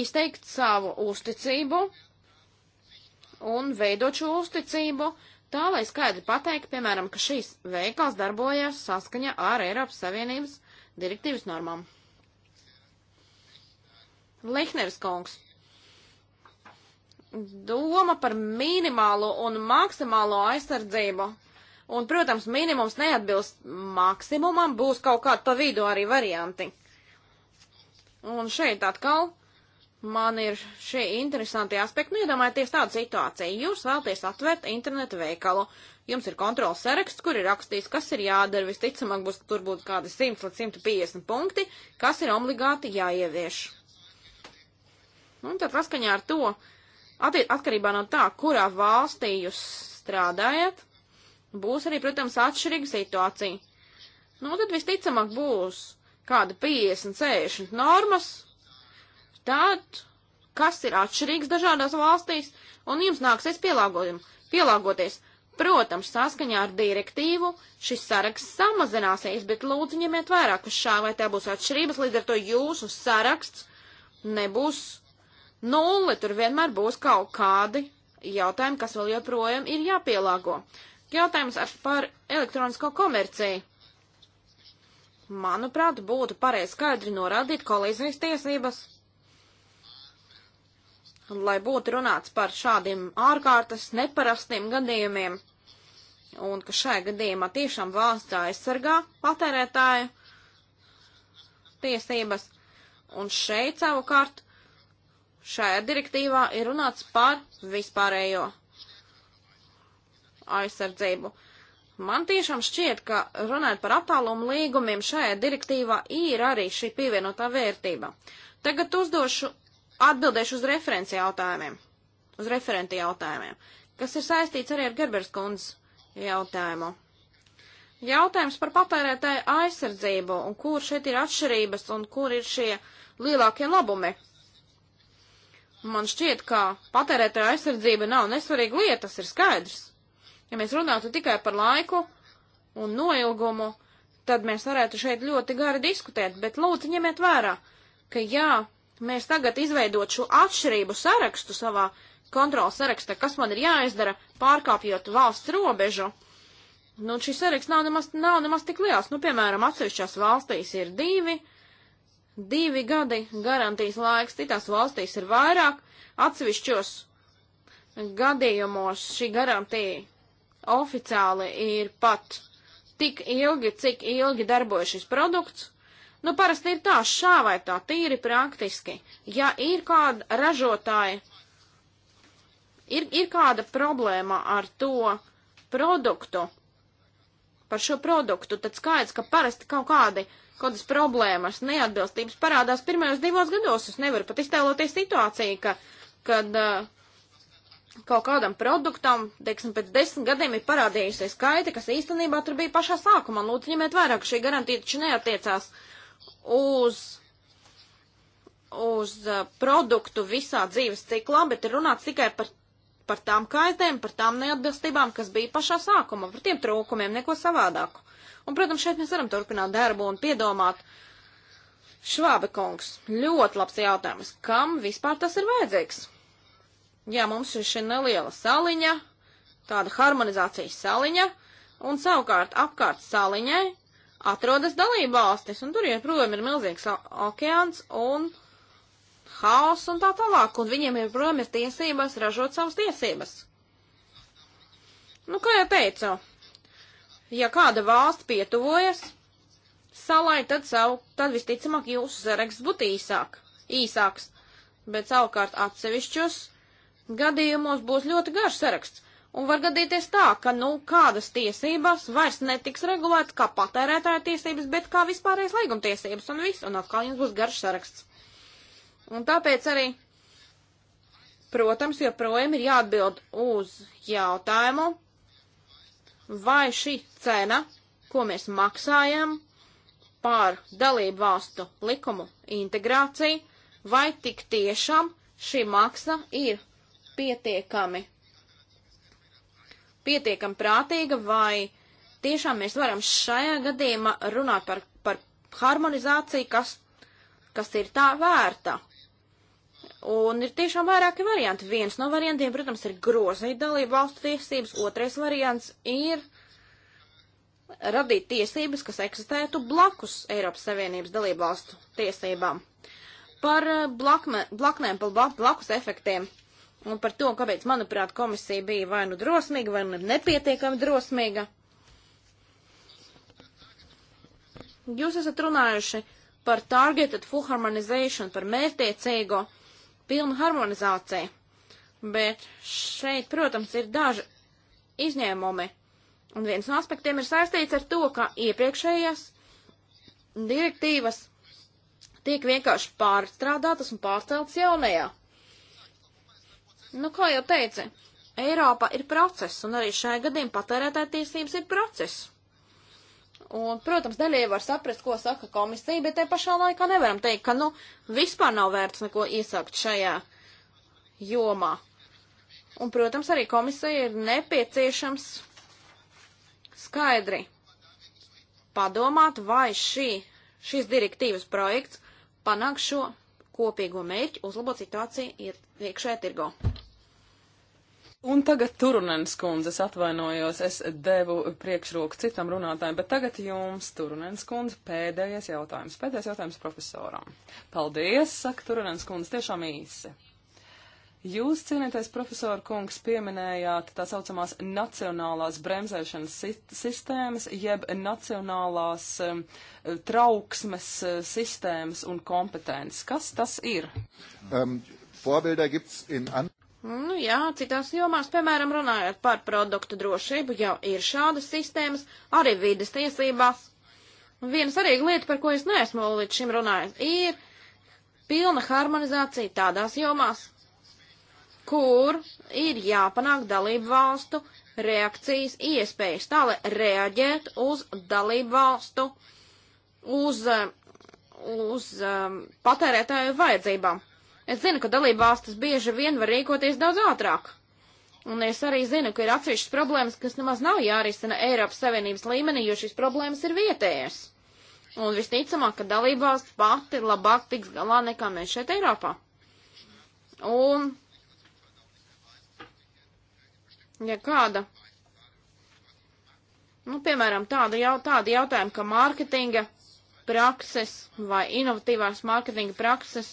izteikt savu uzticību un veidot šo uzticību tā, lai skaidri pateikt, piemēram, ka šīs veikals darbojas saskaņa ar Eiropas Savienības direktīvas normām. Lehneris kungs. Doma par minimālo un maksimālo aizsardzību Un, protams, minimums neatbilst maksimumam, būs kaut kāda pa vidu arī varianti. Un šeit atkal man ir šie interesanti aspekti. Nu, iedomājieties tādu situāciju. Jūs vēlties atvērt internetu veikalu. Jums ir kontrols saraksts, kur ir rakstīts, kas ir jādara. Visticamāk, būs tur būtu kādi 100 līdz 150 punkti, kas ir obligāti jāievieš. Un tad saskaņā ar to, atkarībā no tā, kurā valstī jūs strādājat, Būs arī, protams, atšķirīga situācija. Nu, tad visticamāk būs kāda 50, 60 normas. Tad, kas ir atšķirīgs dažādās valstīs, un jums nāksies pielāgoties. Protams, saskaņā ar direktīvu šis saraksts samazināsies, bet lūdzu ņemiet vērā, ka šā vai tā būs atšķirības, līdz ar to jūsu saraksts nebūs nulle, tur vienmēr būs kaut kādi jautājumi, kas vēl joprojām ir jāpielāgo. Jautājums par elektronisko komerciju. Manuprāt, būtu pareizi skaidri norādīt kolīzijas tiesības. Lai būtu runāts par šādiem ārkārtas neparastiem gadījumiem, un ka šajā gadījumā tiešām valsts aizsargā patērētāju tiesības. Un šeit savukārt šajā direktīvā ir runāts par vispārējo aizsardzību. Man tiešām šķiet, ka runājot par attālumu līgumiem, šajā direktīvā ir arī šī pievienotā vērtība. Tagad uzdošu, atbildēšu uz referenci jautājumiem, uz referenti jautājumiem, kas ir saistīts arī ar Gerbers kundzes jautājumu. Jautājums par patērētāju aizsardzību un kur šeit ir atšķirības un kur ir šie lielākie labumi. Man šķiet, ka patērētāju aizsardzība nav nesvarīga lieta, tas ir skaidrs. Ja mēs runātu tikai par laiku un noilgumu, tad mēs varētu šeit ļoti gari diskutēt, bet lūdzu ņemiet vērā, ka jā, mēs tagad izveidot šo atšķirību sarakstu savā kontrolas sarakstā, kas man ir jāizdara, pārkāpjot valsts robežu. Nu, šis saraksts nav nemaz, nav nemaz tik liels. Nu, piemēram, atsevišķās valstīs ir divi, divi gadi garantijas laiks, citās valstīs ir vairāk. Atsevišķos gadījumos šī garantija oficiāli ir pat tik ilgi, cik ilgi darbojas šis produkts. Nu, parasti ir tā, šā vai tā, tīri praktiski. Ja ir kāda ražotāja, ir, ir kāda problēma ar to produktu, par šo produktu, tad skaidrs, ka parasti kaut kādi, kādas problēmas, neatbilstības parādās pirmajos divos gados. Es nevaru pat iztēloties situāciju, ka, kad uh, kaut kādam produktam, teiksim, pēc desmit gadiem ir parādījusies skaita, kas īstenībā tur bija pašā sākumā. Lūdzu, ņemiet vērā, ka šī garantija taču neatiecās uz, uz uh, produktu visā dzīves ciklā, bet ir runāts tikai par, par tām kaitēm, par tām neatbilstībām, kas bija pašā sākumā, par tiem trūkumiem, neko savādāku. Un, protams, šeit mēs varam turpināt darbu un piedomāt. Švābe kungs, ļoti labs jautājums, kam vispār tas ir vajadzīgs? ja mums ir šī neliela saliņa, tāda harmonizācijas saliņa, un savukārt apkārt saliņai atrodas dalība valstis, un tur, ja, protams, ir milzīgs okeāns un haoss un tā tālāk, un viņiem, ja, protams, ir tiesības ražot savas tiesības. Nu, kā jau teicu, ja kāda valsts pietuvojas salai, tad, savu, tad visticamāk jūsu saraksts būtu īsāk, īsāks, bet savukārt atsevišķus gadījumos būs ļoti garš saraksts. Un var gadīties tā, ka, nu, kādas tiesības vairs netiks regulētas kā patērētāja tiesības, bet kā vispārējais līgumtiesības un viss, un atkal jums būs garš saraksts. Un tāpēc arī, protams, joprojām ir jāatbild uz jautājumu, vai šī cena, ko mēs maksājam pār dalību valstu likumu integrāciju, vai tik tiešām šī maksa ir pietiekami, pietiekami prātīga, vai tiešām mēs varam šajā gadījumā runāt par, par harmonizāciju, kas, kas ir tā vērta. Un ir tiešām vairāki varianti. Viens no variantiem, protams, ir grozīt dalību valstu tiesības, otrais variants ir radīt tiesības, kas eksistētu blakus Eiropas Savienības dalību valstu tiesībām. Par eh, blakme, blaknēm, par blakus efektiem un par to, kāpēc, manuprāt, komisija bija vai nu drosmīga, vai nu nepietiekami drosmīga. Jūs esat runājuši par targeted full harmonization, par mērtiecīgo pilnu harmonizāciju, bet šeit, protams, ir daži izņēmumi. Un viens no aspektiem ir saistīts ar to, ka iepriekšējās direktīvas tiek vienkārši pārstrādātas un pārceltas jaunajā. Nu, kā jau teicu, Eiropa ir process, un arī šajā gadījumā patērētāja tiesības ir process. Un, protams, daļai var saprast, ko saka komisija, bet te pašā laikā nevaram teikt, ka, nu, vispār nav vērts neko iesākt šajā jomā. Un, protams, arī komisija ir nepieciešams skaidri padomāt, vai šī, šis direktīvas projekts panāk šo kopīgo mērķi uzlabot situāciju iekšē tirgo. Un tagad Turunens kundzes atvainojos, es devu priekšroku citam runātājiem, bet tagad jums, Turunens kundze, pēdējais jautājums. Pēdējais jautājums profesoram. Paldies, saka Turunens kundze, tiešām īsi. Jūs, cienītais profesor kungs, pieminējāt tā saucamās nacionālās bremzēšanas sistēmas, jeb nacionālās um, trauksmes uh, sistēmas un kompetences. Kas tas ir? Um, Vorbilder gibt's in an Nu, nu, jā, citās jomās, piemēram, runājot par produktu drošību, jau ir šādas sistēmas, arī vides tiesībās. Un viena svarīga lieta, par ko es neesmu līdz šim runājis, ir pilna harmonizācija tādās jomās, kur ir jāpanāk dalību valstu reakcijas iespējas, tā lai reaģētu uz dalību valstu, uz, eh, uz um, patērētāju vajadzībām. Es zinu, ka dalībvalstis bieži vien var rīkoties daudz ātrāk. Un es arī zinu, ka ir atsevišķas problēmas, kas nemaz nav jārisina Eiropas Savienības līmenī, jo šīs problēmas ir vietējas. Un visticamāk, ka dalībvalsts pati labāk tiks galā nekā mēs šeit Eiropā. Un, ja kāda Nu, piemēram, tāda, jau, tāda jautājuma, ka mārketinga prakses vai inovatīvās mārketinga prakses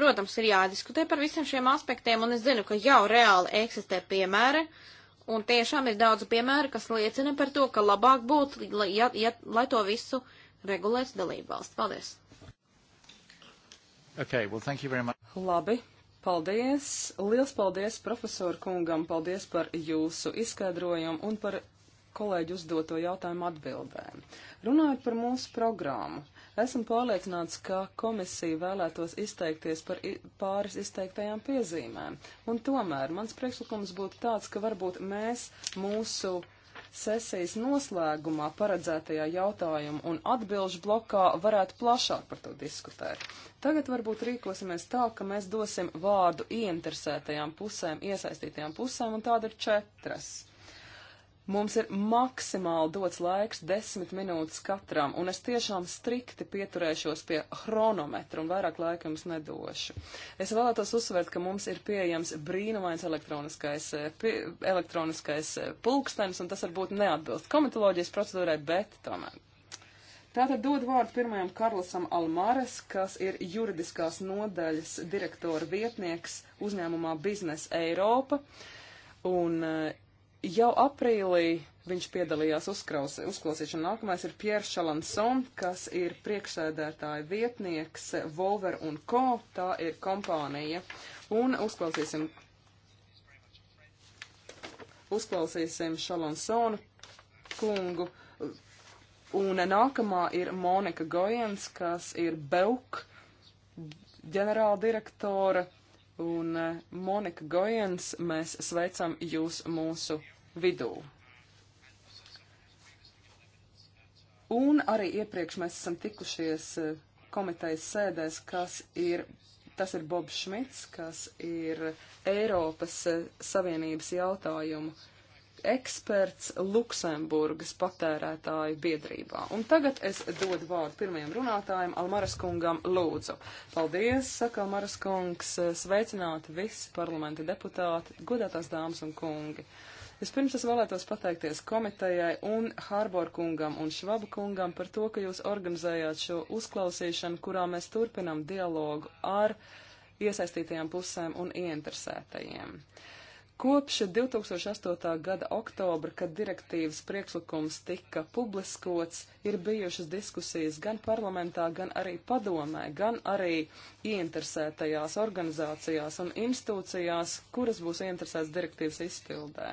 Protams, ir jādiskutē par visiem šiem aspektiem, un es zinu, ka jau reāli eksistē piemēri, un tiešām ir daudz piemēru, kas liecina par to, ka labāk būtu, ja, ja, lai to visu regulēs dalību valsts. Paldies! Okay, well, thank you very much. Labi, paldies! Liels paldies profesoru kungam, paldies par jūsu izskaidrojumu un par kolēģi uzdoto jautājumu atbildēm. Runājot par mūsu programmu, Esmu pārliecināts, ka komisija vēlētos izteikties par pāris izteiktajām piezīmēm. Un tomēr mans priekšlikums būtu tāds, ka varbūt mēs mūsu sesijas noslēgumā paredzētajā jautājumu un atbilžu blokā varētu plašāk par to diskutēt. Tagad varbūt rīkosimies tā, ka mēs dosim vārdu ieinteresētajām pusēm, iesaistītajām pusēm, un tāda ir četras. Mums ir maksimāli dots laiks desmit minūtes katram, un es tiešām strikti pieturēšos pie chronometra un vairāk laika jums nedošu. Es vēlētos uzsvērt, ka mums ir pieejams brīnumains elektroniskais, eh, pie, elektroniskais eh, pulkstenis, un tas varbūt neatbilst komitoloģijas procedūrai, bet tomēr. Tātad dod vārdu pirmajam Karlasam Almares, kas ir juridiskās nodaļas direktora vietnieks uzņēmumā Biznes Eiropa. Un eh, Jau aprīlī viņš piedalījās uzklausīšanā. Nākamais ir Piers Chalanson, kas ir priekšsēdētāja vietnieks Volver un Co. Tā ir kompānija. Un uzklausīsim, uzklausīsim Chalansonu kungu. Un nākamā ir Monika Gojens, kas ir Belk ģenerāldirektora Un eh, Monika Gojens, mēs sveicam jūs mūsu vidū. Un arī iepriekš mēs esam tikušies eh, komitejas sēdēs, kas ir, tas ir Bobs Šmits, kas ir Eiropas eh, Savienības jautājumu uh, eksperts Luksemburgas patērētāju biedrībā. Un tagad es dodu vārdu pirmajam runātājam, Almaras kungam Lūdzu. Paldies, saka Almaras kungs, sveicināti visi parlamenta deputāti, godātās dāmas un kungi. Vispirms es vēlētos pateikties komitejai un Hārbor kungam un Švaba kungam par to, ka jūs organizējāt šo uzklausīšanu, kurā mēs turpinam dialogu ar iesaistītajām pusēm un ieinteresētajiem. Uh, Kopš 2008. gada oktobra, kad direktīvas priekšlikums tika publiskots, ir bijušas diskusijas gan parlamentā, gan arī padomē, gan arī ieinteresētajās organizācijās un institūcijās, kuras būs ieinteresētas direktīvas izpildē.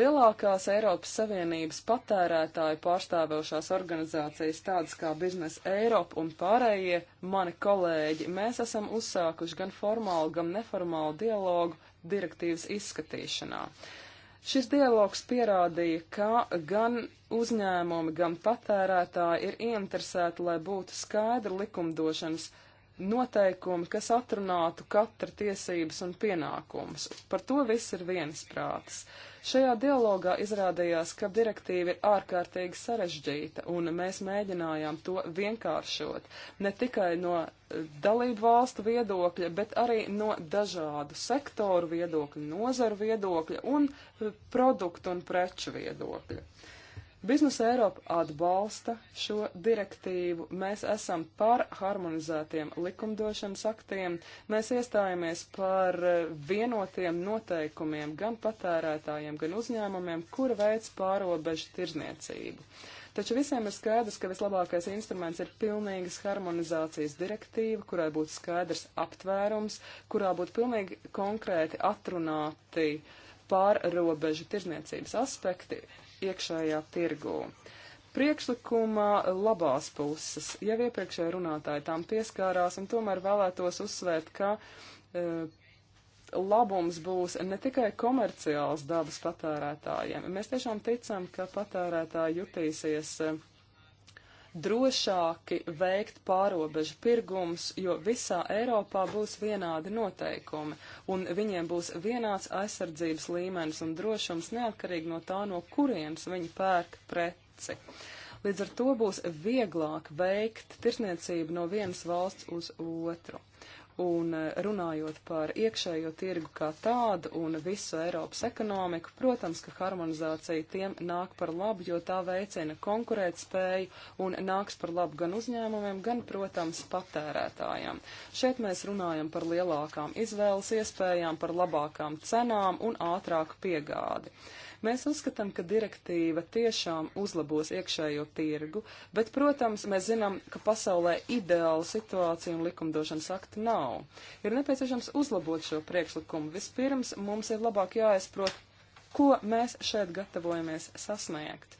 Lielākās Eiropas Savienības patērētāju pārstāvējušās organizācijas, tādas kā Biznesa Eiropa un pārējie mani kolēģi, mēs esam uzsākuši gan formālu, gan neformālu dialogu direktīvas izskatīšanā. Šis dialogs pierādīja, ka gan uzņēmumi, gan patērētāji ir ieinteresēti, lai būtu skaidra likumdošanas noteikumi, kas atrunātu katra tiesības un pienākumus. Par to viss ir viensprātis. Šajā dialogā izrādījās, ka direktīva ir ārkārtīgi sarežģīta, un mēs mēģinājām to vienkāršot ne tikai no e, dalību valstu viedokļa, bet arī no dažādu sektoru viedokļa, nozaru viedokļa un e, produktu un preču viedokļa. Biznesa Eiropa atbalsta šo direktīvu. Mēs esam par harmonizētiem likumdošanas aktiem. Mēs iestājamies par vienotiem noteikumiem gan patērētājiem, gan uzņēmumiem, kur veids pārobežu tirzniecību. Taču visiem ir skaidrs, ka vislabākais instruments ir pilnīgas harmonizācijas direktīva, kurai būtu skaidrs aptvērums, kurā būtu pilnīgi konkrēti atrunāti pārrobežu tirzniecības aspekti iekšējā tirgū. Priekšlikumā labās puses, jau iepriekšēji runātāji tām pieskārās, un tomēr vēlētos uzsvērt, ka e, labums būs ne tikai komerciāls dabas patērētājiem. Mēs tiešām ticam, ka patērētāji jutīsies. E, drošāki veikt pārobežu pirgums, jo visā Eiropā būs vienādi noteikumi, un viņiem būs vienāds aizsardzības līmenis un drošums neatkarīgi no tā, no kurienes viņi pērk preci. Līdz ar to būs vieglāk veikt tirsniecību no vienas valsts uz otru. Un eh, runājot par iekšējo tirgu kā tādu un visu Eiropas ekonomiku, protams, ka harmonizācija tiem nāk par labu, jo tā veicina konkurētspēju un nāks par labu gan uzņēmumiem, gan, protams, patērētājiem. Šeit mēs runājam par lielākām izvēles iespējām, par labākām cenām un ātrāku piegādi. Mēs uzskatām, ka direktīva tiešām uzlabos iekšējo tirgu, bet, protams, mēs zinām, ka pasaulē ideāla situācija un likumdošanas akta nav. Ir nepieciešams uzlabot šo priekšlikumu. Vispirms mums ir labāk jāizprot, ko mēs šeit gatavojamies sasniegt.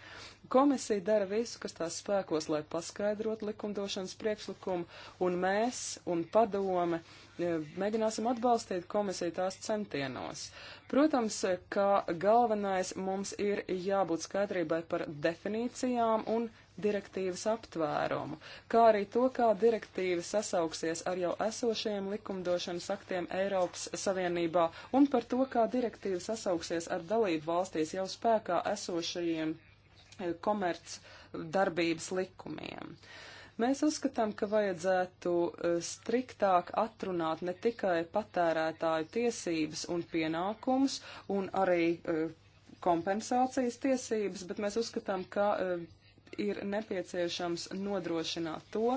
Komisija dara visu, kas tās spēkos, lai paskaidrotu likumdošanas priekšlikumu, un mēs un padome e, mēģināsim atbalstīt komisiju tās centienos. Protams, ka galvenais mums ir jābūt skaidrībai par definīcijām un direktīvas aptvērumu, kā arī to, kā direktīva sasauksies ar jau esošajiem likumdošanas aktiem Eiropas Savienībā un par to, kā direktīva sasauksies ar dalību valstīs jau spēkā esošajiem komerc darbības likumiem. Mēs uzskatām, ka vajadzētu e, striktāk atrunāt ne tikai patērētāju tiesības un pienākumus un arī e, kompensācijas tiesības, bet mēs uzskatām, ka e, ir nepieciešams nodrošināt to,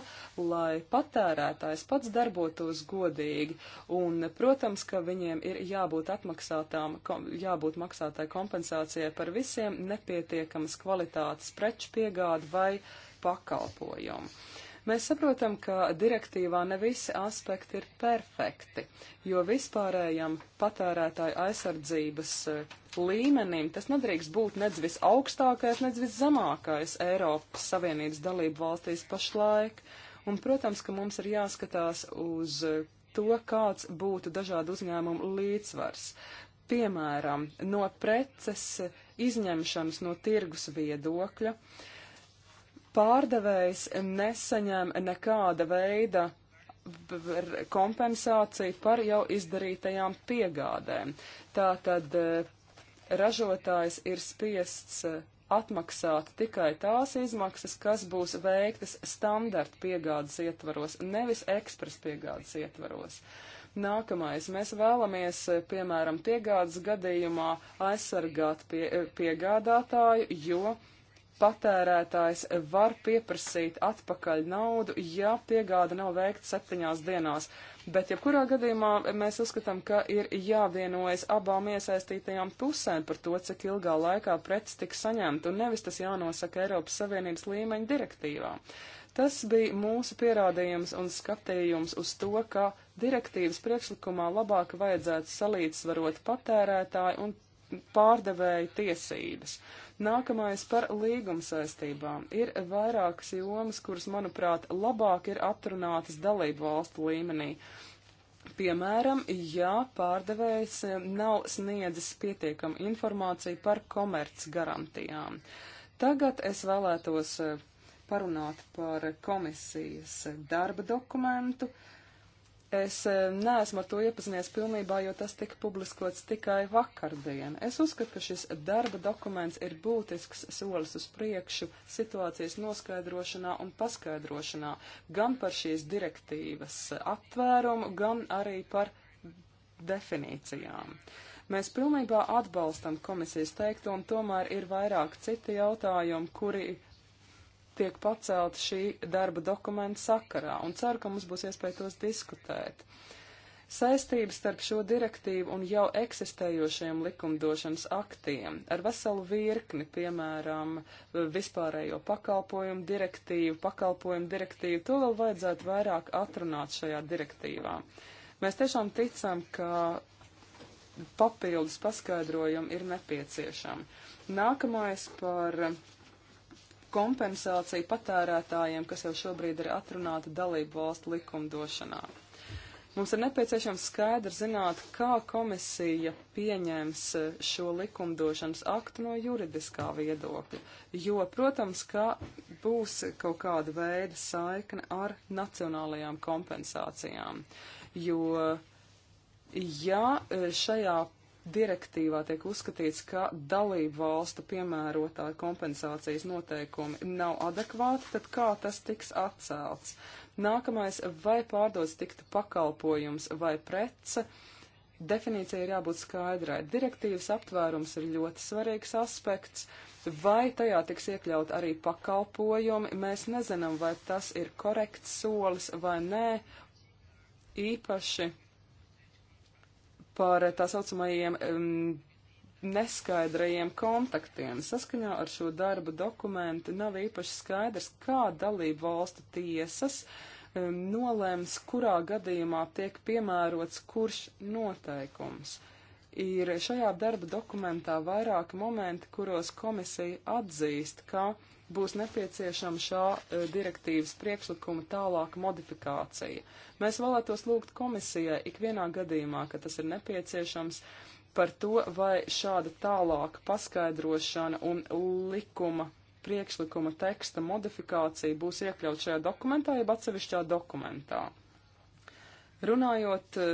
lai patērētājs pats darbotos godīgi, un, protams, ka viņiem ir jābūt atmaksātām, kom, jābūt maksātai kompensācijai par visiem nepietiekamas kvalitātes preču piegādu vai pakalpojumu. Mēs saprotam, ka direktīvā ne visi aspekti ir perfekti, jo vispārējam patērētāju aizsardzības eh, līmenim tas nedrīkst būt nedz visaugstākais, nedz viszemākais Eiropas Savienības dalību valstīs pašlaik. Un, protams, ka mums ir jāskatās uz eh, to, kāds būtu dažādu uzņēmumu līdzsvars. Piemēram, no preces izņemšanas no tirgus viedokļa. Uh, Pārdevējs nesaņem nekāda veida kompensāciju par jau izdarītajām piegādēm. Tātad eh, ražotājs ir spiests eh, atmaksāt tikai tās izmaksas, kas būs veiktas standarta piegādes ietvaros, nevis ekspres piegādes ietvaros. Nākamais. Mēs vēlamies, eh, piemēram, piegādes gadījumā aizsargāt pie, piegādātāju, jo patērētājs var pieprasīt atpakaļ naudu, ja piegāda nav veikta septiņās dienās. Bet, ja kurā gadījumā mēs uzskatām, ka ir jāvienojas abām iesaistītajām pusēm par to, cik ilgā laikā preces tiks saņemta, un nevis tas jānosaka Eiropas Savienības līmeņa direktīvā. Tas bija mūsu pierādījums un skatījums uz to, ka direktīvas priekšlikumā labāk vajadzētu salīdzvarot patērētāju un pārdevēju tiesības. Uh, Nākamais par līgumsaistībām. Ir vairākas jomas, kuras, manuprāt, labāk ir atrunātas dalību valstu līmenī. Piemēram, ja pārdevējs nav sniedzis pietiekam informāciju par komerc garantijām. Tagad es vēlētos eh, parunāt par komisijas darba dokumentu. Uh, Es eh, neesmu ar to iepazinies pilnībā, jo tas tika publiskots tikai vakardien. Es uzskatu, ka šis darba dokuments ir būtisks solis uz priekšu situācijas noskaidrošanā un paskaidrošanā gan par šīs direktīvas eh, aptvērumu, gan arī par definīcijām. Mēs pilnībā atbalstam komisijas teikto, un tomēr ir vairāk citi jautājumi, kuri tiek pacelti šī darba dokumenta sakarā, un ceru, ka mums būs iespēja tos diskutēt. Saistības starp šo direktīvu un jau eksistējošiem likumdošanas aktiem ar veselu virkni, piemēram, vispārējo pakalpojumu direktīvu, pakalpojumu direktīvu, to vēl vajadzētu vairāk atrunāt šajā direktīvā. Mēs tiešām ticam, ka papildus paskaidrojumi ir nepieciešami. Nākamais par kompensācija patērētājiem, kas jau šobrīd ir atrunāta dalību valstu likumdošanā. Mums ir nepieciešams skaidri zināt, kā komisija pieņems e, šo likumdošanas aktu no juridiskā viedokļa, jo, protams, ka būs kaut kāda veida saikne ar nacionālajām kompensācijām, jo, ja e, šajā direktīvā tiek uzskatīts, ka dalību valstu piemērotā kompensācijas noteikumi nav adekvāti, tad kā tas tiks atcelts? Nākamais, vai pārdots tiktu pakalpojums vai prece? Definīcija ir jābūt skaidrai. Direktīvas aptvērums ir ļoti svarīgs aspekts. Vai tajā tiks iekļaut arī pakalpojumi? Mēs nezinām, vai tas ir korekts solis vai nē. Īpaši par tā saucamajiem um, neskaidrajiem kontaktiem. Saskaņā ar šo darba dokumentu nav īpaši skaidrs, kā dalību valstu tiesas um, nolēms, kurā gadījumā tiek piemērots kurš noteikums. Ir šajā darba dokumentā vairāki momenti, kuros komisija atzīst, ka uh, būs nepieciešama šā e, direktīvas priekšlikuma tālāka modifikācija. Mēs vēlētos lūgt komisijai ikvienā gadījumā, ka tas ir nepieciešams, par to, vai šāda tālāka paskaidrošana un likuma priekšlikuma teksta modifikācija būs iekļaut šajā dokumentā, jeb atsevišķā dokumentā. Runājot e,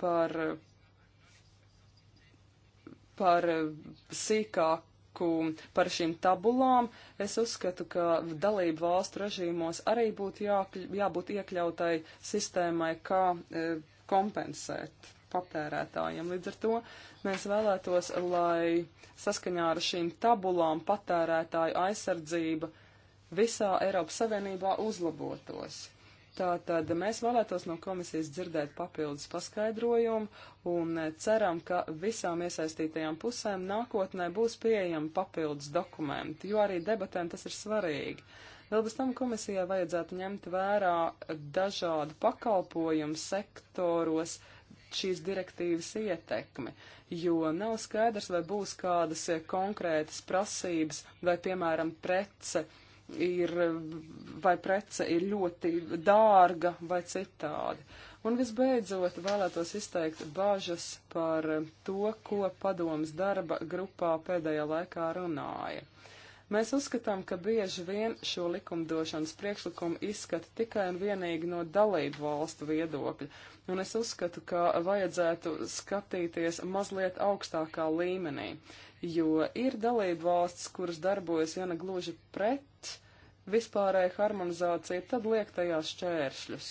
par par e, sīkāk priekšlikumu par šīm tabulām, es uzskatu, ka dalību valstu režīmos arī būtu jākļ, jābūt iekļautai sistēmai, kā e, kompensēt patērētājiem. Līdz ar to mēs vēlētos, lai saskaņā ar šīm tabulām patērētāju aizsardzība visā Eiropas Savienībā uzlabotos. Tātad mēs vēlētos no komisijas dzirdēt papildus paskaidrojumu un eh, ceram, ka visām iesaistītajām pusēm nākotnē būs pieejami papildus dokumenti, jo arī debatēm tas ir svarīgi. Vēl bez tam komisijai vajadzētu ņemt vērā dažādu pakalpojumu sektoros šīs direktīvas ietekmi, jo nav skaidrs, vai būs kādas konkrētas prasības vai, piemēram, prece ir, vai prece ir ļoti dārga vai citādi. Un visbeidzot vēlētos izteikt bāžas par to, ko padomas darba grupā pēdējā laikā runāja. Mēs uzskatām, ka bieži vien šo likumdošanas priekšlikumu izskata tikai un vienīgi no dalību valstu viedokļa, un es uzskatu, ka vajadzētu skatīties mazliet augstākā līmenī. Uh, jo ir dalība valsts, kuras darbojas, ja ne gluži pret vispārēju harmonizāciju, tad liek tajās šķēršļus.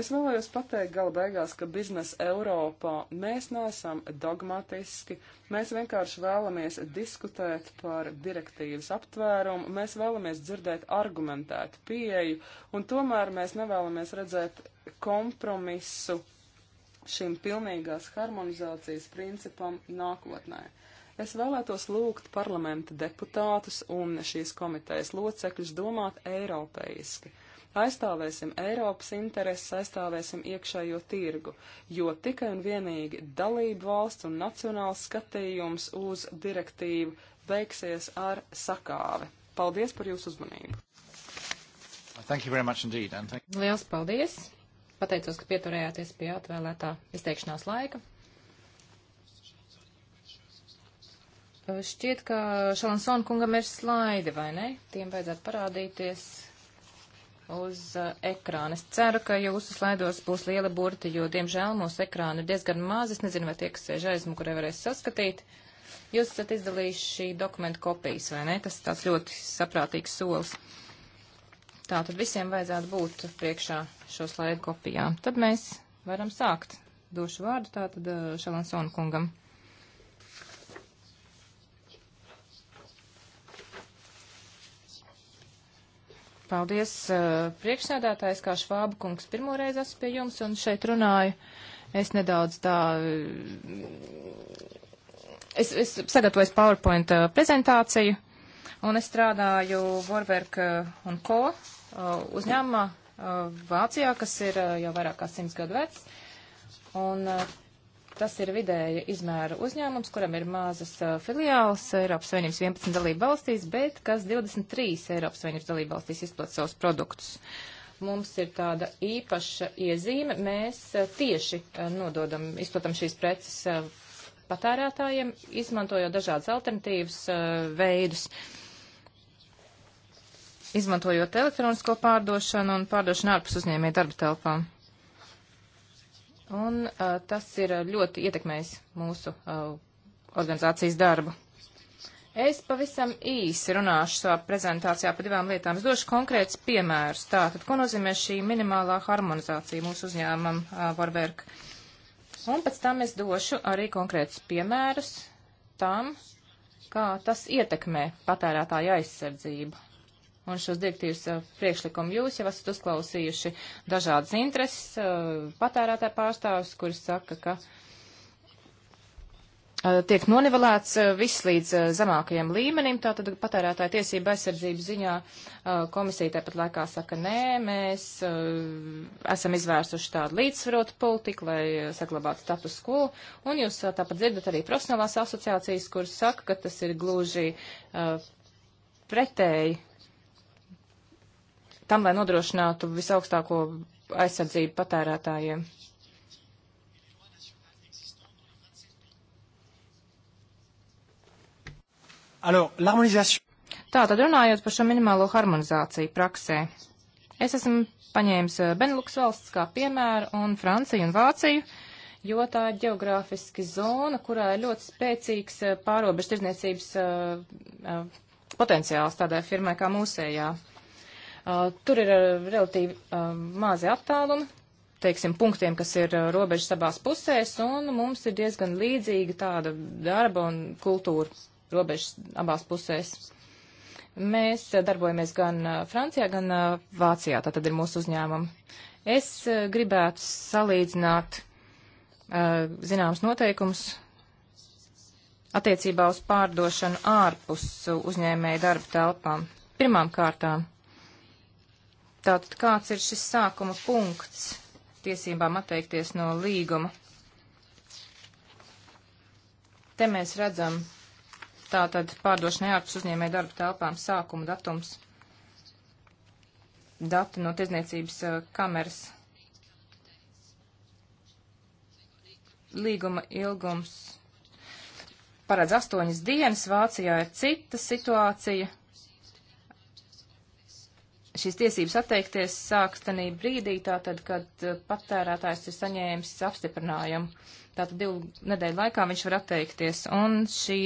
Es vēlējos pateikt gala beigās, ka biznesa Eiropā mēs neesam dogmatiski, mēs vienkārši vēlamies diskutēt par direktīvas aptvērumu, mēs vēlamies dzirdēt argumentētu pieeju, un tomēr mēs nevēlamies redzēt kompromisu šim pilnīgās harmonizācijas principam nākotnē. Es vēlētos lūgt parlamenta deputātus un šīs komitejas locekļus domāt eiropeiski. Aizstāvēsim Eiropas intereses, aizstāvēsim iekšējo tirgu, jo tikai un vienīgi dalību valsts un nacionāls skatījums uz direktīvu beigsies ar sakāvi. Paldies par jūsu uzmanību. Indeed, thank... Liels paldies! Pateicos, ka pieturējāties pie atvēlētā izteikšanās laika. Eh, šķiet, ka Šalansona kungam ir slaidi, vai ne? Tiem vajadzētu parādīties uz uh, ekrāna. Es ceru, ka jūsu slaidos būs liela burti, jo, diemžēl, mūsu ekrāna ir diezgan maza. Es nezinu, vai tie, kas sēž aizmugurē, varēs saskatīt. Jūs esat izdalījuši dokumentu kopijas, vai ne? Tas tāds ļoti saprātīgs solis. Tā tad visiem vajadzētu būt priekšā šo slaidu kopijām. Tad mēs varam sākt. Došu vārdu tātad uh, eh, Šalansona kungam. Paldies, uh, priekšsēdētājs, kā Švāba kungs pirmoreiz esmu pie jums un šeit runāju. Es nedaudz tā. Eh, es, es sagatavoju PowerPoint uh, prezentāciju un es strādāju Vorwerk un Ko uh, uzņēmumā Vācijā, kas ir jau vairāk kā simts gadu vecs. Un Tas ir vidēja izmēra uzņēmums, kuram ir mazas uh, filiāls Eiropas Savienības 11 dalība valstīs, bet kas 23 Eiropas Savienības dalība valstīs izplat savus produktus. Mums ir tāda īpaša iezīme. Mēs uh, tieši uh, nododam, izplatam šīs preces uh, patērētājiem, izmantojot dažādas alternatīvas uh, veidus. Izmantojot elektronisko pārdošanu un pārdošanu ārpus uzņēmē darba telpām. Un uh, tas ir uh, ļoti ietekmējis mūsu uh, organizācijas darbu. Es pavisam īsi runāšu savā prezentācijā par divām lietām. Es došu konkrēts piemērus. Tātad, ko nozīmē šī minimālā harmonizācija mūsu uzņēmumam uh, Warwerk? Un pēc tam es došu arī konkrētus piemērus tam, kā tas ietekmē patērētāju aizsardzību un šos direktīvas eh, priekšlikumu. Jūs jau esat uzklausījuši dažādas intereses, eh, patērētāju pārstāvis, kuri saka, ka eh, tiek nonivelēts viss līdz zemākajiem līmenim, tātad patērētāja tiesība aizsardzības ziņā komisija tāpat laikā saka, nē, mēs esam izvērsuši tādu līdzsvarotu politiku, lai saglabātu status quo, un jūs tāpat dzirdat arī profesionālās asociācijas, kuras saka, ka tas ir gluži pretēji tam, lai nodrošinātu visaugstāko aizsardzību patērētājiem. Alors, Tā tad runājot par šo minimālo harmonizāciju praksē. Es esmu paņēmis eh, Benelux valsts kā piemēru un Franciju un Vāciju, jo tā ir geogrāfiski zona, kurā ir ļoti spēcīgs eh, pārobežu tirdzniecības uh, eh, uh, potenciāls tādai firmai kā mūsējā. Uh, Tur ir relatīvi mazi attālumi, teiksim, punktiem, kas ir robežas abās pusēs, un mums ir diezgan līdzīga tāda darba un kultūra robežas abās pusēs. Mēs darbojamies gan Francijā, gan Vācijā, tā tad ir mūsu uzņēmumi. Es gribētu salīdzināt zināms noteikums attiecībā uz pārdošanu ārpus uzņēmēja darba telpām. Pirmām kārtām Tātad kāds ir šis sākuma punkts tiesībām atteikties no līguma? Te mēs redzam tātad pārdošanai ārpus uzņēmē darba telpām sākuma datums. Dati no tiesniecības uh, eh, kameras. Līguma ilgums paredz astoņas dienas, Vācijā ir cita situācija šīs tiesības atteikties sāks tanī brīdī, tātad, kad uh, patērētājs ir saņēmis apstiprinājumu. Tātad divu nedēļu laikā viņš var atteikties. Un šī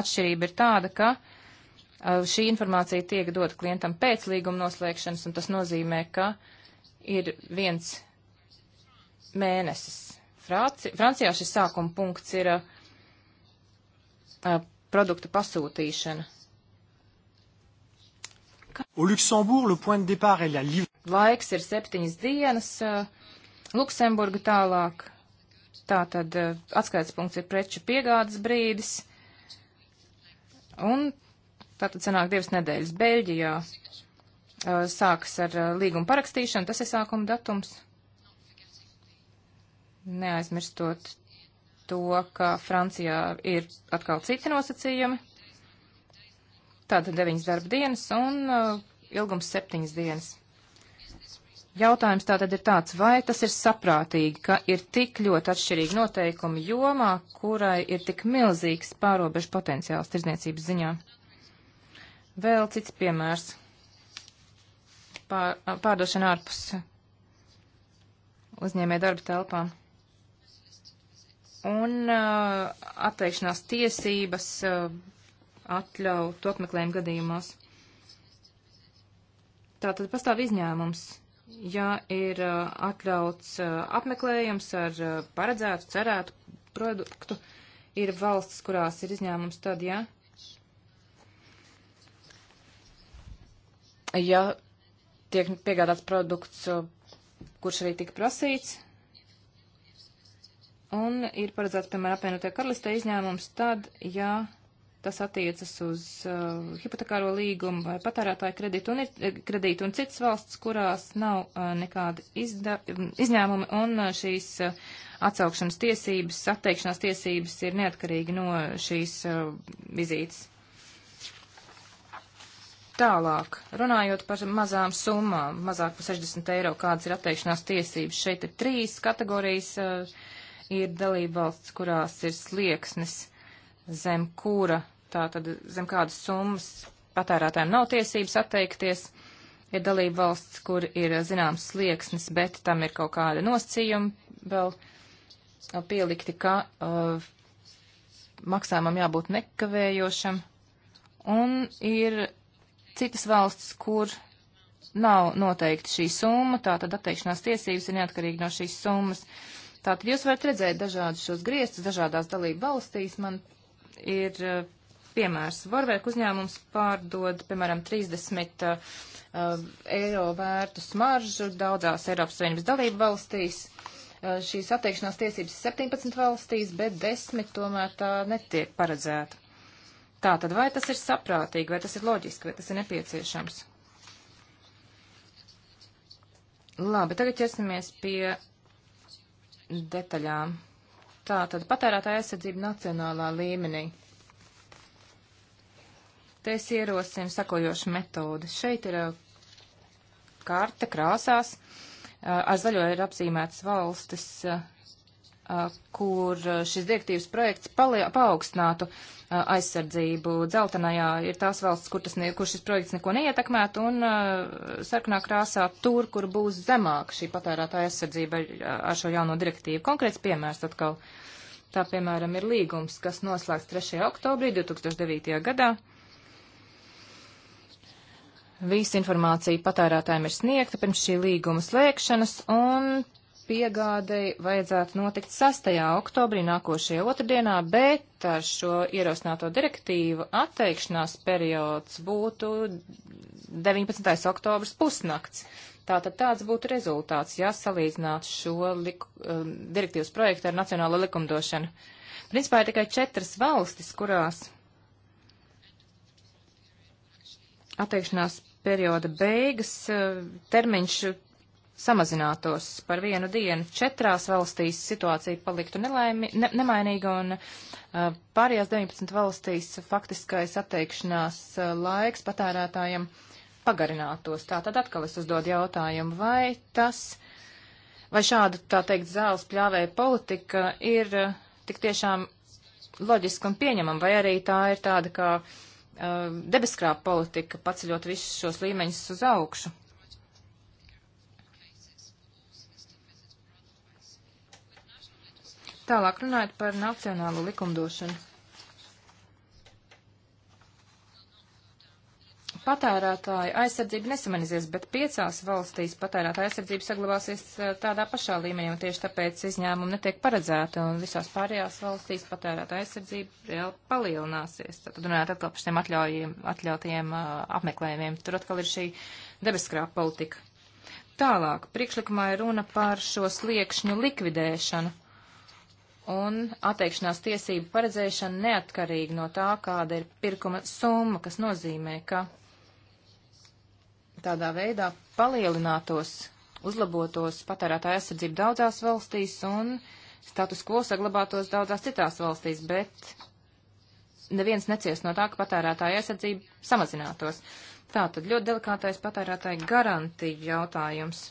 atšķirība ir tāda, ka uh, šī informācija tiek dota klientam pēc līguma noslēgšanas, un tas nozīmē, ka ir viens mēnesis. Franci Francijā šis sākuma punkts ir uh, uh produktu pasūtīšana. Au Luxembourg, le point de départ est la livre. Laiks ir septiņas dienas, eh, Luksemburga tālāk. Tātad eh, atskaits punkts ir preču piegādes brīdis. Un tātad sanāk divas nedēļas Beļģijā. Eh, sākas ar līgumu parakstīšanu, tas ir sākuma datums. Neaizmirstot to, ka Francijā ir atkal citi nosacījumi. Tātad deviņas darba dienas un uh, ilgums septiņas dienas. Jautājums tātad ir tāds, vai tas ir saprātīgi, ka ir tik ļoti atšķirīgi noteikumi jomā, kurai ir tik milzīgs pārobežu potenciāls tirdzniecības ziņā? Vēl cits piemērs. Pār, pārdošana ārpus uzņēmē darba telpām un uh, atteikšanās tiesības uh, atļautu apmeklējumu gadījumos. Tātad pastāv izņēmums. Ja ir uh, atļauts uh, apmeklējums ar uh, paredzētu, cerētu produktu, ir valsts, kurās ir izņēmums, tad, ja, ja tiek piegādāts produkts, kurš arī tika prasīts, un ir paredzēts, piemēram, apvienotie karalistē izņēmums, tad, ja Tas attiecas uz uh, hipotekāro līgumu vai patērētāju kredītu un, ir, eh, kredītu un citas valsts, kurās nav uh, nekāda izda, mm, izņēmumi un uh, šīs uh, atsaukšanas tiesības, atteikšanās tiesības ir neatkarīgi no šīs uh, vizītes. Tālāk, runājot par mazām summām, mazāk par 60 eiro, kādas ir atteikšanās tiesības, šeit ir trīs kategorijas, uh, ir dalībvalsts, kurās ir slieksnis, zem kura tātad zem kādas summas patērētājiem nav tiesības atteikties. Ir dalība valsts, kur ir zināms slieksnis, bet tam ir kaut kāda nosacījuma vēl pielikti, ka uh, maksājumam jābūt nekavējošam. Un ir citas valsts, kur nav noteikti šī summa, tātad atteikšanās tiesības ir neatkarīgi no šīs summas. Tātad jūs varat redzēt dažādus šos griestus dažādās dalību valstīs. Man ir uh, piemērs. Vorvēk uzņēmums pārdod, piemēram, 30 uh, uh, eiro vērtu smaržu daudzās Eiropas Savienības dalību valstīs. Uh, šīs atteikšanās tiesības 17 valstīs, bet 10 tomēr tā netiek paredzēta. Tā tad vai tas ir saprātīgi, vai tas ir loģiski, vai tas ir nepieciešams? Labi, tagad ķersimies pie detaļām. Tā tad patērētāja aizsardzība nacionālā līmenī. Te es ierosinu sakojošu metodi. Šeit ir uh, karte krāsās. Uh, ar zaļo ir apzīmētas valstis, uh, kur šis direktīvas projekts paaugstinātu aizsardzību. Dzeltenajā ir tās valsts, kur, tas, ne, kur šis projekts neko neietekmētu, un sarkanā krāsā tur, kur būs zemāk šī patērētāja aizsardzība ar šo jauno direktīvu. Konkrēts piemērs atkal. Tā, piemēram, ir līgums, kas noslēgts 3. oktobrī 2009. gadā Visa informācija patērētājiem ir sniegta pirms šī līguma slēgšanas, un piegādei vajadzētu notikt 6. oktobrī nākošajā otrdienā, bet ar šo ierosināto direktīvu atteikšanās periods būtu 19. oktobrs pusnakts. Tātad tāds būtu rezultāts, ja salīdzinātu šo liku, um, direktīvas projektu ar nacionālo likumdošanu. Principā ir tikai četras valstis, kurās atteikšanās perioda beigas eh, termiņš samazinātos par vienu dienu. Četrās valstīs situācija paliktu nelaimi, ne, nemainīga un eh, pārējās 19 valstīs faktiskais atteikšanās eh, laiks patērētājiem pagarinātos. Tātad atkal es uzdodu jautājumu, vai tas, vai šāda, tā teikt, zāles pļāvēja politika ir tik tiešām loģiski un pieņemama, vai arī tā ir tāda kā uh, Um, debeskrāpa politika, paceļot visus šos līmeņus uz augšu. Tālāk runājot par nacionālo likumdošanu. patērētāja aizsardzība nesamanizies, bet piecās valstīs patērētāja aizsardzība saglabāsies eh, tādā pašā līmenī, un tieši tāpēc izņēmumi netiek paredzēti, un visās pārējās valstīs patērētāja aizsardzība reāli palielināsies. Tad runājot atkal par šiem atļaujiem, atļautajiem eh, apmeklējumiem, tur atkal ir šī debeskrāpa politika. Tālāk, priekšlikumā ir runa par šo sliekšņu likvidēšanu un atteikšanās tiesību paredzēšana neatkarīgi no tā, kāda ir pirkuma summa, kas nozīmē, ka tādā veidā palielinātos, uzlabotos patērētāja aizsardzība daudzās valstīs un status quo saglabātos daudzās citās valstīs, bet neviens necies no tā, ka patērētāja aizsardzība samazinātos. Tā tad ļoti delikātais patērētāja garantija jautājums.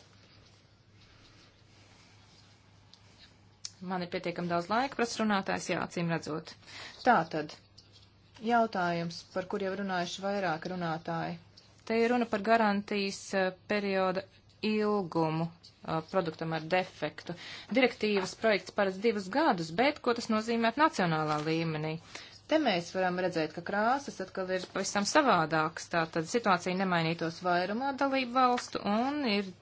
Man ir pietiekami daudz laika, prasa runātājs, jā, acīm redzot. Tā tad jautājums, par kur jau runājuši vairāk runātāji. Te ir runa par garantijas eh, perioda ilgumu eh, produktam ar defektu. Direktīvas projekts paredz divus gadus, bet ko tas nozīmē nacionālā līmenī? Te mēs varam redzēt, ka krāsas atkal ir pavisam savādākas. Tātad situācija nemainītos vairumā dalību valstu un ir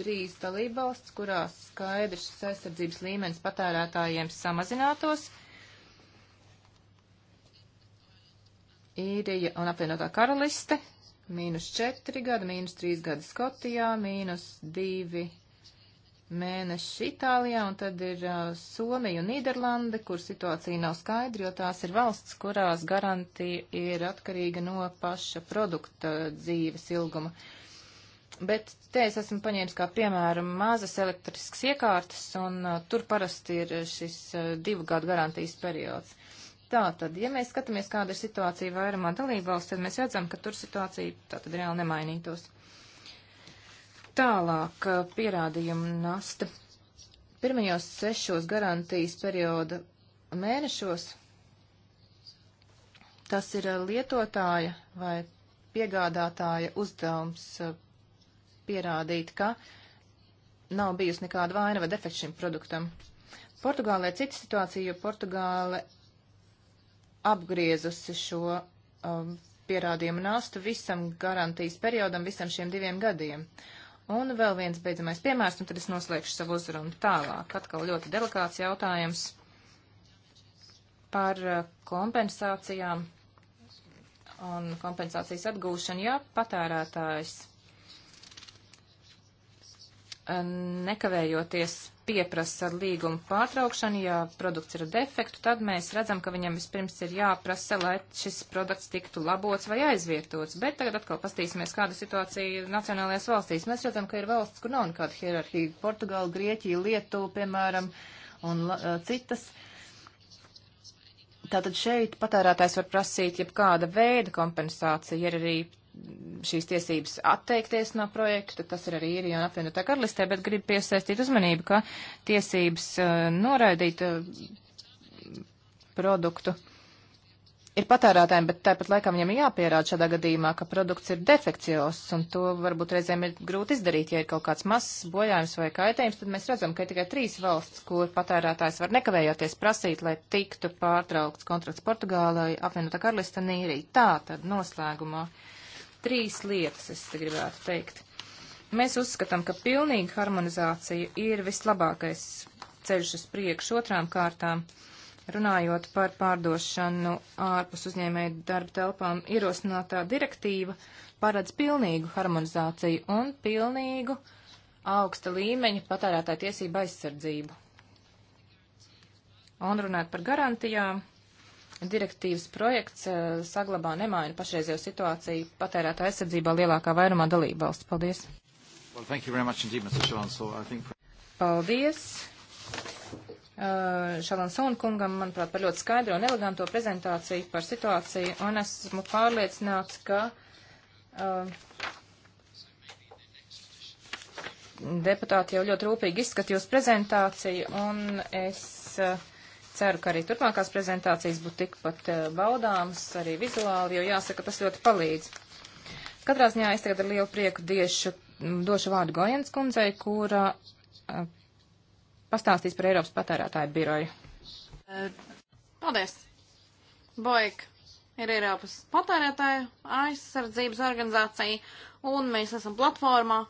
trīs dalību valsts, kurās skaidrs aizsardzības līmenis patērētājiem samazinātos. Īrija un apvienotā karaliste mīnus 4 gadi, mīnus 3 gadi Skotijā, mīnus 2 mēneši Itālijā, un tad ir uh, Somija un Nīderlanda, kur situācija nav skaidra, jo tās ir valsts, kurās garantija ir atkarīga no paša produkta dzīves ilguma. Bet te es esmu paņēmis kā piemēram mazas elektriskas iekārtas, un uh, tur parasti ir šis uh, divu gadu garantijas periods. Tātad, ja mēs skatāmies, kāda ir situācija vairumā dalībvalsts, tad mēs redzam, ka tur situācija tātad reāli nemainītos. Tālāk pierādījuma nasta. Pirmajos sešos garantijas perioda mēnešos tas ir lietotāja vai piegādātāja uzdevums pierādīt, ka nav bijusi nekāda vaina vai defekts šim produktam. Portugālē cita situācija, jo Portugāle apgriezusi šo um, pierādījumu nastu visam garantijas periodam, visam šiem diviem gadiem. Un vēl viens beidzamais piemērs, un tad es noslēgšu savu uzrunu tālāk. Atkal ļoti delikāts jautājums par uh, kompensācijām un kompensācijas atgūšanu, ja patērētājs nekavējoties pieprasa līguma pārtraukšanu, ja produkts ir defektu, tad mēs redzam, ka viņam vispirms ir jāprasa, lai šis produkts tiktu labots vai aizvietots. Bet tagad atkal pastīsimies, kāda situācija ir nacionālajās valstīs. Mēs redzam, ka ir valsts, kur nav nekāda hierarhija - Portugāla, Grieķija, Lietuva, piemēram, un la, citas. Tātad šeit patērētājs var prasīt jebkāda veida kompensāciju, ir arī šīs tiesības atteikties no projekta, tas ir arī īrija un apvienotā karalistē, bet grib piesaistīt uzmanību, ka tiesības eh, noraidīt eh, produktu ir patērētājiem, bet tāpat laikam viņam ir jāpierāda šādā gadījumā, ka produkts ir defekcijos, un to varbūt reizēm ir grūti izdarīt, ja ir kaut kāds mazs bojājums vai kaitējums, tad mēs redzam, ka ir tikai trīs valsts, kur patērētājs var nekavējoties prasīt, lai tiktu pārtraukts kontrakts Portugālai, apvienotā karalista un īrija. Tā tad noslēgumā. Uh, trīs lietas, es te gribētu teikt. Mēs uzskatām, ka pilnīga harmonizācija ir vislabākais ceļš uz priekšu otrām kārtām. Runājot par pārdošanu ārpus uzņēmēju darba telpām, ierosinātā direktīva paredz pilnīgu harmonizāciju un pilnīgu augsta līmeņa patērētāja tiesība aizsardzību. Un runāt par garantijām, direktīvas projekts eh, saglabā nemaina pašreizējo situāciju patērētā aizsardzībā lielākā vairumā dalību valsts. Paldies! Well, indeed, Chalan, so think... Paldies! Uh, eh, Šalansona kungam, manuprāt, par ļoti skaidru un eleganto prezentāciju par situāciju, un esmu pārliecināts, ka uh, deputāti jau ļoti rūpīgi izskatījusi prezentāciju, un es uh, ceru, ka arī turpmākās prezentācijas būtu tikpat eh, baudāmas, arī vizuāli, jo jāsaka, tas ļoti palīdz. Katrā ziņā es tagad ar lielu prieku diešu, mm, došu vārdu Gojens kundzei, kura eh, pastāstīs par Eiropas patērētāju biroju. Paldies! Boik ir Eiropas patērētāju aizsardzības organizācija, un mēs esam platformā,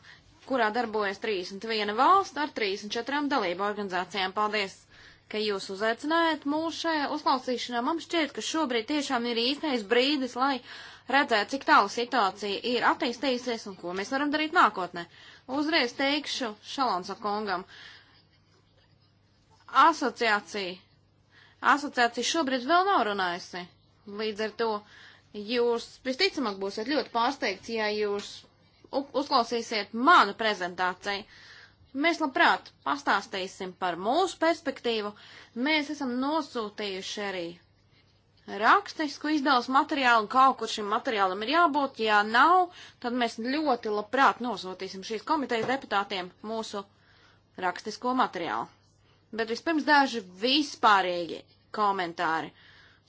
kurā darbojas 31 valsts ar 34 dalību organizācijām. Paldies! ka jūs uzaicinājāt mūs šajā uzklausīšanā. Man šķiet, ka šobrīd tiešām ir īstais brīdis, lai redzētu, cik tālu situācija ir attīstījusies un ko mēs varam darīt nākotnē. Uzreiz teikšu Šalonsa kongam. Asociācija. Asociācija šobrīd vēl nav runājusi. Līdz ar to jūs visticamāk būsiet ļoti pārsteigts, ja jūs uzklausīsiet manu prezentāciju. Mēs labprāt pastāstīsim par mūsu perspektīvu. Mēs esam nosūtījuši arī rakstisku izdevumu materiālu, un kaut kur šim materiālam ir jābūt. Ja nav, tad mēs ļoti labprāt nosūtīsim šīs komitejas deputātiem mūsu rakstisko materiālu. Bet vispirms daži vispārīgi komentāri.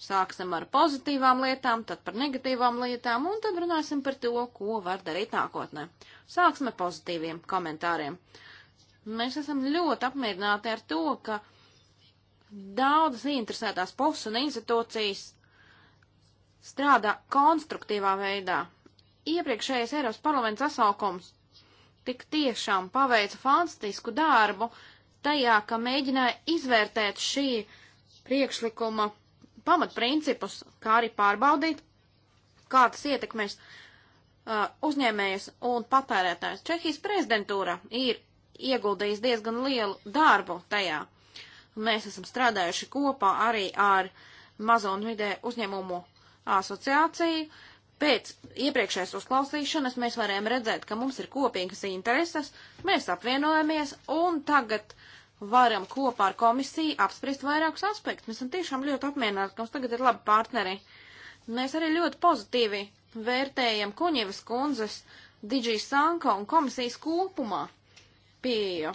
Sāksim ar pozitīvām lietām, tad par negatīvām lietām, un tad runāsim par to, ko var darīt nākotnē. Sāksim ar pozitīviem komentāriem. Uh, Mēs esam ļoti apmierināti ar to, ka daudzas interesētās puses un institūcijas strādā konstruktīvā veidā. Iepriekšējais Eiropas parlaments sasaukums tik tiešām paveica fantastisku darbu tajā, ka mēģināja izvērtēt šī priekšlikuma pamatprincipus, kā arī pārbaudīt, kā tas ietekmēs uh, uzņēmējus un patērētājus. Čehijas prezidentūra ir ieguldījis diezgan lielu darbu tajā. Mēs esam strādājuši kopā arī ar mazo un vidē uzņēmumu asociāciju. Pēc iepriekšējās uzklausīšanas mēs varējām redzēt, ka mums ir kopīgas intereses, mēs apvienojamies un tagad varam kopā ar komisiju apspriest vairākus aspektus. Mēs esam tiešām ļoti apmierināti, ka mums tagad ir labi partneri. Mēs arī ļoti pozitīvi vērtējam Kuņevas kundzes, Digijas Sanko un komisijas kopumā pieeja.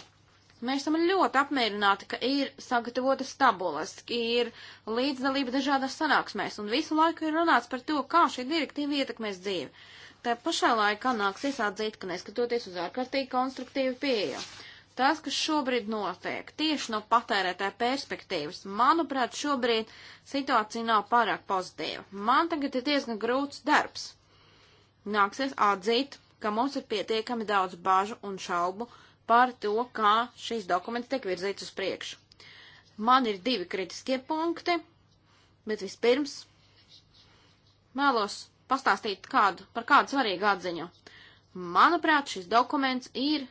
Mēs esam ļoti apmierināti, ka ir sagatavotas tabulas, ka ir līdzdalība dažādās sanāksmēs, un visu laiku ir runāts par to, kā šī direktīva ietekmēs dzīvi. Tā pašā laikā nāksies atzīt, ka neskatoties uz ārkārtīgi konstruktīvu pieeju, tas, kas šobrīd notiek, tieši no patērētāja perspektīvas, manuprāt, šobrīd situācija nav pārāk pozitīva. Man tagad ir diezgan grūts darbs. Nāksies atzīt, ka mums ir pietiekami daudz bažu un šaubu par to, kā šīs dokumenti tiek virzīts uz priekšu. Man ir divi kritiskie punkti, bet vispirms vēlos pastāstīt kādu, par kādu svarīgu atziņu. Manuprāt, šis dokuments ir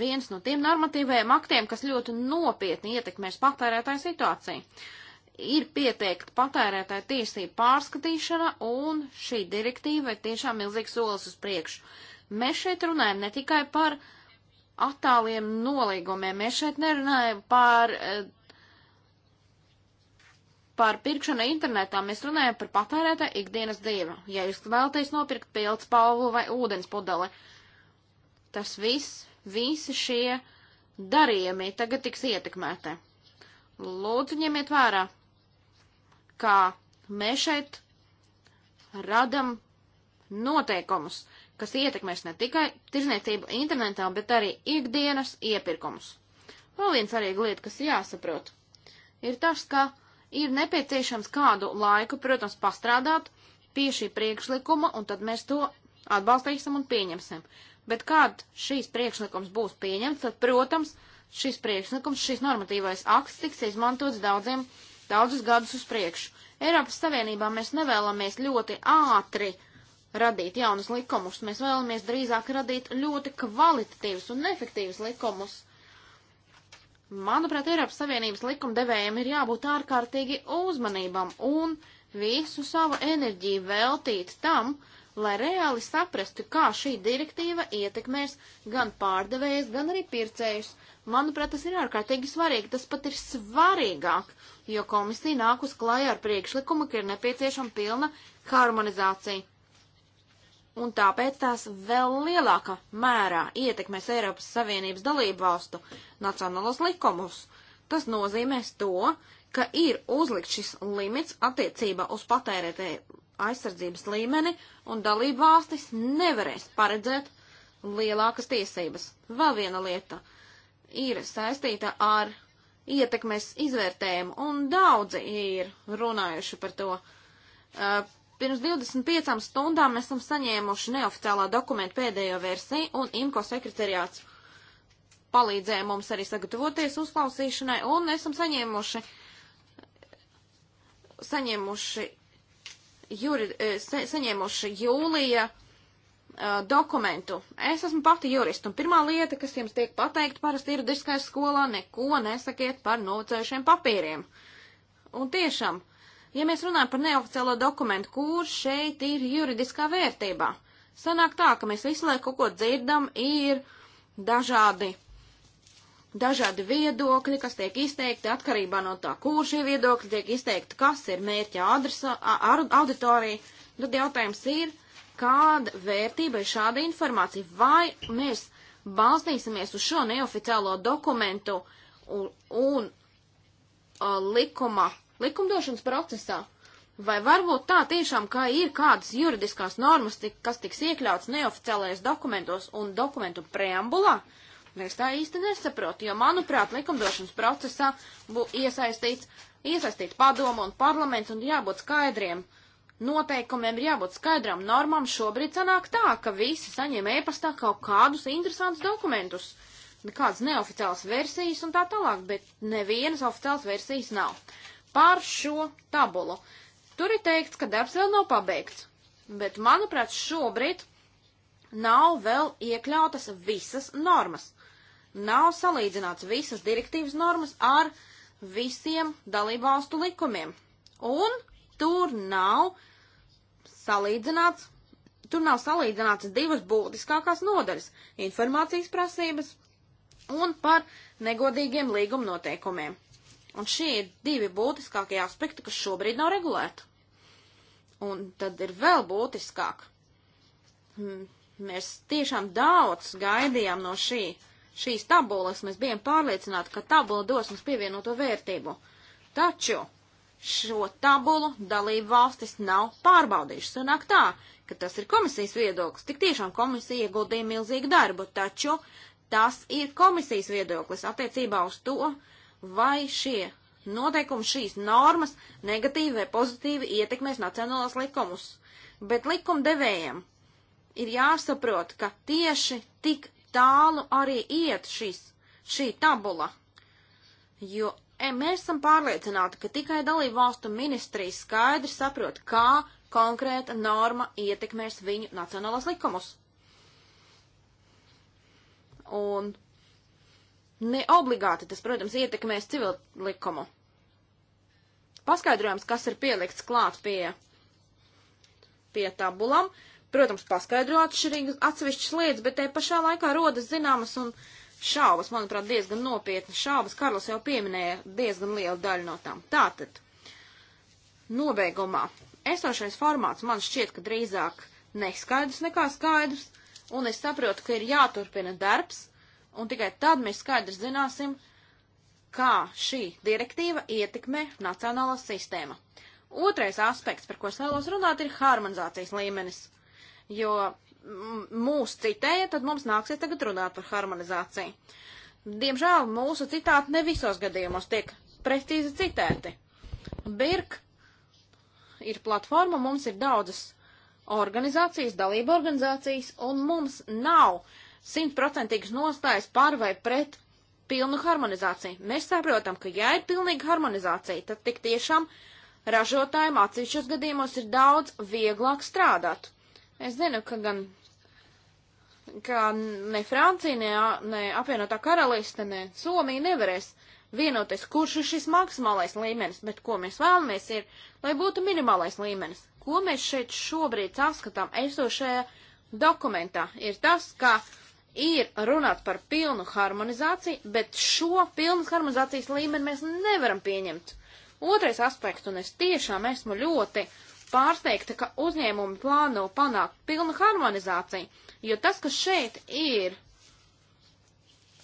viens no tiem normatīvajiem aktiem, kas ļoti nopietni ietekmēs patērētāju situāciju. Ir pieteikta patērētāja tiesība pārskatīšana, un šī direktīva ir tiešām milzīgs solis uz priekšu. Mēs šeit runājam ne tikai par uh, attāliem nolīgumiem. Mēs šeit nerunājam par, eh, par pirkšanu internetā, mēs runājam par patērētā ikdienas dzīvi. Ja jūs vēlaties nopirkt pilts palvu vai ūdens pudeli, tas viss, visi šie darījumi tagad tiks ietekmēti. Lūdzu, ņemiet vērā, kā mēs šeit radam noteikumus kas ietekmēs ne tikai tirzniecību internetā, bet arī ikdienas iepirkumus. Vēl viens svarīga lieta, kas jāsaprot, ir tas, ka ir nepieciešams kādu laiku, protams, pastrādāt pie šī priekšlikuma, un tad mēs to atbalstīsim un pieņemsim. Bet kad šīs priekšlikums būs pieņemts, tad, protams, šis priekšlikums, šis normatīvais akts tiks izmantots daudziem, daudzus gadus uz priekšu. Eiropas Savienībā mēs nevēlamies ļoti ātri uh, radīt jaunus likumus. Mēs vēlamies drīzāk radīt ļoti kvalitatīvus un efektīvus likumus. Manuprāt, Eiropas Savienības likumdevējiem ir jābūt ārkārtīgi uzmanībam un visu savu enerģiju veltīt tam, lai reāli saprastu, kā šī direktīva ietekmēs gan pārdevējus, gan arī pircējus. Manuprāt, tas ir ārkārtīgi svarīgi, tas pat ir svarīgāk, jo komisija nāk uz klājā ar priekšlikumu, ka ir nepieciešama pilna harmonizācija un tāpēc tās vēl lielākā mērā ietekmēs Eiropas Savienības dalību valstu nacionālos likumus. Tas nozīmēs to, ka ir uzlikt šis limits attiecībā uz patērētēju aizsardzības līmeni, un dalību valstis nevarēs paredzēt lielākas tiesības. Vēl viena lieta ir saistīta ar ietekmes izvērtējumu, un daudzi ir runājuši par to. Uh, Pirms 25 stundām mēs esam saņēmuši neoficiālā dokumenta pēdējo versiju, un IMCO sekretariāts palīdzēja mums arī sagatavoties uzklausīšanai, un esam saņēmuši, saņēmuši, juri, e, sa, saņēmuši jūlija uh, dokumentu. Es esmu pati jurista, un pirmā lieta, kas jums tiek pateikta parasti juridiskajā skolā, neko nesakiet par nocējušiem papīriem. Un tiešām, uh, Ja mēs runājam par neoficiālo dokumentu, kur šeit ir juridiskā vērtība? Sanāk tā, ka mēs visu laiku kaut ko dzirdam, ir dažādi, dažādi viedokļi, kas tiek izteikti atkarībā no tā, kur šie viedokļi tiek izteikti, kas ir mērķa adresa, auditorija. Tad jautājums ir, kāda vērtība ir šāda informācija? Vai mēs balstīsimies uz šo neoficiālo dokumentu un, un uh, likuma likumdošanas procesā. Vai varbūt tā tiešām, ka ir kādas juridiskās normas, tik, kas tiks iekļauts neoficiālajos dokumentos un dokumentu preambulā? Es tā īsti nesaprotu, jo, manuprāt, likumdošanas procesā būtu iesaistīts, iesaistīt padomu un parlaments un jābūt skaidriem noteikumiem, ir jābūt skaidrām normām. Šobrīd sanāk tā, ka visi saņem e-pastā kaut kādus interesantus dokumentus kādas neoficiālas versijas un tā tālāk, bet nevienas oficiālas versijas nav par šo tabulu. Tur ir teikts, ka darbs vēl nav pabeigts, bet, manuprāt, šobrīd nav vēl iekļautas visas normas. Nav salīdzināts visas direktīvas normas ar visiem dalībvalstu likumiem. Un tur nav salīdzināts, tur nav salīdzināts divas būtiskākās nodaļas - informācijas prasības un par negodīgiem līguma noteikumiem. Un šie ir divi būtiskākie aspekti, kas šobrīd nav regulēti. Un tad ir vēl būtiskāk. Mēs tiešām daudz gaidījām no šī, šīs tabulas. Mēs bijām pārliecināti, ka tabula dos mums pievienoto vērtību. Taču šo tabulu dalību valstis nav pārbaudījušas. Sanāk tā, ka tas ir komisijas viedoklis. Tik tiešām komisija ieguldīja milzīgu darbu, taču tas ir komisijas viedoklis attiecībā uz to, uh, vai šie noteikumi, šīs normas negatīvi vai pozitīvi ietekmēs nacionālās likumus. Bet likumdevējiem ir jāsaprot, ka tieši tik tālu arī iet šis, šī tabula, jo e, mēs esam pārliecināti, ka tikai dalību valstu ministrijas skaidri saprot, kā konkrēta norma ietekmēs viņu nacionālos likumus. Un Ne obligāti tas, protams, ietekmēs civil likumu. Paskaidrojums, kas ir pielikts klāt pie, pie tabulam, protams, paskaidro atšķirīgas atsevišķas lietas, bet te pašā laikā rodas zināmas un šaubas, manuprāt, diezgan nopietnas šaubas. Karls jau pieminēja diezgan lielu daļu no tām. Tātad, nobeigumā, esošais formāts man šķiet, ka drīzāk neskaidrs nekā skaidrs, un es saprotu, ka ir jāturpina darbs un tikai tad mēs skaidri zināsim, kā šī direktīva ietekmē nacionālā sistēma. Otrais aspekts, par ko es vēlos runāt, ir harmonizācijas līmenis. Jo mūs citēja, tad mums nāksies tagad runāt par harmonizāciju. Diemžēl mūsu citāti ne visos gadījumos tiek precīzi citēti. Birk ir platforma, mums ir daudzas organizācijas, dalība organizācijas, un mums nav uh, simtprocentīgas nostājas par vai pret pilnu harmonizāciju. Mēs saprotam, ka ja ir pilnīga harmonizācija, tad tik tiešām ražotājiem atsevišķos gadījumos ir daudz vieglāk strādāt. Es zinu, ka gan ka ne Francija, ne, ne apvienotā karaliste, ne Somija nevarēs vienoties, kurš ir šis maksimālais līmenis, bet ko mēs vēlamies ir, lai būtu minimālais līmenis. Ko mēs šeit šobrīd saskatām esošajā dokumentā, ir tas, ka uh, ir runāt par pilnu harmonizāciju, bet šo pilnas harmonizācijas līmeni mēs nevaram pieņemt. Otrais aspekts, un es tiešām esmu ļoti pārsteigta, ka uzņēmumi plāno panākt pilnu harmonizāciju, jo tas, kas šeit ir,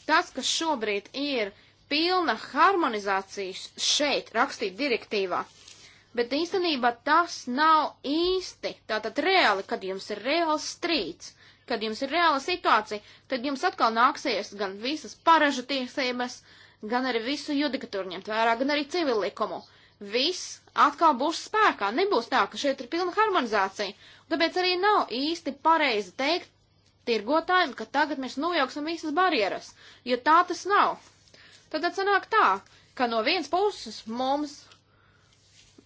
tas, kas šobrīd ir pilna harmonizācijas šeit rakstīt direktīvā, bet īstenībā tas nav īsti, tātad reāli, kad jums ir reāls strīds kad jums ir reāla situācija, tad jums atkal nāksies gan visas paražu tiesības, gan arī visu judikatūru ņemt vērā, gan arī civilikumu. Viss atkal būs spēkā, nebūs tā, ka šeit ir pilna harmonizācija, tāpēc arī nav īsti pareizi teikt tirgotājiem, ka tagad mēs nojauksim visas barjeras, jo tā tas nav. Tad sanāk tā, ka no vienas puses mums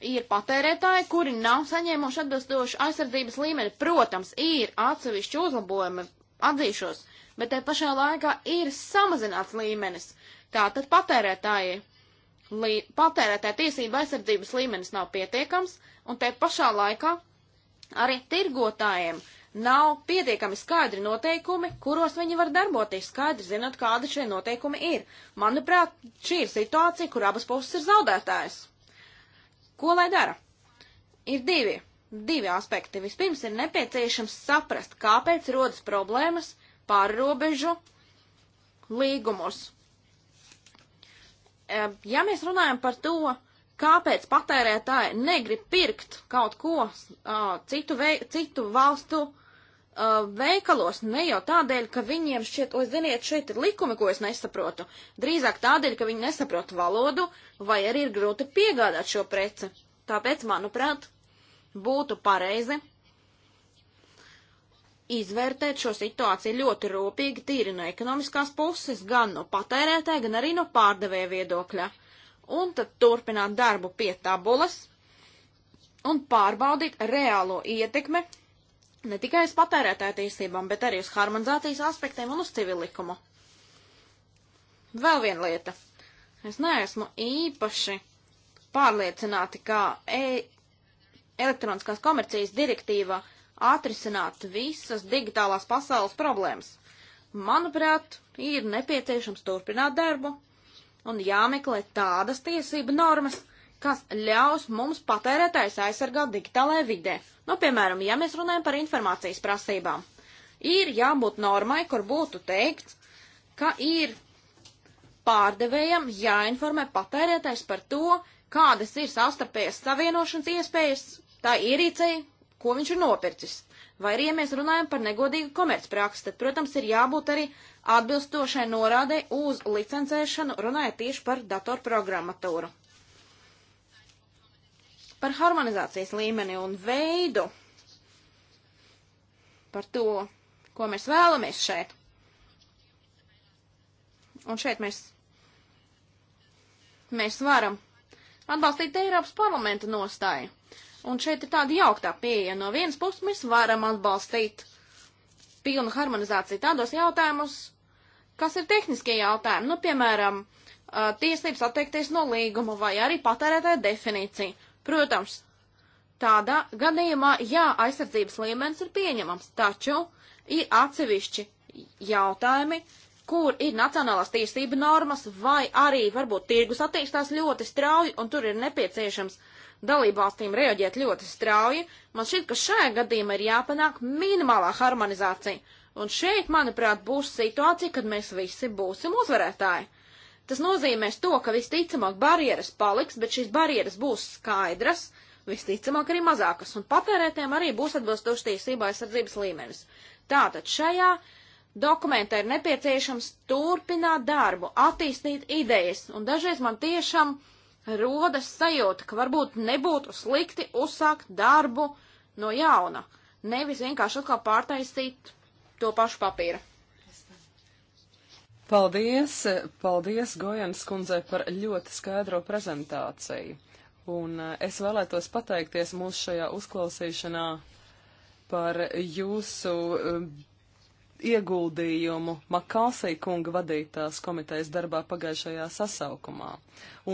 ir patērētāji, kuri nav saņēmuši atbilstošu aizsardzības līmeni. Protams, ir atsevišķi uzlabojumi, atzīšos, bet te pašā laikā ir samazināts līmenis. Tātad patērētāji, lī, patērētāja tiesība aizsardzības līmenis nav pietiekams, un te pašā laikā arī tirgotājiem nav pietiekami skaidri noteikumi, kuros viņi var darboties, skaidri zinot, kādi šie noteikumi ir. Manuprāt, šī ir situācija, kur abas puses ir zaudētājs. Ko lai dara? Ir divi, divi aspekti. Vispirms ir nepieciešams saprast, kāpēc rodas problēmas pārrobežu līgumus. E, ja mēs runājam par to, kāpēc patērētāji negrib pirkt kaut ko citu, vei, citu valstu uh, uh, veikalos, ne jau tādēļ, ka viņiem šķiet, o, ziniet, šeit ir likumi, ko es nesaprotu. Drīzāk tādēļ, ka viņi nesaprot valodu, vai arī ir grūti piegādāt šo preci. Tāpēc, manuprāt, būtu pareizi izvērtēt šo situāciju ļoti rūpīgi, tīri no ekonomiskās puses, gan no patērētāja, gan arī no pārdevēja viedokļa. Un tad turpināt darbu pie tabulas un pārbaudīt reālo ietekmi ne tikai uz patērētāju tiesībām, bet arī uz harmonizācijas aspektiem un uz civilikumu. Vēl viena lieta. Es neesmu īpaši pārliecināti, ka e elektroniskās komercijas direktīva atrisināt visas digitālās pasaules problēmas. Manuprāt, ir nepieciešams turpināt darbu un jāmeklē tādas tiesība normas, kas ļaus mums patērētājs aizsargāt digitālajā vidē. Nu, piemēram, ja mēs runājam par informācijas prasībām, ir jābūt normai, kur būtu teikts, ka ir pārdevējam jāinformē patērētājs par to, kādas ir savstarpējas savienošanas iespējas tā ierīcei, ko viņš ir nopircis. Vai arī, ja mēs runājam par negodīgu komercpraksi, tad, protams, ir jābūt arī atbilstošai norādei uz licencēšanu, runājot tieši par datorprogrammatūru par harmonizācijas līmeni un veidu, par to, ko mēs vēlamies šeit. Un šeit mēs, mēs varam atbalstīt Eiropas parlamenta nostāju. Un šeit ir tāda jauktā pieeja. No vienas puses mēs varam atbalstīt pilnu harmonizāciju tādos jautājumus, kas ir tehniskie jautājumi. Nu, piemēram, tiesības atteikties no līguma vai arī patērētāja definīcija. Protams, tādā gadījumā, jā, aizsardzības līmenis ir pieņemams, taču ir atsevišķi jautājumi, kur ir nacionālās tiesība normas, vai arī varbūt tirgus attīstās ļoti strauji, un tur ir nepieciešams dalībvalstīm reaģēt ļoti strauji. Man šķiet, ka šajā gadījumā ir jāpanāk minimālā harmonizācija. Un šeit, manuprāt, būs situācija, kad mēs visi būsim uzvarētāji. Tas nozīmēs to, ka visticamāk barjeras paliks, bet šīs barjeras būs skaidras, visticamāk arī mazākas, un patērētiem arī būs atbilstoši tiesībā aizsardzības līmenis. Tātad šajā dokumentā ir nepieciešams turpināt darbu, attīstīt idejas, un dažreiz man tiešām rodas sajūta, ka varbūt nebūtu slikti uzsākt darbu no jauna, nevis vienkārši atkal pārtaisīt to pašu papīru. Paldies, paldies Gojans kundzei par ļoti skaidro prezentāciju. Un eh, es vēlētos pateikties mūsu šajā uzklausīšanā par jūsu eh, ieguldījumu Makalsī kunga vadītās komitejas darbā pagājušajā sasaukumā.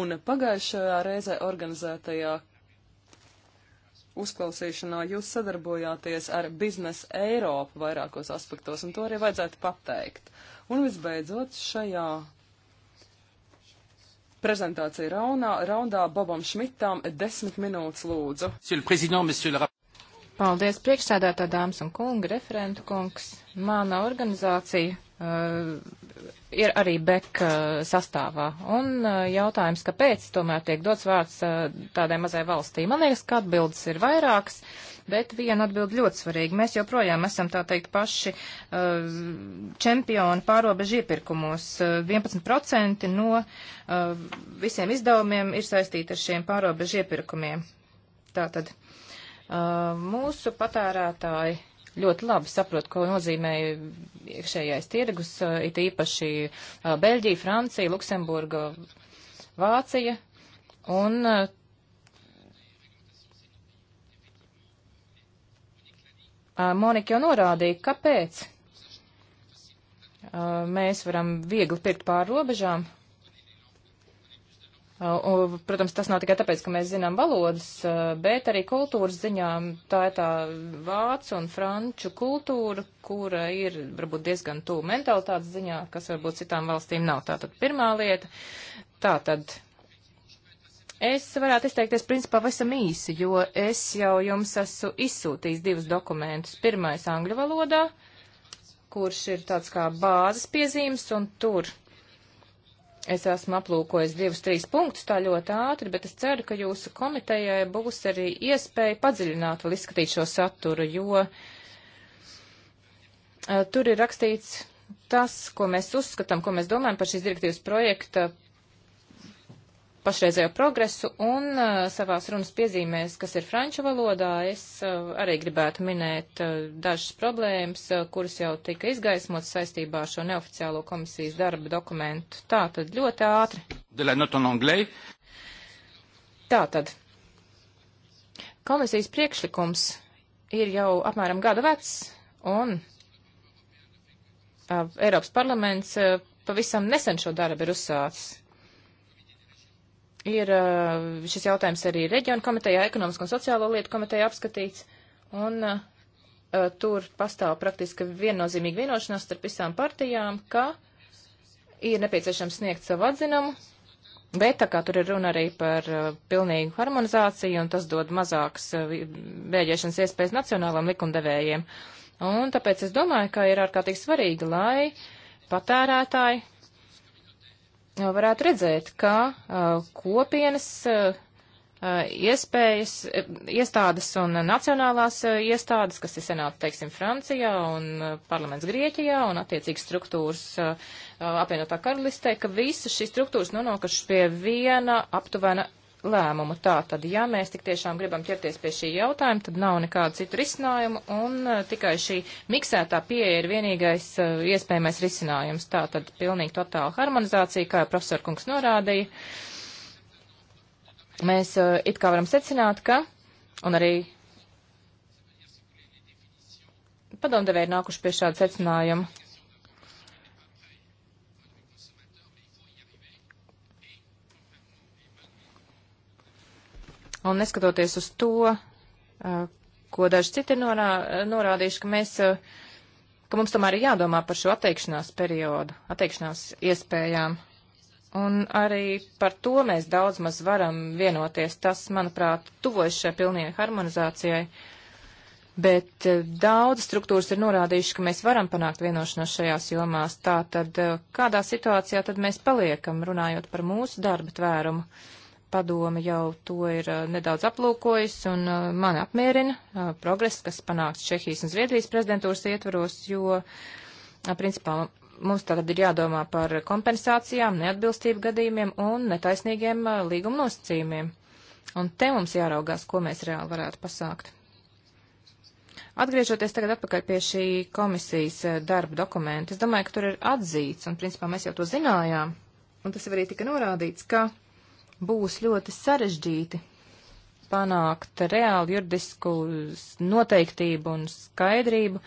Un pagājušajā reizē organizētajā uzklausīšanā jūs sadarbojāties ar biznesu Eiropu vairākos aspektos, un to arī vajadzētu pateikt. Un visbeidzot, šajā prezentācija raunā, raundā Bobam Šmitam desmit minūtes lūdzu. Paldies, priekšsēdētā dāmas un kungi, referentu kungs. Mana organizācija uh, ir arī BEK uh, sastāvā. Un uh, jautājums, kāpēc tomēr tiek dots vārds uh, tādai mazai valstī? Man liekas, ka atbildes ir vairākas, bet viena atbild ļoti svarīga. Mēs joprojām esam, tā teikt, paši čempioni pārobežu iepirkumos. 11% no visiem izdevumiem ir saistīti ar šiem pārobežu iepirkumiem. Tātad mūsu patērētāji ļoti labi saprot, ko nozīmē iekšējais tirgus, eh, it īpaši eh, Beļģija, Francija, Luksemburga, Vācija. Un eh, Monika jau norādīja, kāpēc mēs varam viegli pirkt pāri robežām. Un, protams, tas nav tikai tāpēc, ka mēs zinām valodas, bet arī kultūras ziņā tā ir tā vācu un franču kultūra, kura ir varbūt diezgan tuvu mentalitātes ziņā, kas varbūt citām valstīm nav. Tātad pirmā lieta. Tātad es varētu izteikties principā visam īsi, jo es jau jums esmu izsūtījis divus dokumentus. Pirmais angļu valodā, kurš ir tāds kā bāzes piezīmes, un tur Es esmu aplūkojis divus, trīs punktus tā ļoti ātri, bet es ceru, ka jūsu komitejai būs arī iespēja padziļināt vēl izskatīt šo saturu, jo uh, tur ir rakstīts tas, ko mēs uzskatām, ko mēs domājam par šīs direktīvas projekta pašreizējo progresu un uh, savās runas piezīmēs, kas ir franču valodā, es uh, arī gribētu minēt uh, dažas problēmas, uh, kuras jau tika izgaismotas saistībā ar šo neoficiālo komisijas darba dokumentu. Tā tad ļoti ātri. Tā tad. Komisijas priekšlikums ir jau apmēram gada vecs un uh, Eiropas parlaments uh, pavisam nesen šo darbu ir uzsācis ir eh, šis jautājums arī reģionu komitejā, ekonomisko un sociālo lietu komitejā apskatīts, un uh, tur pastāv praktiski viennozīmīga vienošanās starp visām partijām, ka ir nepieciešams sniegt savu atzinumu, bet tā kā tur ir runa arī par uh, pilnīgu harmonizāciju, un tas dod mazākas uh, bēģēšanas iespējas nacionālam likumdevējiem. Un tāpēc es domāju, ka ir ārkārtīgi svarīgi, lai patērētāji varētu redzēt, ka kopienas iespējas, iestādes un nacionālās iestādes, kas ir senāta, teiksim, Francijā un parlaments Grieķijā un attiecīgas struktūras apvienotā karalistē, ka visas šīs struktūras nonākušas pie viena aptuvena lēmumu. Tā tad, ja mēs tik tiešām gribam ķerties pie šī jautājuma, tad nav nekādu citu risinājumu, un uh, tikai šī miksētā pieeja ir vienīgais uh, iespējamais risinājums. Tā tad pilnīgi totāla harmonizācija, kā jau profesor Kungs norādīja. Mēs uh, it kā varam secināt, ka, un arī padomdevēji nākuši pie šāda secinājuma, Un neskatoties uz to, ko daži citi norā, norādījuši, ka mēs, ka mums tomēr ir jādomā par šo atteikšanās periodu, atteikšanās iespējām. Un arī par to mēs daudz maz varam vienoties. Tas, manuprāt, tuvojas šai pilnīgi harmonizācijai. Bet daudz struktūras ir norādījuši, ka mēs varam panākt vienošanos šajās jomās. Tā tad kādā situācijā tad mēs paliekam, runājot par mūsu darba tvērumu? Uh, padome jau to ir uh, nedaudz aplūkojis un uh, eh, man apmierina uh, progress, kas panāks Čehijas un Zviedrijas prezidentūras ietvaros, jo, principā, mums tagad ir jādomā par kompensācijām, neatbilstību gadījumiem un netaisnīgiem līguma nosacījumiem. Un te mums jāraugās, ko mēs reāli varētu pasākt. Atgriežoties tagad atpakaļ pie šī komisijas darba dokumenta, es domāju, ka tur ir atzīts, un principā mēs jau to zinājām, un tas arī tika norādīts, ka būs ļoti sarežģīti panākt reāli juridisku noteiktību un skaidrību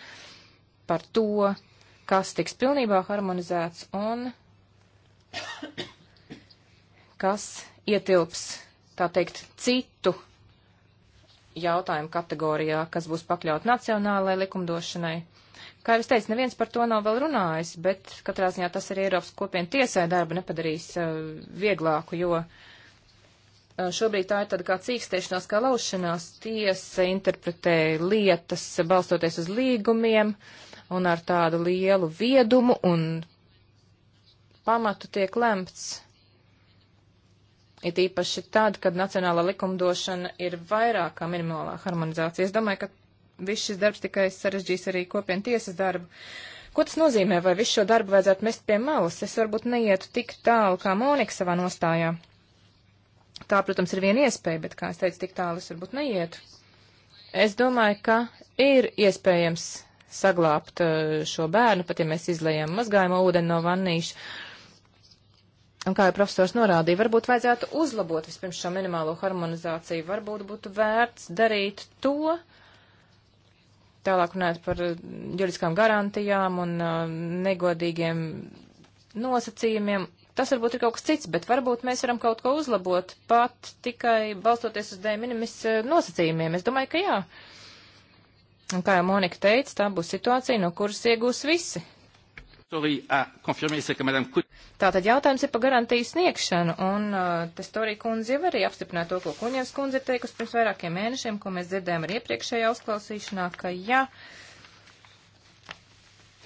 par to, kas tiks pilnībā harmonizēts un kas ietilps, tā teikt, citu jautājumu kategorijā, kas būs pakļaut nacionālai likumdošanai. Kā jau es teicu, neviens par to nav vēl runājis, bet katrā ziņā tas arī Eiropas kopienu tiesai darbu nepadarīs uh, vieglāku, jo uh, Eh, šobrīd tā ir tāda kā cīkstēšanās, kā laušanās. Tiesa interpretē lietas balstoties uz līgumiem un ar tādu lielu viedumu un pamatu tiek lemts It īpaši tad, kad nacionālā likumdošana ir vairāk kā minimālā harmonizācija. Es domāju, ka viss šis darbs tikai sarežģīs arī kopienu tiesas darbu. Ko tas nozīmē? Vai visu šo darbu vajadzētu mest pie malas? Es varbūt neietu tik tālu kā Monika savā nostājā. Tā, protams, ir viena iespēja, bet, kā es teicu, tik tālu es varbūt neietu. Es domāju, ka ir iespējams saglābt eh, šo bērnu, pat ja mēs izlējam mazgājumu ūdeni no vannīša. Un kā jau profesors norādīja, varbūt vajadzētu uzlabot vispirms šo minimālo harmonizāciju, varbūt būtu vērts darīt to, tālāk runājot par eh, juridiskām garantijām un uh, negodīgiem nosacījumiem, Tas varbūt ir kaut kas cits, bet varbūt mēs varam kaut ko uzlabot pat tikai balstoties uz dēminimis eh, nosacījumiem. Es domāju, ka jā. Un kā jau Monika teica, tā būs situācija, no kuras iegūs visi. Tātad jautājums ir par garantiju sniegšanu, un uh, eh, Testorija kundze jau arī apstiprināja to, ko Kuņevs kundze ir teikusi pirms vairākiem mēnešiem, ko mēs dzirdējām arī iepriekšējā uzklausīšanā, ka ja uh,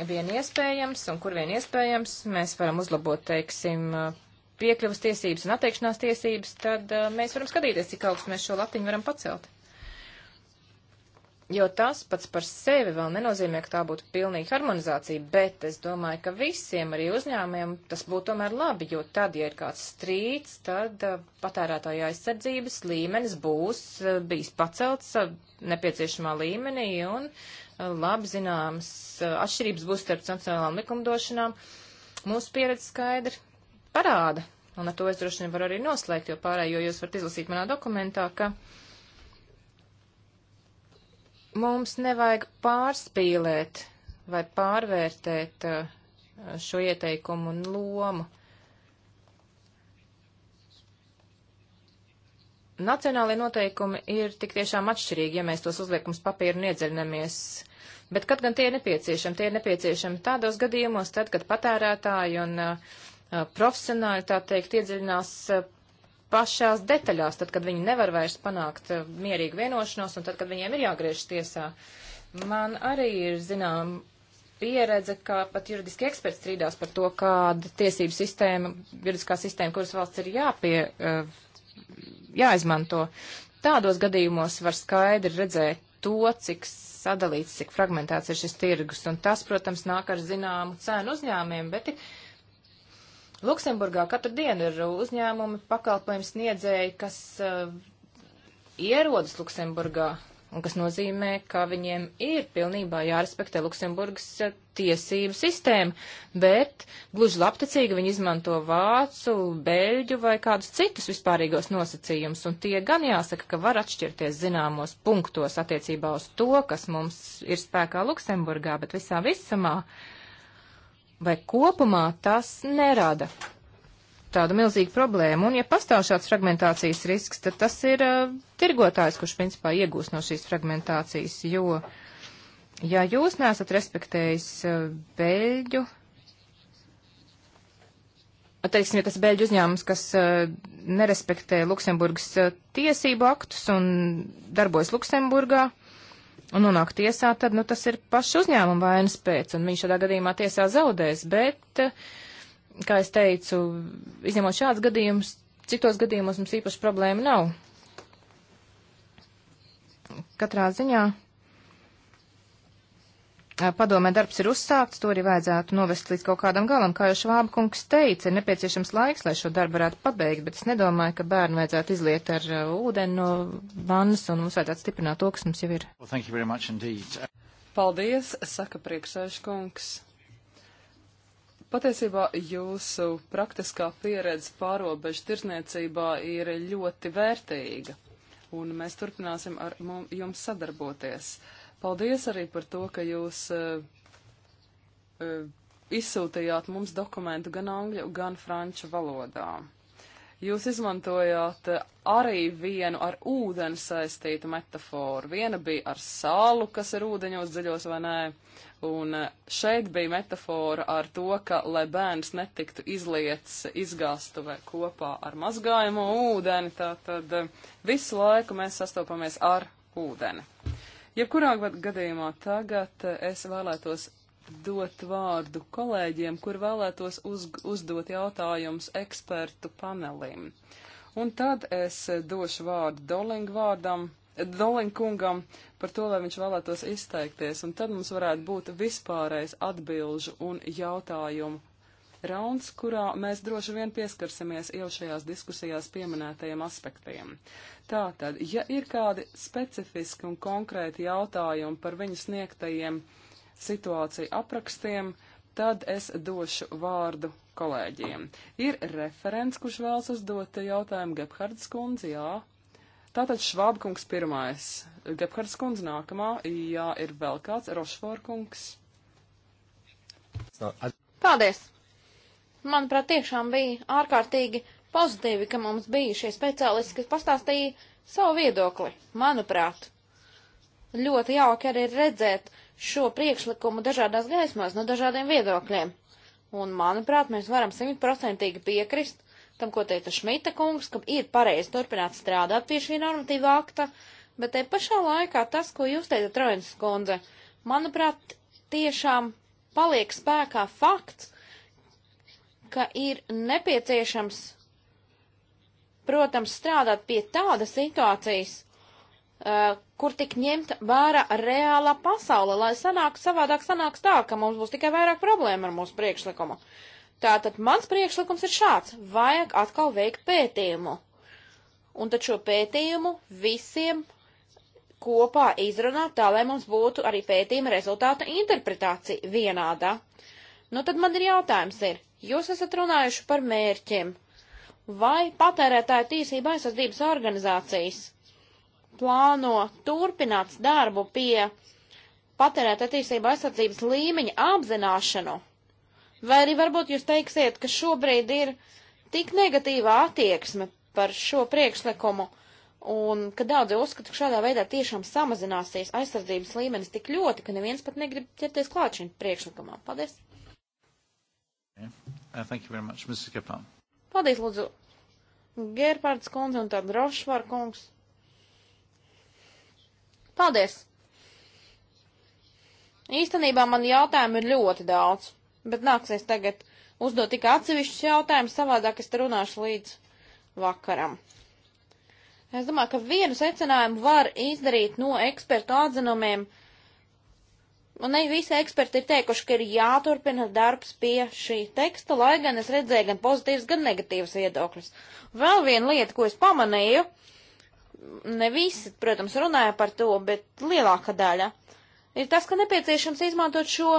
vien iespējams un kur vien iespējams mēs varam uzlabot, teiksim, piekļuvas tiesības un atteikšanās tiesības, tad uh, mēs varam skatīties, cik augstu mēs šo latiņu varam pacelt. Jo tas pats par sevi vēl nenozīmē, ka tā būtu pilnīga harmonizācija, bet es domāju, ka visiem arī uzņēmiem tas būtu tomēr labi, jo tad, ja ir kāds strīds, tad uh, patērētāja aizsardzības līmenis būs uh, bijis pacelts nepieciešamā līmenī un labi zināmas atšķirības būs starp nacionālām likumdošanām. Mūsu pieredze skaidri parāda, un ar to es droši vien varu arī noslēgt, jo pārējo jūs varat izlasīt manā dokumentā, ka mums nevajag pārspīlēt vai pārvērtēt šo ieteikumu un lomu. Nacionālajie noteikumi ir tik tiešām atšķirīgi, ja mēs tos uzliekums papīru niedzernamies Bet kad gan tie ir nepieciešami? Tie ir nepieciešami tādos gadījumos, tad, kad patērētāji un uh, uh, profesionāļi, tā teikt, iedziļinās uh, pašās detaļās, tad, kad viņi nevar vairs panākt uh, mierīgu vienošanos un tad, kad viņiem ir jāgriežas tiesā. Man arī ir zinām pieredze, ka pat juridiski eksperti strīdās par to, kāda tiesību sistēma, juridiskā sistēma, kuras valsts ir jāpie, uh, jāizmanto. Tādos gadījumos var skaidri redzēt to, cik sadalīts, cik fragmentāts ir šis tirgus, un tas, protams, nāk ar zināmu cēnu uzņēmiem, bet Luksemburgā katru dienu ir uzņēmumi, pakalpojums sniedzēji, kas uh, ierodas Luksemburgā un kas nozīmē, ka viņiem ir pilnībā jārespektē Luksemburgas eh, tiesību sistēma, bet gluži labtecīgi viņi izmanto vācu, beļģu vai kādus citus vispārīgos nosacījumus, un tie gan jāsaka, ka var atšķirties zināmos punktos attiecībā uz to, kas mums ir spēkā Luksemburgā, bet visā visamā vai kopumā tas nerada tādu milzīgu problēmu. Un, ja pastāv šāds fragmentācijas risks, tad tas ir uh, tirgotājs, kurš principā iegūs no šīs fragmentācijas, jo, ja jūs nesat respektējis uh, beļģu, teiksim, ja tas beļģu uzņēmums, kas uh, nerespektē Luksemburgas uh, tiesību aktus un darbojas Luksemburgā, un nonāk tiesā, tad, nu, tas ir paša uzņēmuma vainas pēc, un viņš šādā gadījumā tiesā zaudēs, bet uh, kā es teicu, izņemot šāds gadījums, citos gadījumos mums īpaši problēma nav. Katrā ziņā padomē darbs ir uzsākts, to arī vajadzētu novest līdz kaut kādam galam. Kā jau Švāba kungs teica, ir nepieciešams laiks, lai šo darbu varētu pabeigt, bet es nedomāju, ka bērnu vajadzētu izliet ar ūdeni no vannas un mums vajadzētu stiprināt to, kas mums jau ir. Well, Paldies, saka priekšsēžkungs. Patiesībā jūsu praktiskā pieredze pārobežu tirzniecībā ir ļoti vērtīga, un mēs turpināsim ar jums sadarboties. Paldies arī par to, ka jūs uh, uh, izsūtījāt mums dokumentu gan angļu, gan franču valodā. Jūs izmantojāt arī vienu ar ūdeni saistītu metaforu. Viena bija ar salu, kas ir ūdeņos dziļos vai nē, Un eh, šeit bija metafora ar to, ka, lai bērns netiktu izliets izgāstuvē kopā ar mazgājamo ūdeni, tātad eh, visu laiku mēs sastopamies ar ūdeni. Jebkurā gadījumā tagad eh, es vēlētos dot vārdu kolēģiem, kur vēlētos uz, uzdot jautājumus ekspertu panelim. Un tad es došu vārdu Doling vārdam, Doling kungam, par to, vai viņš vēlētos izteikties, un tad mums varētu būt vispārējais atbilžu un jautājumu rauns, kurā mēs droši vien pieskarsimies jau šajās diskusijās pieminētajiem aspektiem. Tātad, ja ir kādi specifiski un konkrēti jautājumi par viņu sniegtajiem situāciju aprakstiem, tad es došu vārdu kolēģiem. Ir referents, kurš vēlas uzdot jautājumu Gebhardas kundzi, jā. Tātad Švābkungs pirmais. Gebhards kundze nākamā, ja ir vēl kāds, Rošfor kungs. Paldies! Manuprāt, tiešām bija ārkārtīgi pozitīvi, ka mums bija šie speciālisti, kas pastāstīja savu viedokli. Manuprāt, ļoti jauki arī redzēt šo priekšlikumu dažādās gaismās no dažādiem viedokļiem. Un, manuprāt, mēs varam simtprocentīgi piekrist tam, ko teica Šmita kungs, ka ir pareizi turpināt strādāt pie šī normatīva akta, Bet te pašā laikā tas, ko jūs teicat, Trojans Kondze, manuprāt, tiešām paliek spēkā fakts, ka ir nepieciešams, protams, strādāt pie tādas situācijas, Uh, kur tik ņemta vērā reālā pasaule, lai sanāk savādāk sanāks tā, ka mums būs tikai vairāk problēma ar mūsu priekšlikumu. Tātad mans priekšlikums ir šāds. Vajag atkal veikt pētījumu. Un tad šo pētījumu visiem kopā izrunāt tā, lai mums būtu arī pētījuma rezultātu interpretācija vienāda. Nu tad man ir jautājums ir, jūs esat runājuši par mērķiem, vai patērētāju tīsība aizsardzības organizācijas plāno turpināt darbu pie patērētāju tīsība aizsardzības līmeņa apzināšanu, vai arī varbūt jūs teiksiet, ka šobrīd ir tik negatīva attieksme par šo priekšlikumu, Un, ka daudzi uzskata, ka šādā veidā tiešām samazināsies aizsardzības līmenis tik ļoti, ka neviens pat negrib ķerties klāt šim priekšlikumam. Paldies! Yeah. Uh, thank you very much, Mrs. Kaplan. Paldies, lūdzu, Gerpards kundze un tad Rošvar kungs. Paldies! Īstenībā man jautājumu ir ļoti daudz, bet nāksies tagad uzdot tikai atsevišķus jautājumus, savādāk es te runāšu līdz vakaram. Es domāju, ka vienu secinājumu var izdarīt no ekspertu atzinumiem. Un ne visi eksperti ir teikuši, ka ir jāturpina darbs pie šī teksta, lai gan es redzēju gan pozitīvas, gan negatīvas viedokļas. Vēl viena lieta, ko es pamanīju, ne visi, protams, runāja par to, bet lielākā daļa, ir tas, ka nepieciešams izmantot šo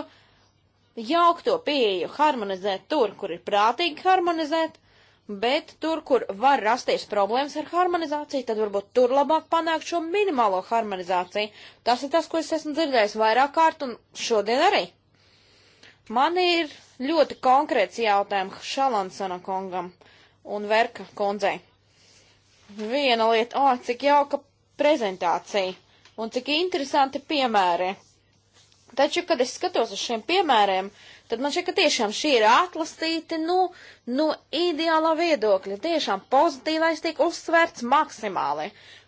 jaukto pieeju, harmonizēt tur, kur ir prātīgi harmonizēt, bet tur, kur var rasties problēmas ar harmonizāciju, tad varbūt tur labāk panākt šo minimālo harmonizāciju. Tas ir tas, ko es esmu dzirdējis vairāk kārt un šodien arī. Man ir ļoti konkrēts jautājums Šalansana kongam un Verka kundzei. Viena lieta, o, oh, cik jauka prezentācija un cik interesanti piemēri. Taču, kad es skatos uz šiem piemēriem, uh, tad man šķiet, ka tiešām šī ir atlasīta, nu, nu, ideālā viedokļa. Tiešām pozitīvais tiek uzsvērts maksimāli.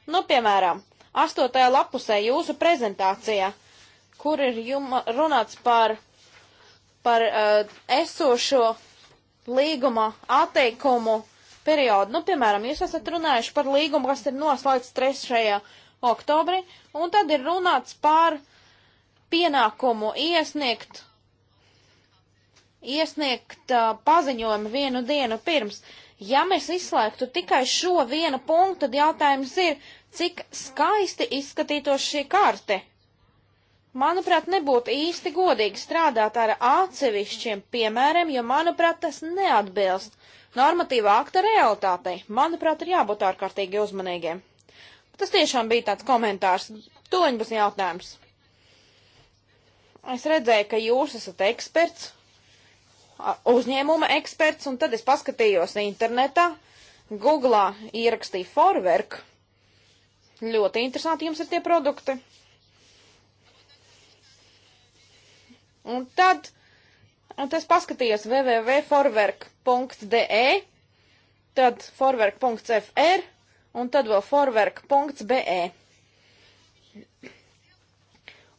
Nu, piemēram, astotajā lapusē jūsu prezentācijā, kur ir juma, runāts par, par uh, esošo līguma atteikumu periodu. Nu, piemēram, jūs esat runājuši par līgumu, kas ir noslēgts 3. oktobrī, un tad ir runāts par pienākumu iesniegt iesniegt uh, paziņojumu vienu dienu pirms. Ja mēs izslēgtu tikai šo vienu punktu, tad jautājums ir, cik skaisti izskatītos šī karte. Manuprāt, nebūtu īsti godīgi strādāt ar atsevišķiem piemēriem, jo, manuprāt, tas neatbilst normatīvā akta realitātei. Manuprāt, ir jābūt ārkārtīgi uzmanīgiem. Tas tiešām bija tāds komentārs. Toņbas jautājums. Es redzēju, ka jūs esat eksperts, uzņēmuma eksperts, un tad es paskatījos internetā, Googlā ierakstīju Forwerk. Ļoti interesanti jums ir tie produkti. Un tad, un tad es paskatījos www.forwerk.de, tad forwerk.fr un tad vēl forwerk.be.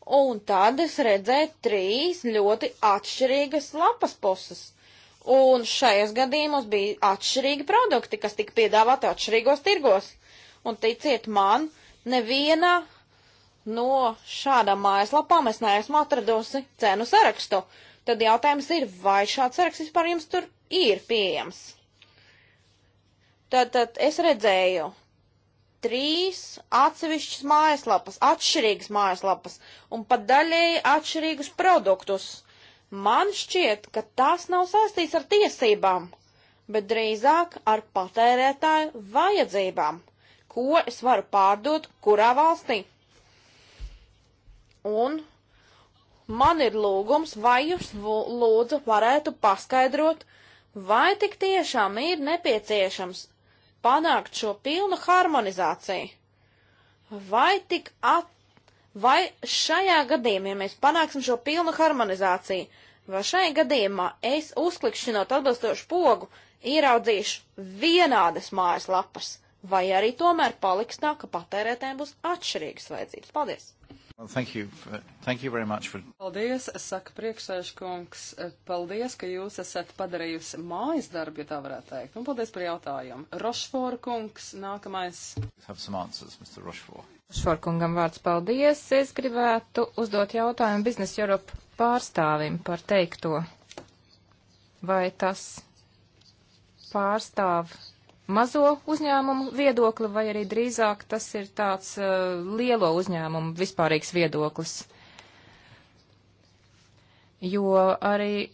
Un tad es redzēju trīs ļoti atšķirīgas lapas puses. Un šajos gadījumos bija atšķirīgi produkti, kas tika piedāvāti atšķirīgos tirgos. Un ticiet man, nevienā no šādām mājaslapām es neesmu atradusi cenu sarakstu. Tad jautājums ir, vai šāds saraksts vispār jums tur ir pieejams? Tad, tad es redzēju trīs atsevišķas mājaslapas, atšķirīgas mājaslapas un pat daļēji atšķirīgus produktus. Man šķiet, ka tas nav saistīts ar tiesībām, bet drīzāk ar patērētāju vajadzībām, ko es varu pārdot kurā valstī. Un man ir lūgums, vai jūs lūdzu varētu paskaidrot, vai tik tiešām ir nepieciešams panākt šo pilnu harmonizāciju. Vai tik at, vai šajā gadījumā, ja mēs panāksim šo pilnu harmonizāciju, vai šajā gadījumā es uzklikšķinot atbilstošu pogu, ieraudzīšu vienādas mājas lapas, vai arī tomēr paliks tā, ka patērētēm būs atšķirīgas vajadzības. Paldies! Well, thank you. For, uh, thank you very much for... Paldies, saka priekšsēžkungs. Uh, paldies, ka jūs esat padarījusi mājas darbu, ja tā varētu teikt. Un paldies par jautājumu. Rošfor kungs, nākamais. Have some answers, Mr. Rošfor. Rošfor kungam vārds paldies. Es gribētu uzdot jautājumu Business Europe pārstāvim par teikto. Vai tas pārstāv mazo uzņēmumu viedokli, vai arī drīzāk tas ir tāds uh, lielo uzņēmumu vispārīgs viedoklis. Jo arī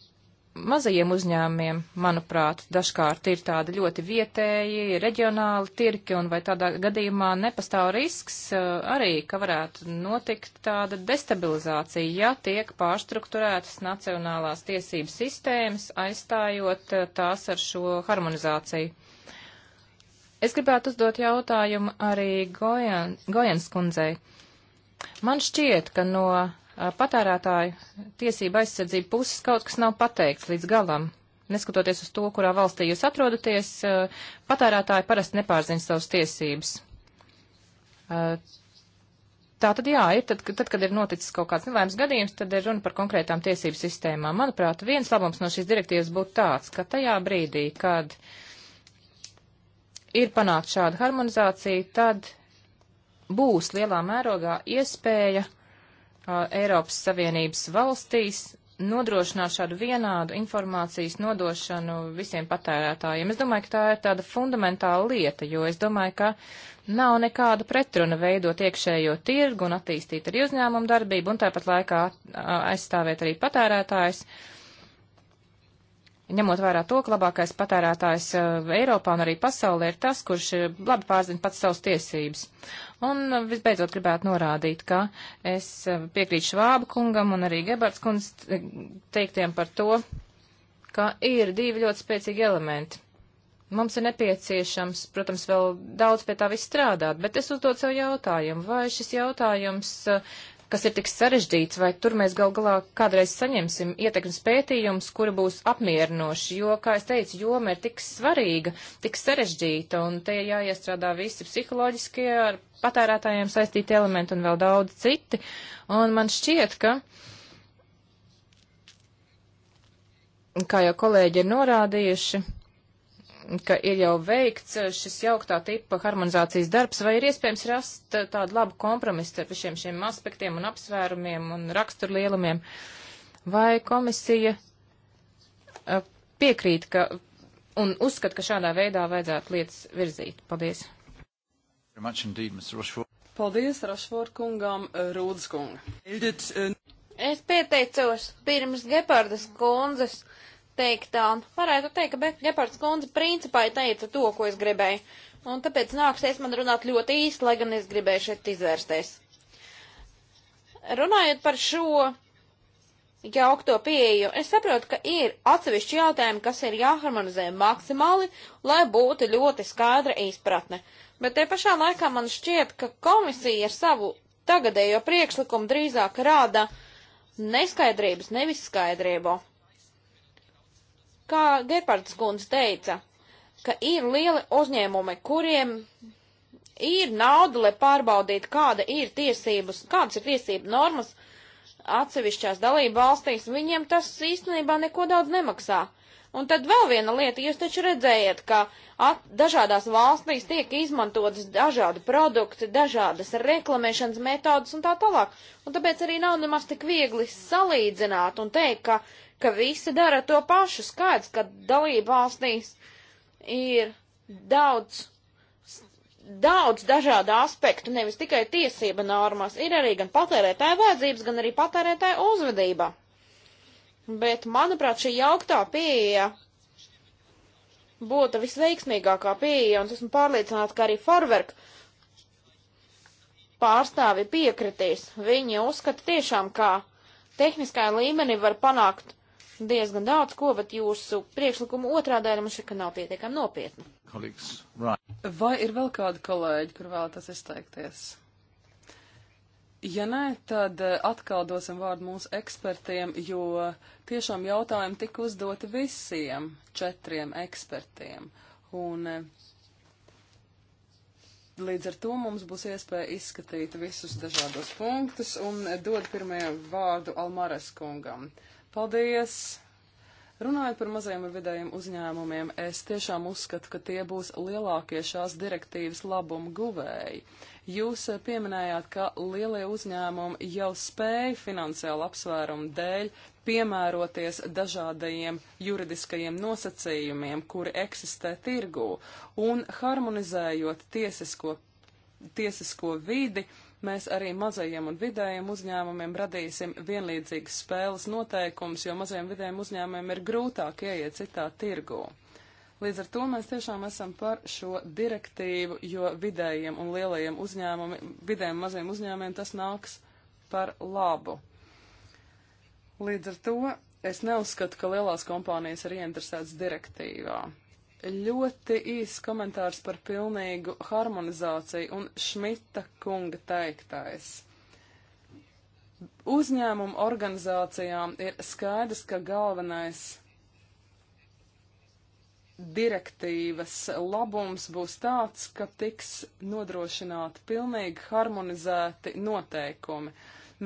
mazajiem uzņēmumiem, manuprāt, dažkārt ir tādi ļoti vietēji, reģionāli tirki, un vai tādā gadījumā nepastāv risks uh, arī, ka varētu notikt tāda destabilizācija, ja tiek pārstruktūrētas nacionālās tiesības sistēmas, aizstājot uh, tās ar šo harmonizāciju. Es gribētu uzdot jautājumu arī Gojan, Gojans kundzei. Man šķiet, ka no a, patērētāju tiesība aizsardzība puses kaut kas nav pateikts līdz galam. Neskatoties uz to, kurā valstī jūs atrodaties, a, patērētāji parasti nepārzina savas tiesības. A, tā tad jā, ir, tad, tad, kad ir noticis kaut kāds nelēms gadījums, tad ir runa par konkrētām tiesību sistēmām. Manuprāt, viens labums no šīs direktīvas būtu tāds, ka tajā brīdī, kad uh, ir panākt šādu harmonizāciju, tad būs lielā mērogā iespēja uh, Eiropas Savienības valstīs nodrošināt šādu vienādu informācijas nodošanu visiem patērētājiem. Es domāju, ka tā ir tāda fundamentāla lieta, jo es domāju, ka nav nekāda pretruna veidot iekšējo tirgu un attīstīt arī uzņēmumu darbību un tāpat laikā aizstāvēt arī patērētājs. Uh, ņemot vērā to, ka labākais patērētājs uh, Eiropā un arī pasaulē ir tas, kurš uh, labi pārzina pats savas tiesības. Un uh, visbeidzot gribētu norādīt, ka es piekrītu Švāba kungam un arī Gebards kundas teiktiem par to, ka ir divi ļoti spēcīgi elementi. Mums ir nepieciešams, protams, vēl daudz pie tā viss strādāt, bet es uzdodu sev jautājumu, vai šis jautājums uh, kas ir tik sarežģīts, vai tur mēs gal galā kādreiz saņemsim ietekmes pētījumus, kuri būs apmierinoši, jo, kā es teicu, joma ir tik svarīga, tik sarežģīta, un te jāiestrādā visi psiholoģiskie ar patērētājiem saistīti elementi un vēl daudz citi, un man šķiet, ka. Kā jau kolēģi ir norādījuši, ka ir jau veikts šis jauktā tipa harmonizācijas darbs, vai ir iespējams rast tādu labu kompromisu starp šiem šiem aspektiem un apsvērumiem un raksturlielumiem, vai komisija piekrīt, ka un uzskat, ka šādā veidā vajadzētu lietas virzīt. Paldies. Paldies Rašvor kungām, Rūdas kunga. Es pieteicos pirms Gepardas kundzes teiktā varētu teikt, ka Gepards kundze principā teica to, ko es gribēju. Un tāpēc nāksies man runāt ļoti īsti, lai gan es gribēju šeit izvērsties. Runājot par šo jaukto pieeju, es saprotu, ka ir atsevišķi jautājumi, kas ir jāharmonizē maksimāli, lai būtu ļoti skaidra izpratne. Bet te pašā laikā man šķiet, ka komisija ar savu tagadējo priekšlikumu drīzāk rāda neskaidrības, nevis skaidrību. Kā Gepards Guns teica, ka ir lieli uzņēmumi, kuriem ir nauda, lai pārbaudītu, kāda ir tiesības, kādas ir tiesība normas atsevišķās dalība valstīs, viņiem tas īstenībā neko daudz nemaksā. Un tad vēl viena lieta, jūs taču redzējat, ka at, dažādās valstīs tiek izmantotas dažādi produkti, dažādas reklamēšanas metodas un tā tālāk. Un tāpēc arī nav nemaz tik viegli salīdzināt un teikt, ka ka visi dara to pašu. Skaidrs, ka dalība valstīs ir daudz, daudz dažādu aspektu, nevis tikai tiesība normās. Ir arī gan patērētāja vajadzības, gan arī patērētāja uzvedība. Bet, manuprāt, šī jauktā pieeja būtu visveiksmīgākā pieeja, un esmu pārliecināts, ka arī Farverk pārstāvi piekritīs. Viņi uzskata tiešām, ka tehniskā līmenī var panākt diezgan daudz ko, bet jūsu priekšlikuma otrā daļa man šķiet, ka nav pietiekami nopietna. Vai ir vēl kādi kolēģi, kur vēlaties izteikties? Ja nē, tad eh, atkal dosim vārdu mūsu ekspertiem, jo tiešām jautājumi tika uzdoti visiem četriem ekspertiem. Un eh, līdz ar to mums būs iespēja izskatīt visus dažādos punktus un eh, dod pirmie vārdu Almares kungam. Paldies! Runājot par mazajiem un vidējiem uzņēmumiem, es tiešām uzskatu, ka tie būs lielākie šās direktīvas labumu guvēji. Jūs eh, pieminējāt, ka lielie uzņēmumi jau spēja finansiālu apsvērumu dēļ piemēroties dažādajiem juridiskajiem nosacījumiem, kuri eksistē tirgū, un harmonizējot tiesisko, tiesisko vidi, uh, mēs arī mazajiem un vidējiem uzņēmumiem radīsim vienlīdzīgas spēles noteikums, jo mazajiem vidējiem uzņēmumiem ir grūtāk ieiet citā tirgū. Līdz ar to mēs tiešām esam par šo direktīvu, jo vidējiem un lielajiem uzņēmumiem, vidējiem un mazajiem uzņēmumiem tas nāks par labu. Līdz ar to es neuzskatu, ka lielās kompānijas ir ieinteresētas direktīvā. Ļoti īs komentārs par pilnīgu harmonizāciju un Šmita kunga teiktais. Uzņēmumu organizācijām ir skaidrs, ka galvenais direktīvas labums būs tāds, ka tiks nodrošināti pilnīgi harmonizēti noteikumi.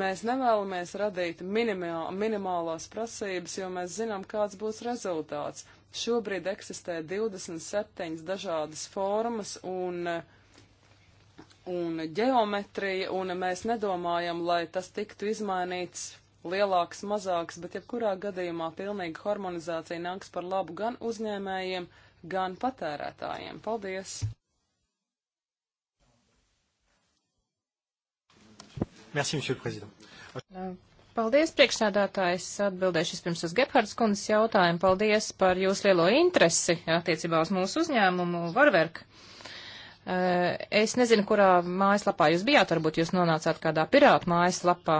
Mēs nevēlamies radīt minimā, minimālās prasības, jo mēs zinām, kāds būs rezultāts. Šobrīd eksistē 27 dažādas formas un, un ģeometrija, un mēs nedomājam, lai tas tiktu izmainīts lielāks, mazāks, bet jebkurā gadījumā pilnīga harmonizācija nāks par labu gan uzņēmējiem, gan patērētājiem. Paldies! Merci, Monsieur le Président. Paldies, priekšsēdētājs. Atbildēšu vispirms uz Gephardas kundzes jautājumu. Paldies par jūsu lielo interesi attiecībā uz mūsu uzņēmumu Varverku. Eh, es nezinu, kurā mājaslapā jūs bijāt, varbūt jūs nonācāt kādā pirātu mājaslapā,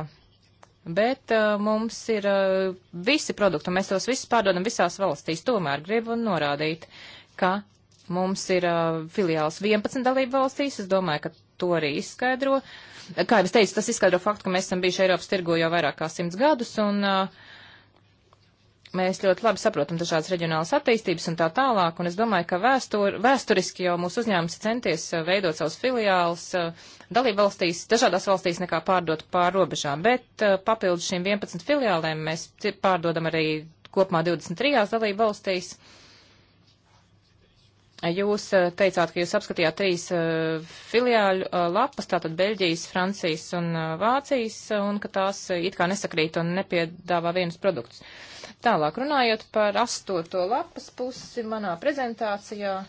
bet uh, mums ir uh, visi produkti, un mēs tos visus pārdodam visās valstīs. Tomēr gribu norādīt, ka mums ir uh, filiāls 11 dalību valstīs. Es domāju, ka to arī izskaidro. Kā jau es teicu, tas izskaidro faktu, ka mēs esam bijuši Eiropas tirgo jau vairāk kā simts gadus, un uh, mēs ļoti labi saprotam dažādas reģionālas attīstības un tā tālāk, un es domāju, ka vēstur, vēsturiski jau mūsu uzņēmums centies uh, veidot savus filiālus uh, dalību valstīs, dažādās valstīs nekā pārdot pār robežām, bet uh, papildus šīm 11 filiālēm mēs pārdodam arī kopumā 23 dalību valstīs. Uh, Jūs eh, teicāt, ka jūs apskatījāt trīs eh, filiāļu eh, lapas, tātad Beļģijas, Francijas un Vācijas, un ka tās it kā nesakrīt un nepiedāvā vienus produktus. Tālāk runājot par astoto lapas pusi manā prezentācijā,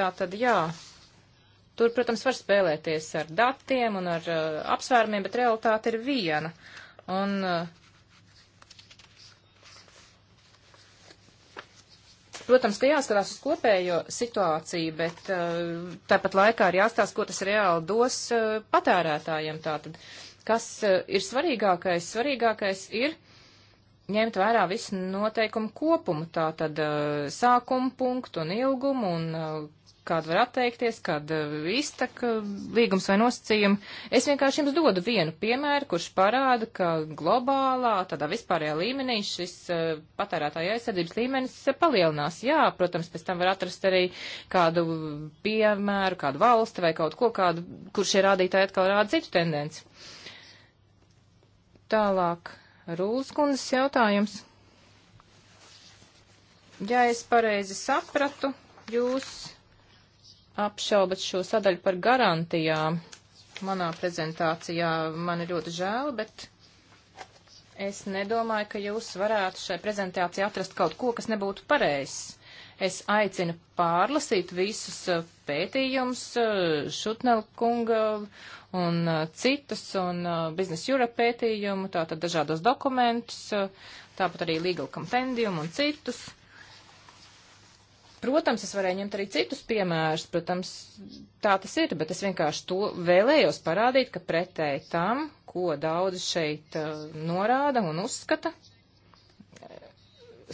tātad jā, Tur, protams, var spēlēties ar datiem un ar uh, apsvērumiem, bet realitāte ir viena. Un uh, Protams, ka jāskatās uz kopējo situāciju, bet eh, tāpat laikā ir jāstāsta, ko tas reāli dos eh, patērētājiem. Tātad, kas eh, ir svarīgākais? Svarīgākais ir ņemt vērā visu noteikumu kopumu, tā tad sākumu punktu un ilgumu un kāda var atteikties, kāda eh, iztaka eh, līgums vai nosacījumi. Es vienkārši jums dodu vienu piemēru, kurš parāda, ka globālā, tādā vispārējā līmenī šis uh, patērētāja aizsardzības līmenis palielinās. Jā, protams, pēc tam var atrast arī kādu piemēru, kādu valsti vai kaut ko, kādu, kur šie rādītāji atkal rāda citu tendenci. Tālāk, Rūlas kundzes jautājums. Ja es pareizi sapratu, jūs apšaubat šo sadaļu par garantijām manā prezentācijā. Man ir ļoti žēl, bet es nedomāju, ka jūs varētu šai prezentācijā atrast kaut ko, kas nebūtu pareizs. Es aicinu pārlasīt visus uh, pētījumus uh, Šutnela kunga un uh, citus un Business Europe pētījumu, tātad dažādos dokumentus, tāpat arī Legal Compendium un citus Protams, es varēju ņemt arī citus piemērus, protams, tā tas ir, bet es vienkārši to vēlējos parādīt, ka pretēji tam, ko daudzi šeit uh, norāda un uzskata,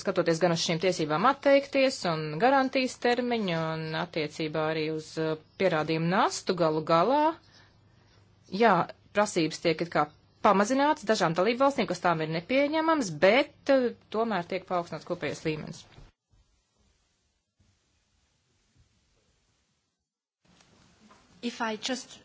skatoties gan uz šīm tiesībām atteikties un garantijas termiņu un attiecībā arī uz uh, pierādījumu nastu galu galā, jā, prasības tiek it kā pamazināts dažām dalību valstīm, kas tām ir nepieņemams, bet uh, tomēr tiek paaugstināts kopējais līmenis. If I just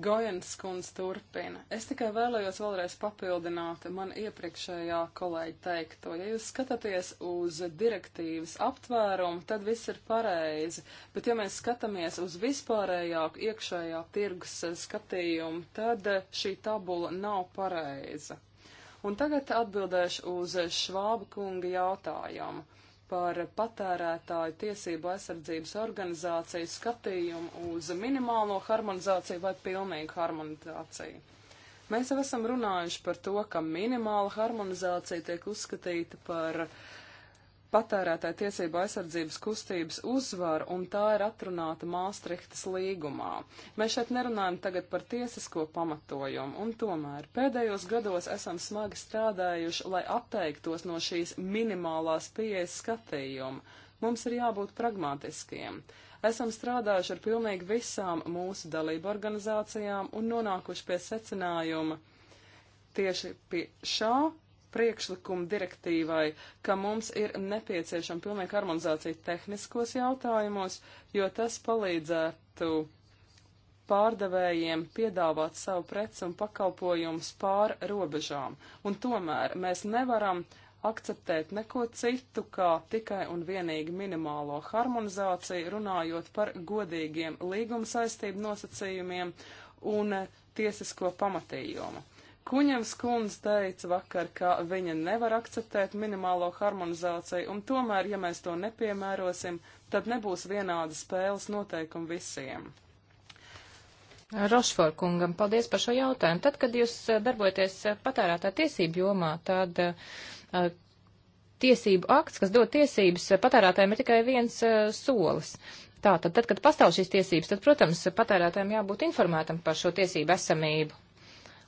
Gojens kundze turpina. Es tikai vēlējos vēlreiz papildināt man iepriekšējā kolēģi teikto. Ja jūs skatāties uz direktīvas aptvērumu, tad viss ir pareizi, bet ja mēs skatāmies uz vispārējāku iekšējā tirgus skatījumu, tad šī tabula nav pareiza. Un tagad atbildēšu uz Švāba kunga jautājumu par patērētāju tiesību aizsardzības organizāciju skatījumu uz minimālo harmonizāciju vai pilnīgu harmonizāciju. Mēs jau esam runājuši par to, ka minimāla harmonizācija tiek uzskatīta par uh, patērētāja tiesību aizsardzības kustības uzvaru, un tā ir atrunāta Māstrihtas līgumā. Mēs šeit nerunājam tagad par tiesisko pamatojumu, un tomēr pēdējos gados esam smagi strādājuši, lai atteiktos no šīs minimālās pieejas skatījuma. Mums ir jābūt pragmatiskiem. Esam strādājuši ar pilnīgi visām mūsu dalību organizācijām un nonākuši pie secinājuma tieši pie šā priekšlikumu direktīvai, ka mums ir nepieciešama pilnīga harmonizācija tehniskos jautājumos, jo tas palīdzētu pārdevējiem piedāvāt savu preci un pakalpojumus pār robežām. Un tomēr mēs nevaram akceptēt neko citu, kā tikai un vienīgi minimālo harmonizāciju, runājot par godīgiem līguma saistību nosacījumiem un tiesisko pamatījumu. Kuņevs kundze teica vakar, ka viņa nevar akceptēt minimālo harmonizāciju, un tomēr, ja mēs to nepiemērosim, tad nebūs vienāda spēles noteikumi visiem. Rošfor kungam, paldies par šo jautājumu. Tad, kad jūs eh, darbojaties eh, patērētā tiesību jomā, tad uh, tiesību akts, kas dod tiesības patērētājiem, ir tikai viens uh, solis. Tātad, tad, kad pastāv šīs tiesības, tad, protams, patērētājiem jābūt informētam par šo tiesību esamību.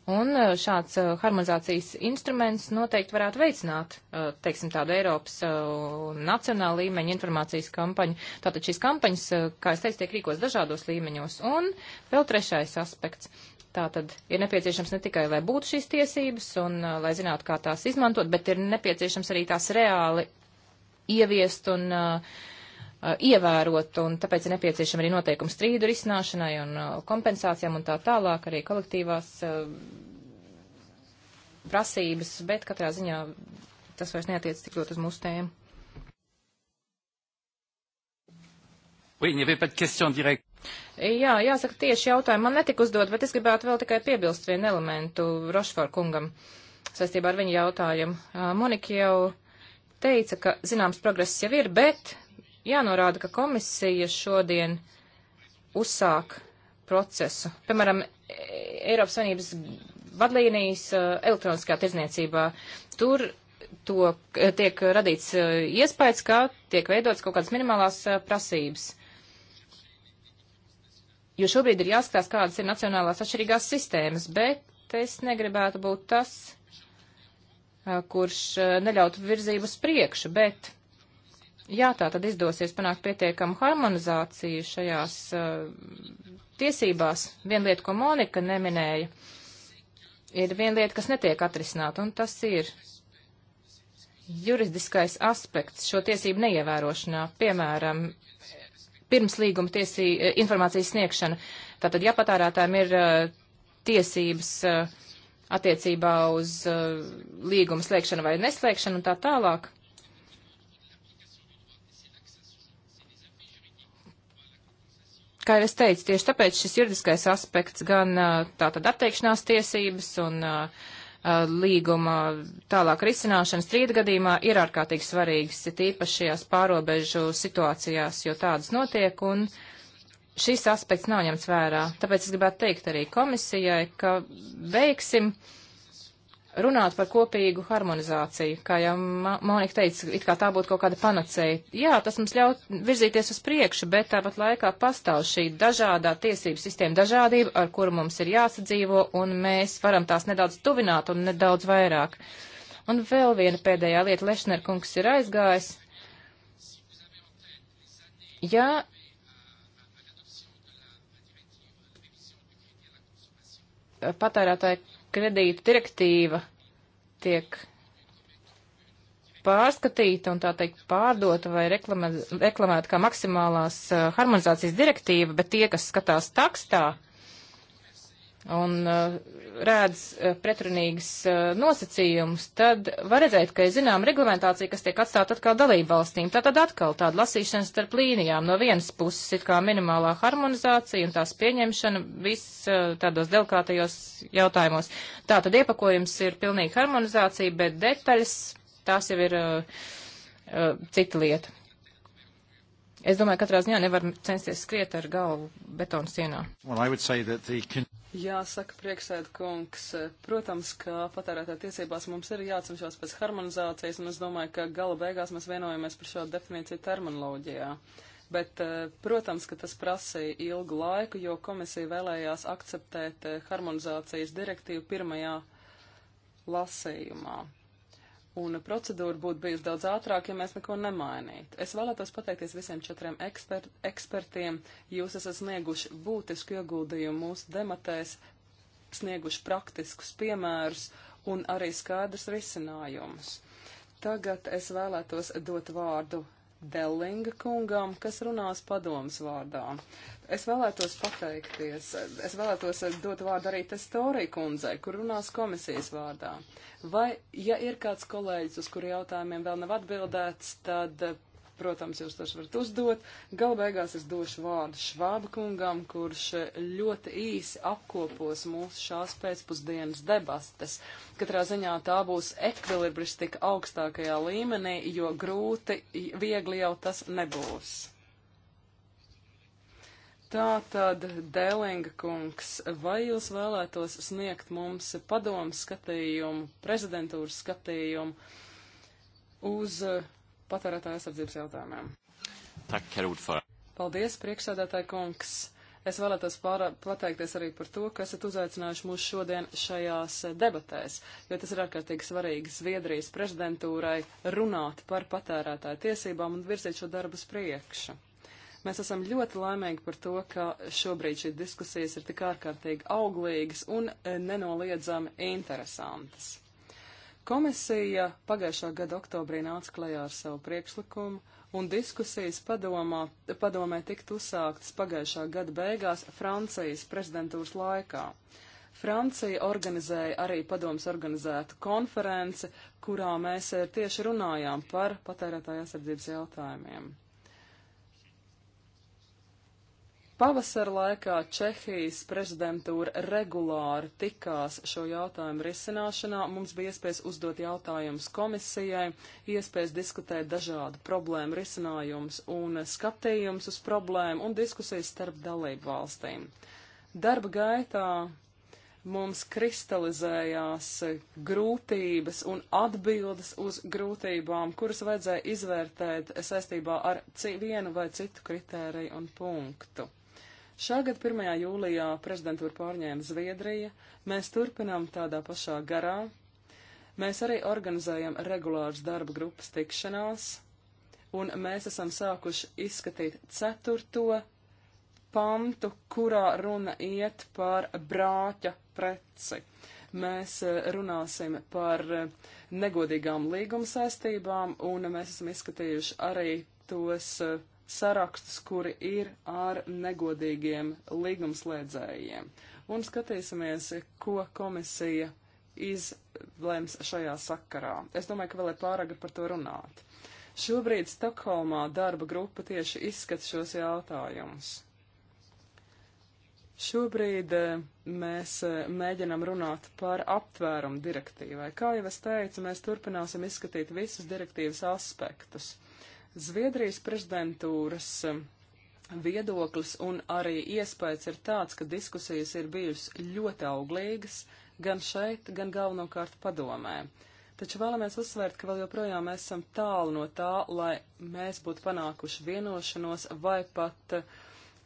Un eh, šāds eh, harmonizācijas instruments noteikti varētu veicināt, eh, teiksim, tādu Eiropas un nacionālu līmeņu informācijas kampaņu. Tātad šīs kampaņas, kā es teicu, tiek rīkos dažādos līmeņos. Un vēl trešais aspekts. Tātad ir nepieciešams ne tikai, lai būtu šīs tiesības un lai zinātu, kā tās izmantot, bet ir nepieciešams arī tās reāli ieviest un uh, Uh, ievērot, un tāpēc ir nepieciešama arī noteikuma strīdu risināšanai un uh, kompensācijām un tā tālāk, arī kolektīvās uh, prasības, bet katrā ziņā tas vairs neatiec tik ļoti uz mūsu tēmu. Oui, il n'y avait pas de question directe. Jā, jāsaka, tieši jautājumu man netika uzdot, bet es gribētu vēl tikai piebilst vienu elementu Rošfor kungam saistībā ar viņu jautājumu. Monika jau teica, ka zināms progress jau ir, bet jānorāda, ka komisija šodien uzsāk procesu. Piemēram, Eiropas Savienības vadlīnijas eh, elektroniskā tirzniecībā. Tur to eh, tiek radīts eh, iespējas, ka tiek veidots kaut kādas minimālās prasības. Jo šobrīd ir jāskatās, kādas ir nacionālās atšķirīgās sistēmas, bet es negribētu būt tas, kurš neļautu virzību uz priekšu, bet Jā, tā tad izdosies panākt pietiekamu harmonizāciju šajās uh, tiesībās. Viena lieta, ko Monika neminēja, ir viena lieta, kas netiek atrisināta, un tas ir juridiskais aspekts šo tiesību neievērošanā. Piemēram, pirms līguma tiesī, eh, informācijas sniegšana. Tātad, ja patērētājiem ir uh, tiesības uh, attiecībā uz uh, līguma slēgšanu vai neslēgšanu un tā tālāk, kā jau es teicu, tieši tāpēc šis juridiskais aspekts gan tātad atteikšanās tiesības un līguma tālāk risināšana strīda gadījumā ir ārkārtīgi svarīgs, ir īpaši šajās pārobežu situācijās, jo tādas notiek, un šis aspekts nav ņemts vērā. Tāpēc es gribētu teikt arī komisijai, ka veiksim uh, runāt par kopīgu harmonizāciju, kā jau Monika teica, it kā tā būtu kaut kāda panacēja. Jā, tas mums ļaut virzīties uz priekšu, bet tāpat laikā pastāv šī dažādā tiesību sistēma dažādība, ar kuru mums ir jāsadzīvo, un mēs varam tās nedaudz tuvināt un nedaudz vairāk. Un vēl viena pēdējā lieta, Lešner kungs ir aizgājis. Ja patērētāji kredītu direktīva tiek pārskatīta un tā teikt pārdota vai reklamēta reklamēt kā maksimālās uh, harmonizācijas direktīva, bet tie, kas skatās takstā, un uh, rēdz uh, pretrunīgas uh, nosacījumus, tad var redzēt, ka ir zinām reglamentācija, kas tiek atstāta atkal dalību valstīm. Tā tad atkal tāda lasīšana starp līnijām no vienas puses ir kā minimālā harmonizācija un tās pieņemšana viss uh, tādos delikātajos jautājumos. Tā tad iepakojums ir pilnīgi harmonizācija, bet detaļas tās jau ir uh, uh, cita lieta. Es domāju, katrā ziņā nevar censties skriet ar galvu betonu sienā. Well, the... Jāsaka, prieksēd kungs, protams, ka patērētā tiesībās mums ir jācenšas pēc harmonizācijas, un es domāju, ka gala beigās mēs vienojamies par šo definīciju terminoloģijā. Bet, eh, protams, ka tas prasīja ilgu laiku, jo komisija vēlējās akceptēt eh, harmonizācijas direktīvu pirmajā lasījumā un procedūra būtu bijusi daudz ātrāk, ja mēs neko nemainītu. Es vēlētos pateikties visiem četriem eksper ekspertiem. Jūs esat snieguši būtisku ieguldījumu mūsu dematēs, snieguši praktiskus piemērus un arī skaidrs risinājumus. Tagad es vēlētos dot vārdu Dellinga kungam, kas runās padomas vārdā. Es vēlētos pateikties, es vēlētos dot vārdu arī Testorija kundzei, kur runās komisijas vārdā. Vai, ja ir kāds kolēģis, uz kuru jautājumiem vēl nav atbildēts, tad Protams, jūs tos varat uzdot. Galu beigās es došu vārdu Švāba kungam, kurš ļoti īsi apkopos mūsu šās pēcpusdienas debastes. Katrā ziņā tā būs ekvilibristika augstākajā līmenī, jo grūti, viegli jau tas nebūs. Tā tad, Dēlinga kungs, vai jūs vēlētos sniegt mums padomu skatījumu, prezidentūras skatījumu uz patērētāja aizsardzības jautājumiem. Tak, Paldies, priekšsēdētāji kungs! Es vēlētos pateikties arī par to, ka esat uzaicinājuši mūs šodien šajās debatēs, jo tas ir ārkārtīgi svarīgi Zviedrijas prezidentūrai runāt par patērētāju tiesībām un virzīt šo darbu priekšu. Mēs esam ļoti laimīgi par to, ka šobrīd šīs diskusijas ir tik ārkārtīgi auglīgas un nenoliedzami interesantas. Komisija pagājušā gada oktobrī nāca klajā ar savu priekšlikumu, un diskusijas padomā, padomē tiktu uzsāktas pagājušā gada beigās Francijas prezidentūras laikā. Francija organizēja arī padoms organizētu konferenci, kurā mēs tieši runājām par patērētāju aizsardzības jautājumiem. Pavasara laikā Čehijas prezidentūra regulāri tikās šo jautājumu risināšanā. Mums bija iespējas uzdot jautājumus komisijai, iespējas diskutēt dažādu problēmu risinājumus un skatījums uz problēmu un diskusijas starp dalību valstīm. Darba gaitā mums kristalizējās grūtības un atbildes uz grūtībām, kuras vajadzēja izvērtēt saistībā ar vienu vai citu kritēriju un punktu. Šā gada 1. jūlijā prezidentūru pārņēma Zviedrija. Mēs turpinām tādā pašā garā. Mēs arī organizējam regulāras darba grupas tikšanās, un mēs esam sākuši izskatīt ceturto pantu, kurā runa iet par brāķa preci. Mēs eh, runāsim par eh, negodīgām līguma saistībām, un mēs esam izskatījuši arī tos uh, sarakstus, kuri ir ar negodīgiem līgumslēdzējiem. Un skatīsimies, ko komisija izlems šajā sakarā. Es domāju, ka vēl ir pāragri par to runāt. Šobrīd Stokholmā darba grupa tieši izskata šos jautājumus. Šobrīd eh, mēs eh, mēģinam runāt par aptvērumu direktīvai. Kā jau es teicu, mēs turpināsim izskatīt visus direktīvas aspektus. Zviedrijas prezidentūras um, viedoklis un arī iespējas ir tāds, ka diskusijas ir bijusi ļoti auglīgas gan šeit, gan galvenokārt padomē. Taču vēlamies uzsvērt, ka vēl joprojām mēs esam tālu no tā, lai mēs būtu panākuši vienošanos vai pat uh,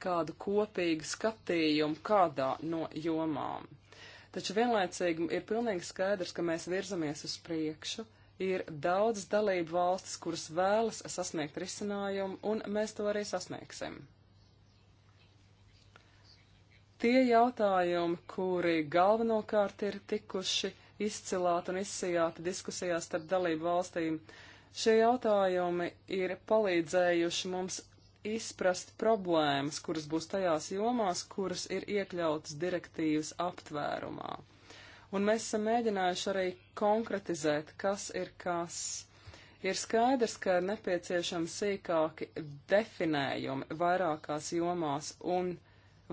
kādu kopīgu skatījumu kādā no jomām. Taču vienlaicīgi ir pilnīgi skaidrs, ka mēs virzamies uz priekšu, ir daudz dalību valstis, kuras vēlas sasniegt risinājumu, un mēs to arī sasniegsim. Tie jautājumi, kuri galvenokārt ir tikuši izcilāti un izsijāti diskusijās starp dalību valstīm, šie jautājumi ir palīdzējuši mums izprast problēmas, kuras būs tajās jomās, kuras ir iekļautas direktīvas aptvērumā un mēs esam mēģinājuši arī konkretizēt, kas ir kas. Ir skaidrs, ka ir nepieciešami sīkāki definējumi vairākās jomās un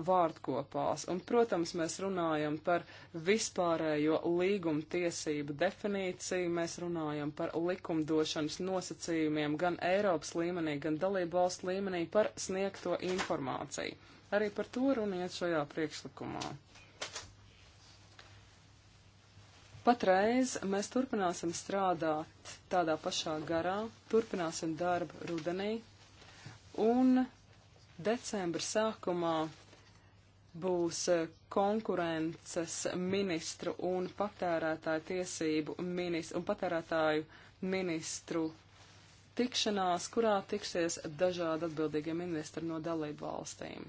vārdkopās, un, protams, mēs runājam par vispārējo līguma tiesību definīciju, mēs runājam par likumdošanas nosacījumiem gan Eiropas līmenī, gan dalību valstu līmenī par sniegto informāciju. Arī par to runiet šajā priekšlikumā. Patreiz mēs turpināsim strādāt tādā pašā garā, turpināsim darbu rudenī, un decembra sākumā būs eh, konkurences ministru un patērētāju tiesību ministru un patērētāju ministru tikšanās, kurā tiksies dažādi atbildīgie ministri no dalību valstīm.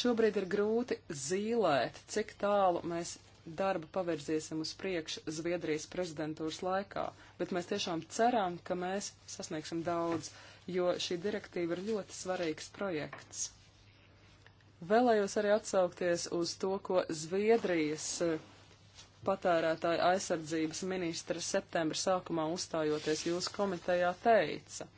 Šobrīd ir grūti zīlēt, cik tālu mēs darbu pavirziesim uz priekšu Zviedrijas prezidentūras laikā, bet mēs tiešām ceram, ka mēs sasniegsim daudz, jo šī direktīva ir ļoti svarīgs projekts. Vēlējos arī atsaukties uz to, ko Zviedrijas eh, patērētāja aizsardzības ministra septembra sākumā uzstājoties jūsu komitejā teica.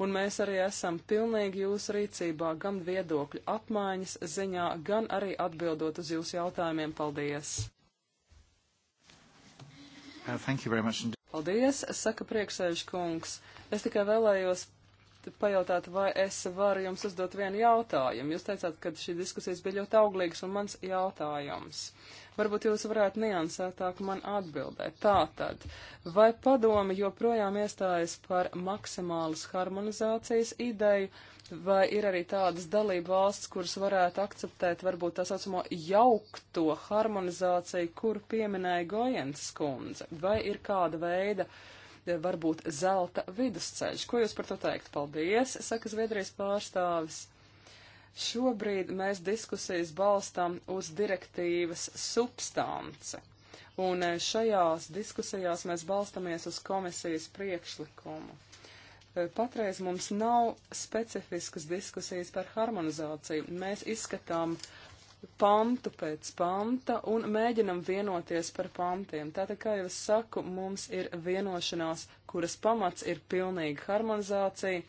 Un mēs arī esam pilnīgi jūsu rīcībā gan viedokļu apmaiņas ziņā, gan arī atbildot uz jūsu jautājumiem. Paldies! Uh, Paldies, saka priekšsēžu kungs. Es tikai vēlējos pajautāt, vai es varu jums uzdot vienu jautājumu. Jūs teicāt, ka šī diskusijas bija ļoti auglīgas un mans jautājums. Varbūt jūs varētu niansētāk man atbildēt. Tātad, vai padome joprojām iestājas par maksimālas harmonizācijas ideju, Vai ir arī tādas dalība valsts, kuras varētu akceptēt varbūt tā saucamo jaukto harmonizāciju, kur pieminēja Gojens kundze? Vai ir kāda veida, varbūt zelta vidusceļš? Ko jūs par to teikt? Paldies, saka Zviedrijas pārstāvis. Šobrīd mēs diskusijas balstām uz direktīvas substance. Un eh, šajās diskusijās mēs balstamies uz komisijas priekšlikumu. Eh, patreiz mums nav specifiskas diskusijas par harmonizāciju. Mēs izskatām pantu pēc panta un mēģinam vienoties par pantiem. Tātad, kā jau es saku, mums ir vienošanās, kuras pamats ir pilnīga harmonizācija,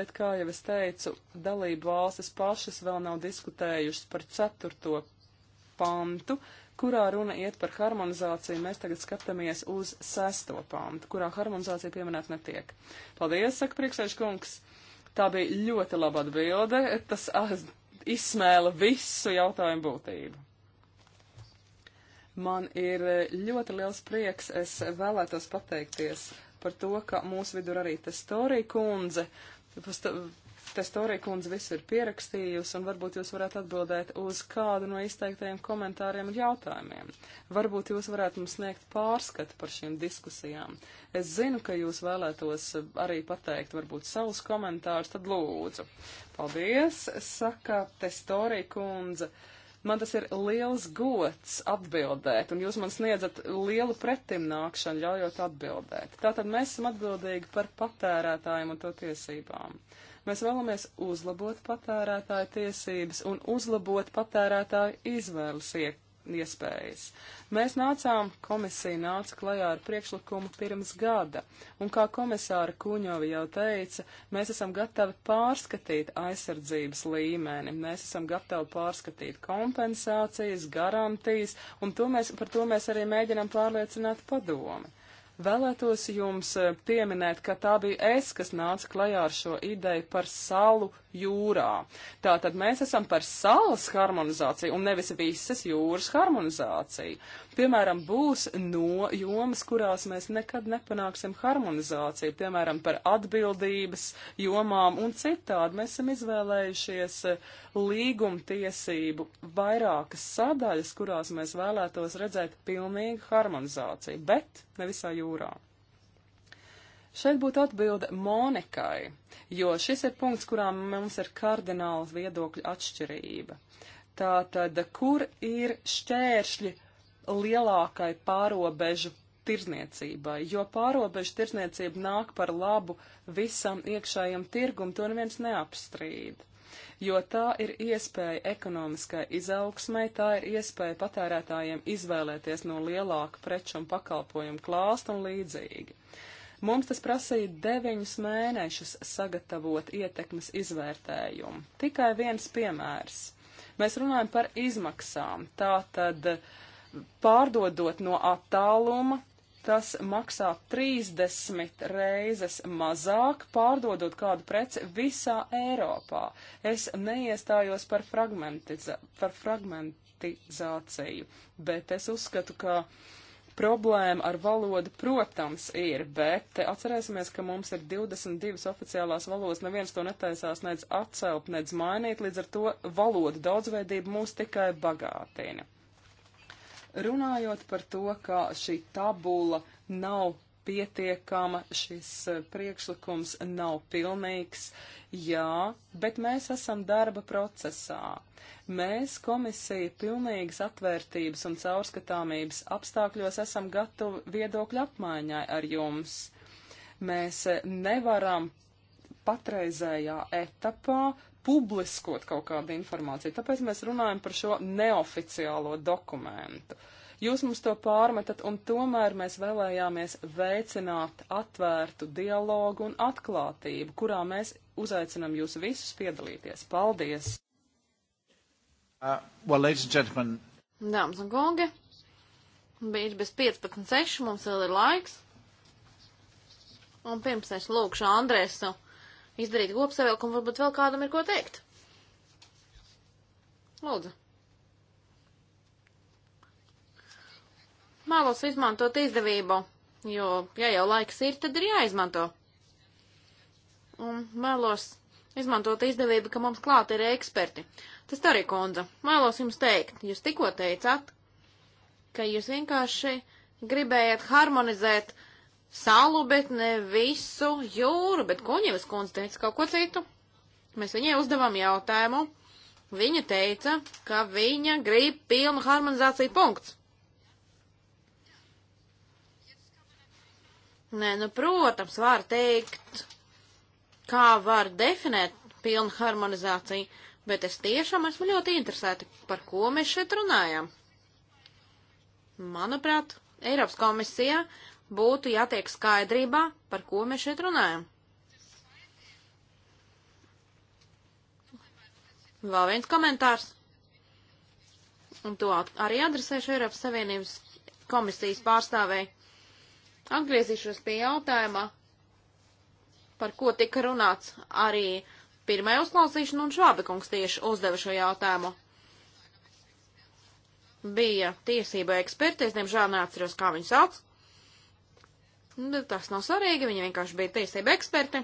bet, kā jau es teicu, dalību valstis pašas vēl nav diskutējušas par ceturto pantu, kurā runa iet par harmonizāciju. Mēs tagad skatāmies uz sesto pantu, kurā harmonizācija pieminēt netiek. Paldies, saka priekšsēžkungs. Tā bija ļoti laba atbilde. Tas ah, izsmēla visu jautājumu būtību. Man ir eh, ļoti liels prieks. Es vēlētos pateikties par to, ka mūsu vidū ir arī Testorija kundze. Tas Torija kundze visu ir pierakstījusi, un varbūt jūs varētu atbildēt uz kādu no izteiktajiem komentāriem un jautājumiem. Varbūt jūs varētu mums sniegt pārskatu par šīm diskusijām. Es zinu, ka jūs vēlētos arī pateikt varbūt savus komentārus, tad lūdzu. Paldies, saka Testorija kundze. Man tas ir liels gods atbildēt, un jūs man sniedzat lielu pretimnākšanu, ļaujot atbildēt. Tātad mēs esam atbildīgi par patērētājiem un to tiesībām. Uh, Mēs vēlamies uzlabot patērētāju tiesības un uzlabot patērētāju izvēles iespējas. Mēs nācām, komisija nāca klajā ar priekšlikumu pirms gada, un kā komisāra Kuņovi jau teica, mēs esam gatavi pārskatīt aizsardzības līmeni, mēs esam gatavi pārskatīt kompensācijas, garantijas, un to mēs, par to mēs arī mēģinām pārliecināt padomi. Vēlētos jums eh, pieminēt, ka tā bija es, kas nāca klajā ar šo ideju par salu jūrā. Tātad mēs esam par salas harmonizāciju un nevis visas jūras harmonizāciju. Piemēram, būs no jomas, kurās mēs nekad nepanāksim harmonizāciju, piemēram, par atbildības jomām un citādi. Mēs esam izvēlējušies eh, līgumtiesību vairākas sadaļas, kurās mēs vēlētos redzēt pilnīgu harmonizāciju, bet ne visā jūrā. Šeit būtu atbilde Monikai, jo šis ir punkts, kurā mums ir kardināls viedokļa atšķirība. Tātad, kur ir šķēršļi lielākai pārobežu tirzniecībai, jo pārobežu tirzniecība nāk par labu visam iekšējam tirgum, to neviens neapstrīd. Jo tā ir iespēja ekonomiskai izaugsmai, tā ir iespēja patērētājiem izvēlēties no lielāka preču un pakalpojumu klāsta un līdzīgi. Mums tas prasīja deviņus mēnešus sagatavot ietekmes izvērtējumu. Tikai viens piemērs. Mēs runājam par izmaksām. Tātad pārdodot no attāluma, tas maksā 30 reizes mazāk, pārdodot kādu preci visā Eiropā. Es neiestājos par, par fragmentizāciju, bet es uzskatu, ka Problēma ar valodu, protams, ir, bet atcerēsimies, ka mums ir 22 oficiālās valodas, neviens to netaisās nedz atcelt, nedz mainīt, līdz ar to valodu daudzveidība mūs tikai bagātina. Runājot par to, ka šī tabula nav pietiekama, šis eh, priekšlikums nav pilnīgs, jā, bet mēs esam darba procesā. Mēs komisija pilnīgas atvērtības un caurskatāmības apstākļos esam gatavi viedokļu apmaiņai ar jums. Mēs eh, nevaram patreizējā etapā publiskot kaut kādu informāciju, tāpēc mēs runājam par šo neoficiālo dokumentu. Uh, Jūs mums to pārmetat, un tomēr mēs vēlējāmies veicināt atvērtu dialogu un atklātību, kurā mēs uzaicinam jūs visus piedalīties. Paldies! Uh, well, Dāmas un kungi, bija bez 15.6, mums vēl ir laiks. Un pirms es lūkšu Andrēsu izdarīt kopsavilkumu, varbūt vēl kādam ir ko teikt. Lūdzu. Mālos izmantot izdevību, jo, ja jau laiks ir, tad ir jāizmanto. Un mēlos izmantot izdevību, ka mums klāt ir eksperti. Tas arī, kundze, mēlos jums teikt, jūs tikko teicāt, ka jūs vienkārši gribējāt harmonizēt salu, bet ne visu jūru, bet kuņevas kundze teica kaut ko citu. Mēs viņai uzdevām jautājumu. Viņa teica, ka viņa grib pilnu harmonizāciju punkts. Nē, nu, protams, var teikt, kā var definēt pilnu harmonizāciju, bet es tiešām esmu ļoti interesēta, par ko mēs šeit runājam. Manuprāt, Eiropas komisijā būtu jātiek skaidrībā, par ko mēs šeit runājam. Vēl viens komentārs. Un to arī adresēšu Eiropas Savienības komisijas pārstāvēju. Atgriezīšos pie jautājuma, par ko tika runāts arī pirmajā uzklausīšanā, un Švābekungs tieši uzdeva šo jautājumu. Bija tiesība eksperti, es diemžēl neatceros, kā viņu sauc. Bet nu, tas nav svarīgi, viņi vienkārši bija tiesība eksperti.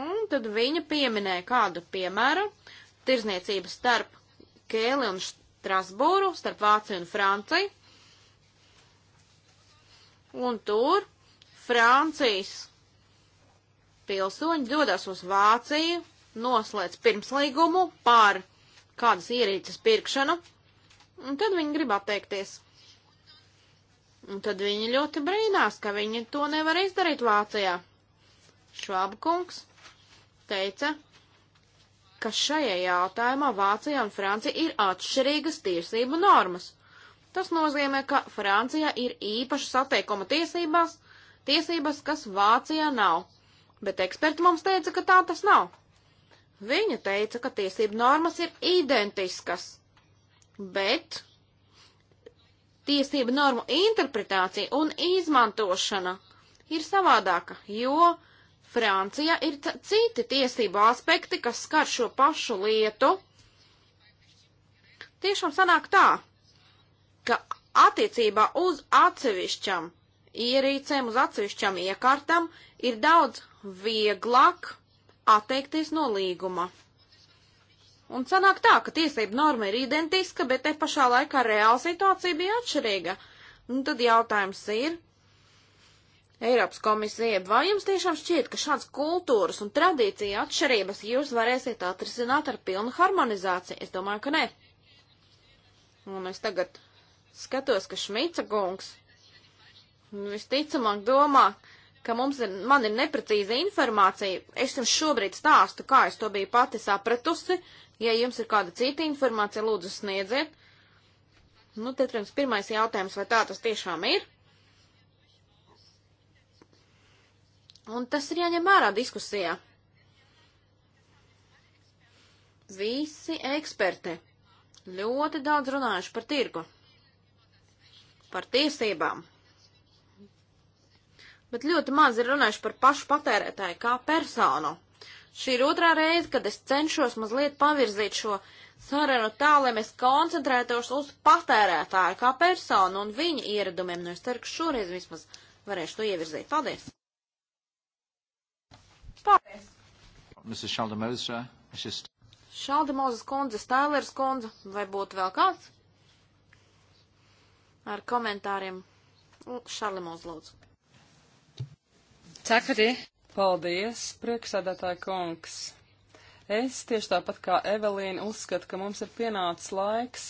Un tad viņa pieminēja kādu piemēru tirzniecības starp Kēli un Strasbūru, starp Vāciju un Franciju un tur Francijas pilsoņi dodas uz Vāciju, noslēdz pirmslīgumu par kādas ierīces pirkšanu, un tad viņi grib atteikties. Un tad viņi ļoti brīnās, ka viņi to nevar izdarīt Vācijā. Švabkungs teica, ka šajā jautājumā Vācija un Francija ir atšķirīgas tiesību normas. Tas nozīmē, ka Francijā ir īpašas atteikuma tiesībās, tiesības, kas Vācijā nav. Bet eksperti mums teica, ka tā tas nav. Viņa teica, ka tiesību normas ir identiskas, bet tiesību normu interpretācija un izmantošana ir savādāka, jo Francijā ir citi tiesību aspekti, kas skar šo pašu lietu. Tiešām sanāk tā, ka attiecībā uz atsevišķam ierīcēm, uz atsevišķam iekārtam ir daudz vieglāk atteikties no līguma. Un sanāk tā, ka tiesība norma ir identiska, bet te pašā laikā reāla situācija bija atšķirīga. Un nu, tad jautājums ir, Eiropas komisija, vai jums tiešām šķiet, ka šāds kultūras un tradīcija atšķirības jūs varēsiet atrisināt ar pilnu harmonizāciju? Es domāju, ka nē. Un es tagad skatos, ka Šmica kungs visticamāk domā, ka mums ir, man ir neprecīza informācija. Es jums šobrīd stāstu, kā es to biju pati sapratusi. Ja jums ir kāda cita informācija, lūdzu sniedziet. Nu, tad, protams, pirmais jautājums, vai tā tas tiešām ir? Un tas ir jāņem vērā diskusijā. Visi eksperti ļoti daudz runājuši par tirgu par tiesībām, bet ļoti maz ir runājuši par pašu patērētāju kā personu. Šī ir otrā reize, kad es cenšos mazliet pavirzīt šo sarunu tā, lai mēs koncentrētos uz patērētāju kā personu un viņa ieradumiem, nu es ceru, ka šoreiz vismaz varēšu to ievirzīt. Paldies! Paldies! Mrs. Šalda Mozes kundze, Stēlers kundze, vai būtu vēl kāds? ar komentāriem. Šarlimos lūdzu. Cakadi. Paldies, prieksēdētāja kungs. Es tieši tāpat kā Evelīna uzskatu, ka mums ir pienācis laiks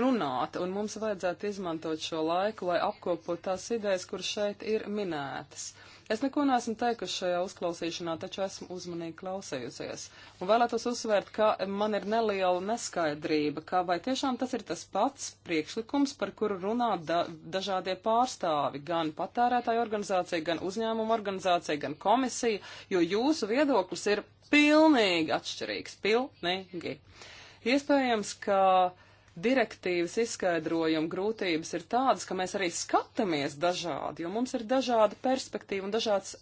runāt, un mums vajadzētu izmantot šo laiku, lai apkopotu tās idejas, kuras šeit ir minētas. Uh, Es neko neesmu teikusi šajā uzklausīšanā, taču esmu uzmanīgi klausējusies. Un vēlētos uzsvērt, ka man ir neliela neskaidrība, ka vai tiešām tas ir tas pats priekšlikums, par kuru runā da dažādie pārstāvi, gan patērētāju organizācija, gan uzņēmuma organizācija, gan komisija, jo jūsu viedoklis ir pilnīgi atšķirīgs. Pilnīgi. Iespējams, ka direktīvas izskaidrojuma grūtības ir tādas, ka mēs arī skatāmies dažādi, jo mums ir dažāda perspektīva un dažāds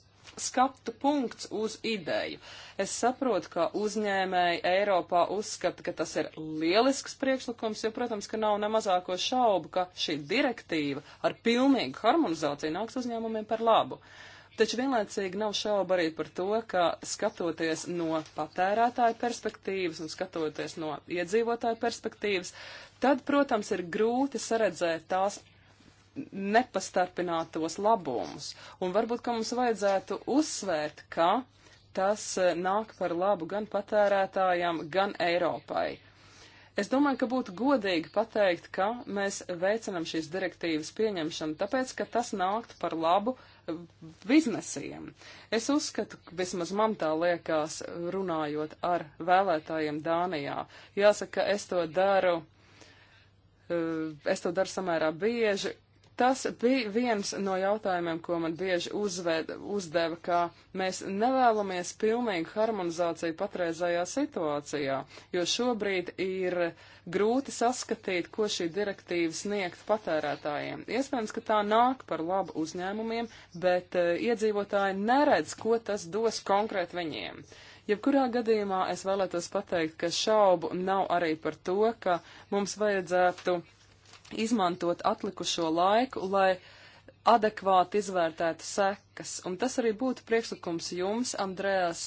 skatu punkts uz ideju. Es saprotu, ka uzņēmēji Eiropā uzskata, ka tas ir lielisks priekšlikums, jo, protams, ka nav nemazāko šaubu, ka šī direktīva ar pilnīgu harmonizāciju nāks uzņēmumiem par labu. Uh, Taču vienlaicīgi nav šauba arī par to, ka skatoties no patērētāja perspektīvas un skatoties no iedzīvotāja perspektīvas, tad, protams, ir grūti saredzēt tās nepastarpinātos labumus. Un varbūt, ka mums vajadzētu uzsvērt, ka tas eh, nāk par labu gan patērētājām, gan Eiropai. Es domāju, ka būtu godīgi pateikt, ka mēs veicinam šīs direktīvas pieņemšanu, tāpēc, ka tas nākt par labu biznesiem. Es uzskatu, vismaz man tā liekas, runājot ar vēlētājiem Dānijā. Jāsaka, es to daru, eh, es to daru samērā bieži, Tas bija viens no jautājumiem, ko man bieži uzved, uzdeva, ka mēs nevēlamies pilnīgu harmonizāciju patreizējā situācijā, jo šobrīd ir grūti saskatīt, ko šī direktīva sniegt patērētājiem. Iespējams, ka tā nāk par labu uzņēmumiem, bet uh, iedzīvotāji neredz, ko tas dos konkrēt viņiem. Jebkurā gadījumā es vēlētos pateikt, ka šaubu nav arī par to, ka mums vajadzētu izmantot atlikušo laiku, lai adekvāti izvērtētu sekas. Un tas arī būtu priekšlikums jums, Andrēs.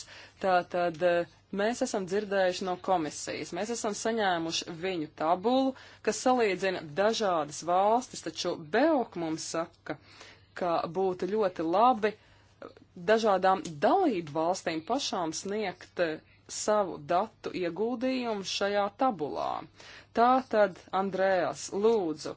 Tātad eh, mēs esam dzirdējuši no komisijas, mēs esam saņēmuši viņu tabulu, kas salīdzina dažādas valstis, taču Beok mums saka, ka būtu ļoti labi dažādām dalību valstīm pašām sniegt eh, savu datu ieguldījumu šajā tabulā. Tā tad, Andrējas, lūdzu,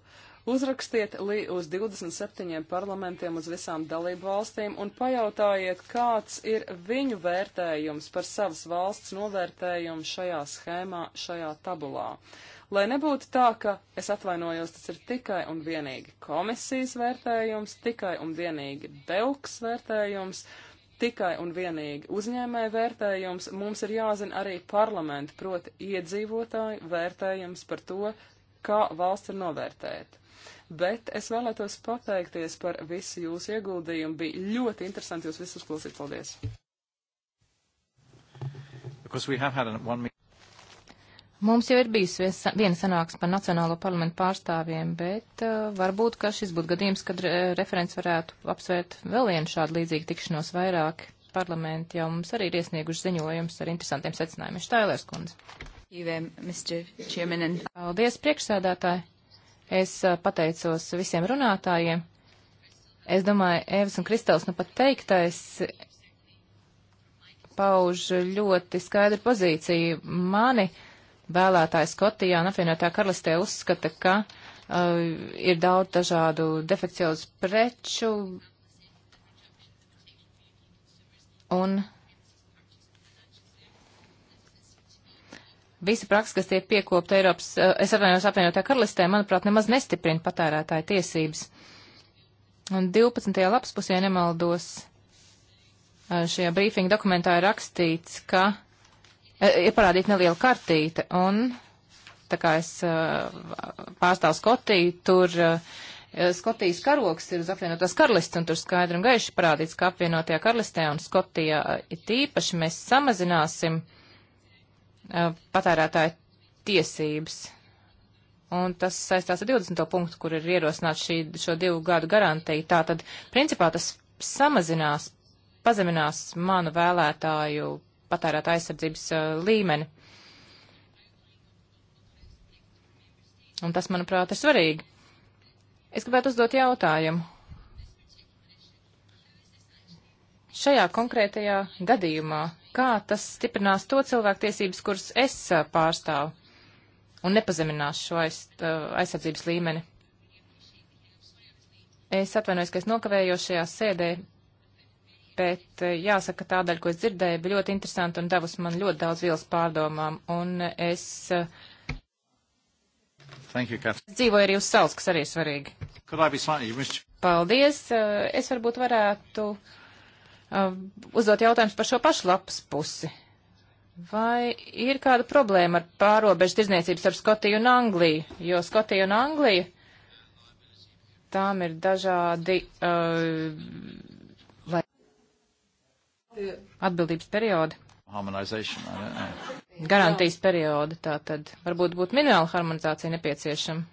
uzrakstiet uz 27 parlamentiem uz visām dalību valstīm un pajautājiet, kāds ir viņu vērtējums par savas valsts novērtējumu šajā schēmā, šajā tabulā. Lai nebūtu tā, ka es atvainojos, tas ir tikai un vienīgi komisijas vērtējums, tikai un vienīgi Belks vērtējums, tikai un vienīgi uzņēmēja vērtējums, mums ir jāzina arī parlamenta, proti iedzīvotāju vērtējums par to, kā valsts ir novērtēta. Bet es vēlētos pateikties par visu jūsu ieguldījumu. Bija ļoti interesanti jūs visus klausīt. Paldies! Mums jau ir bijis viena sanāksme par Nacionālo parlamentu pārstāvjiem, bet uh, varbūt, ka šis būtu gadījums, kad re referents varētu apsvērt vēl vienu šādu līdzīgu tikšanos vairāk. Parlamenti jau mums arī ir iesnieguši ziņojums ar interesantiem secinājumiem. Štailers kundze. Paldies, priekšsēdētāji. Es uh, pateicos visiem runātājiem. Es domāju, Evas un Kristels nu pat teiktais pauž ļoti skaidru pozīciju. Mani vēlētāji Skotijā un apvienotā karalistē uzskata, ka uh, ir daudz dažādu defekcijos preču un visa praksa, kas tiek piekopta Eiropas, uh, es atvainojos apvienotā karalistē, manuprāt, nemaz nestiprina patērētāju tiesības. Un 12. lapspusē nemaldos uh, šajā brīfinga dokumentā ir rakstīts, ka ir eh, parādīta neliela kartīte, un tā kā es eh, pārstāvu Skotiju, tur eh, Skotijas karoks ir uz apvienotās karalistes, un tur skaidri un gaiši parādīts, ka apvienotajā karalistē un Skotijā it īpaši mēs samazināsim patērētāju tiesības. Un tas saistās ar 20. punktu, kur ir ierosināts šī, šo divu gadu garantija. Tātad, principā, tas samazinās, pazeminās manu vēlētāju patērēta aizsardzības uh, līmeni. Un tas, manuprāt, ir svarīgi. Es gribētu uzdot jautājumu. Šajā konkrētajā gadījumā, kā tas stiprinās to cilvēktiesības, kuras es uh, pārstāvu un nepazeminās šo aiz, uh, aizsardzības līmeni? Es atvainojos, ka es nokavējos šajā sēdē, bet eh, jāsaka, tā daļa, ko es dzirdēju, bija ļoti interesanta un devusi man ļoti daudz vielas pārdomām. Un es eh, Thank you, Kat. dzīvoju arī uz salas, kas arī ir svarīgi. Slightly, Paldies! Eh, es varbūt varētu uzdot jautājumus par šo pašu lapas pusi. Vai ir kāda problēma ar pārobežu tirzniecības ar Skotiju un Angliju? Jo Skotija un Anglija tām ir dažādi uh, atbildības periodi. Garantijas periodi, tā tad varbūt būtu minimāla harmonizācija nepieciešama.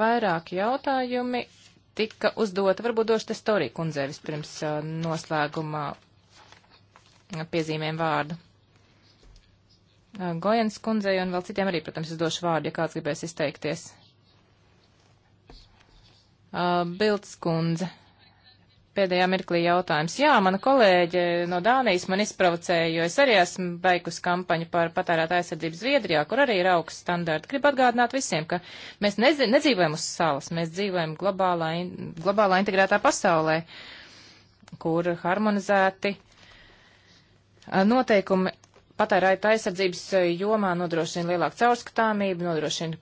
Vairāki jautājumi tika uzdota, varbūt došu te storiju kundzē vispirms noslēgumā piezīmēm vārdu. Gojens kundzei un vēl citiem arī, protams, es došu vārdu, ja kāds gribēs izteikties. Bilds kundze pēdējā mirklī jautājums. Jā, mana kolēģe no Dānijas man izprovocēja, jo es arī esmu beigus kampaņu par patērētā aizsardzību Zviedrijā, kur arī ir augsts standarti. Gribu atgādināt visiem, ka mēs nedzīvojam uz salas, mēs dzīvojam globālā, in globālā integrētā pasaulē, kur harmonizēti noteikumi patērētā aizsardzības jomā nodrošina lielāku caurskatāmību, nodrošina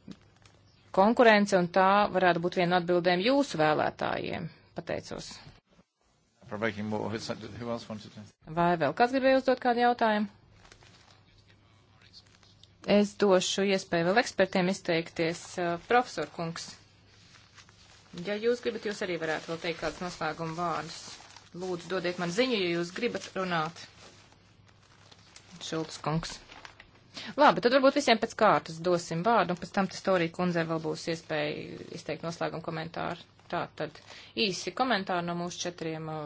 konkurence, un tā varētu būt viena no atbildēm jūsu vēlētājiem. Pateicos. Vai vēl kāds gribēja uzdot kādu jautājumu? Es došu iespēju vēl ekspertiem izteikties. Uh, profesor Kungs, ja jūs gribat, jūs arī varētu vēl teikt kādus noslēguma vārdus. Lūdzu, dodiet man ziņu, ja jūs gribat runāt. Šults Kungs. Labi, tad varbūt visiem pēc kārtas dosim vārdu, un pēc tam tas Torija kundzei vēl būs iespēja izteikt noslēguma komentāru. Tā tad īsi komentāri no mūsu četriem uh,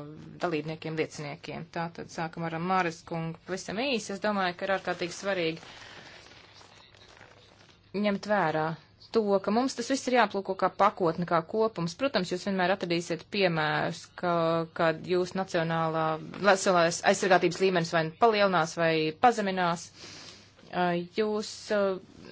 dalībniekiem, lieciniekiem. Tā tad sākam ar Māres kungu. Pavisam īsi, es domāju, ka ir ārkārtīgi svarīgi ņemt vērā to, ka mums tas viss ir jāplūko kā pakotne, kā kopums. Protams, jūs vienmēr atradīsiet piemērus, ka, kad jūs nacionālā veselās aizsargātības līmenis vai palielinās vai pazeminās. Uh, jūs uh,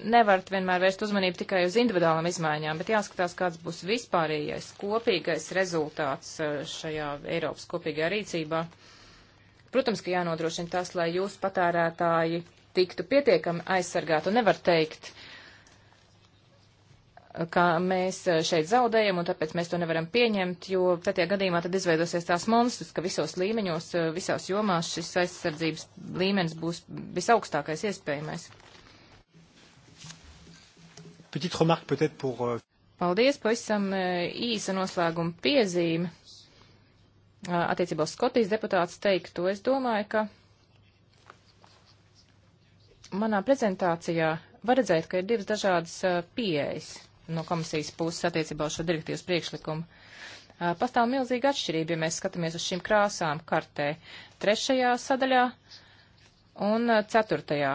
nevarat vienmēr vērst uzmanību tikai uz individuālām izmaiņām, bet jāskatās, kāds būs vispārējais kopīgais rezultāts eh, šajā Eiropas kopīgajā rīcībā. Protams, ka jānodrošina tas, lai jūsu patērētāji tiktu pietiekami aizsargāti un nevar teikt, ka mēs eh, šeit zaudējam un tāpēc mēs to nevaram pieņemt, jo pretējā gadījumā tad izveidosies tās monstrs, ka visos līmeņos, eh, visās jomās šis aizsardzības līmenis būs visaugstākais iespējamais. Petite remarque peut-être pour. Euh, Paldies, pavisam e, īsa noslēguma piezīme. Attiecībā uz Skotijas deputāts teikto, es domāju, ka manā prezentācijā var redzēt, ka ir divas dažādas e, pieejas no komisijas puses attiecībā uz šo direktīvas priekšlikumu. Pastāv milzīga atšķirība, ja mēs skatāmies uz šīm krāsām kartē trešajā sadaļā un e, ceturtajā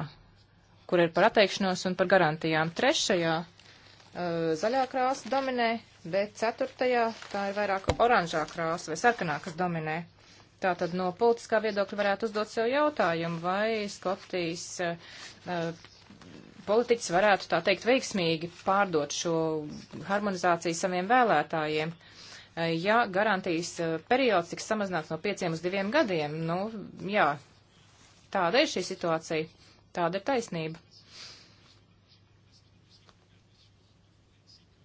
kur ir par atteikšanos un par garantijām. Trešajā uh, zaļā krāsa dominē, bet ceturtajā tā ir vairāk oranžā krāsa vai sarkanā, kas dominē. Tātad no politiskā viedokļa varētu uzdot sev jautājumu, vai Skotijas uh, politiķis varētu tā teikt veiksmīgi pārdot šo harmonizāciju saviem vēlētājiem. Uh, ja garantijas uh, periods tiks samazināts no pieciem uz diviem gadiem, nu jā, tāda ir šī situācija. Tāda ir taisnība.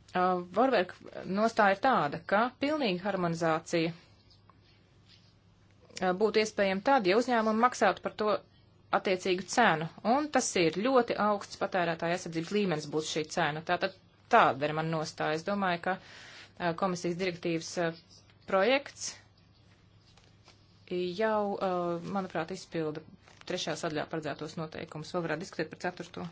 Uh, Vorverk nostāja ir tāda, ka pilnīga harmonizācija uh, būtu iespējama tad, ja uzņēmumi maksātu par to attiecīgu cenu, un tas ir ļoti augsts patērētāja aizsardzības līmenis būs šī cena. Tātad tāda ir man nostāja. Es domāju, ka uh, komisijas direktīvas projekts jau, manuprāt, izpilda trešā sadaļā paredzētos noteikumus. Vēl varētu diskutēt par ceturto.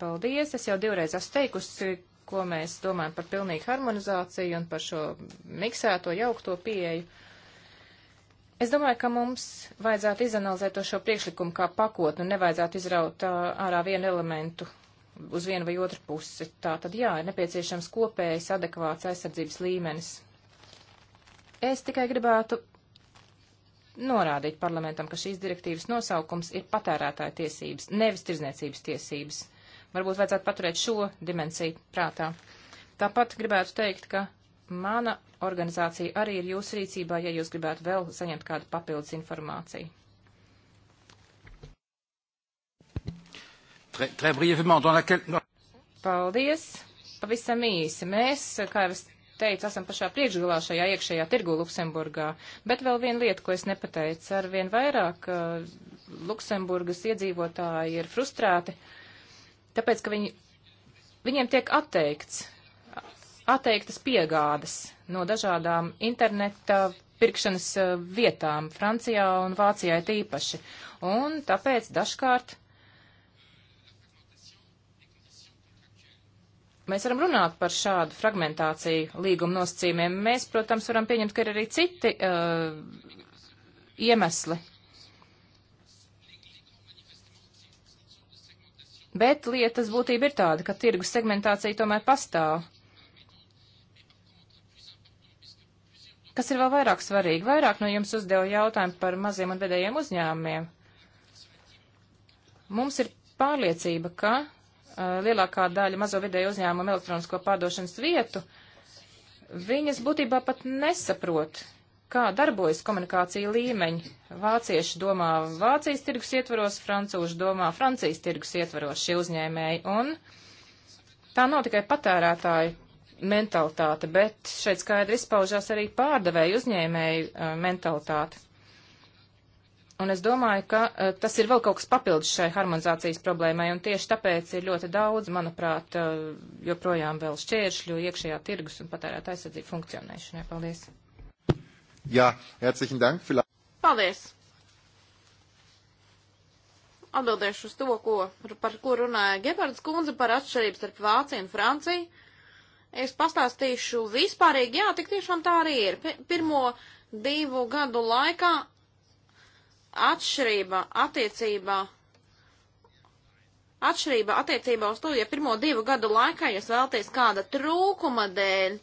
Paldies! Es jau divreiz esmu teikusi, ko mēs domājam par pilnīgu harmonizāciju un par šo miksēto, jaukto pieeju. Es domāju, ka mums vajadzētu izanalizēt to šo priekšlikumu kā pakotni un nevajadzētu izraut ārā vienu elementu uz vienu vai otru pusi. Tā tad jā, ir nepieciešams kopējs adekvāts aizsardzības līmenis. Es tikai gribētu norādīt parlamentam, ka šīs direktīvas nosaukums ir patērētāja tiesības, nevis tirzniecības tiesības. Varbūt vajadzētu paturēt šo dimensiju prātā. Tāpat gribētu teikt, ka mana organizācija arī ir jūsu rīcībā, ja jūs gribētu vēl saņemt kādu papildus informāciju. Très, très brièvement, dans laquelle... Paldies! Pavisam īsi. Mēs, kā jau es teicu, esam pašā priekšgalā šajā iekšējā tirgu Luksemburgā. Bet vēl viena lieta, ko es nepateicu, ar vien vairāk uh, Luksemburgas iedzīvotāji ir frustrēti, tāpēc, ka viņi, viņiem tiek atteikts, atteiktas piegādes no dažādām interneta pirkšanas uh, vietām Francijā un Vācijā tīpaši. Un tāpēc dažkārt mēs varam runāt par šādu fragmentāciju līguma nosacījumiem. Mēs, protams, varam pieņemt, ka ir arī citi uh, iemesli. Bet lietas būtība ir tāda, ka tirgus segmentācija tomēr pastāv. Kas ir vēl vairāk svarīgi? Vairāk no jums uzdeva jautājumu par maziem un vedējiem uzņēmumiem. Mums ir pārliecība, ka Eh, lielākā daļa mazo vidēju uzņēmumu elektronisko pārdošanas vietu, viņas būtībā pat nesaprot, kā darbojas komunikācija līmeņi. Vācieši domā Vācijas tirgus ietvaros, francūši domā Francijas tirgus ietvaros šie uzņēmēji, un tā nav tikai patērētāju mentalitāte, bet šeit skaidri izpaužās arī pārdevēju uzņēmēju eh, mentalitāte. Un es domāju, ka uh, tas ir vēl kaut kas papildus šai harmonizācijas problēmai, un tieši tāpēc ir ļoti daudz, manuprāt, uh, joprojām vēl šķēršļu iekšējā tirgus un patērēta aizsardzība funkcionēšanai. Paldies. Jā, herzlichen dank. Paldies. Atbildēšu uz to, ko, par ko runāja Gepards kundze par atšķirības starp Vāciju un Franciju. Es pastāstīšu vispārīgi, jā, tik tiešām tā arī ir. P pirmo divu gadu laikā atšķirība attiecībā. Atšķirība attiecībā uz to, ja pirmo divu gadu laikā jūs vēlaties kāda trūkuma dēļ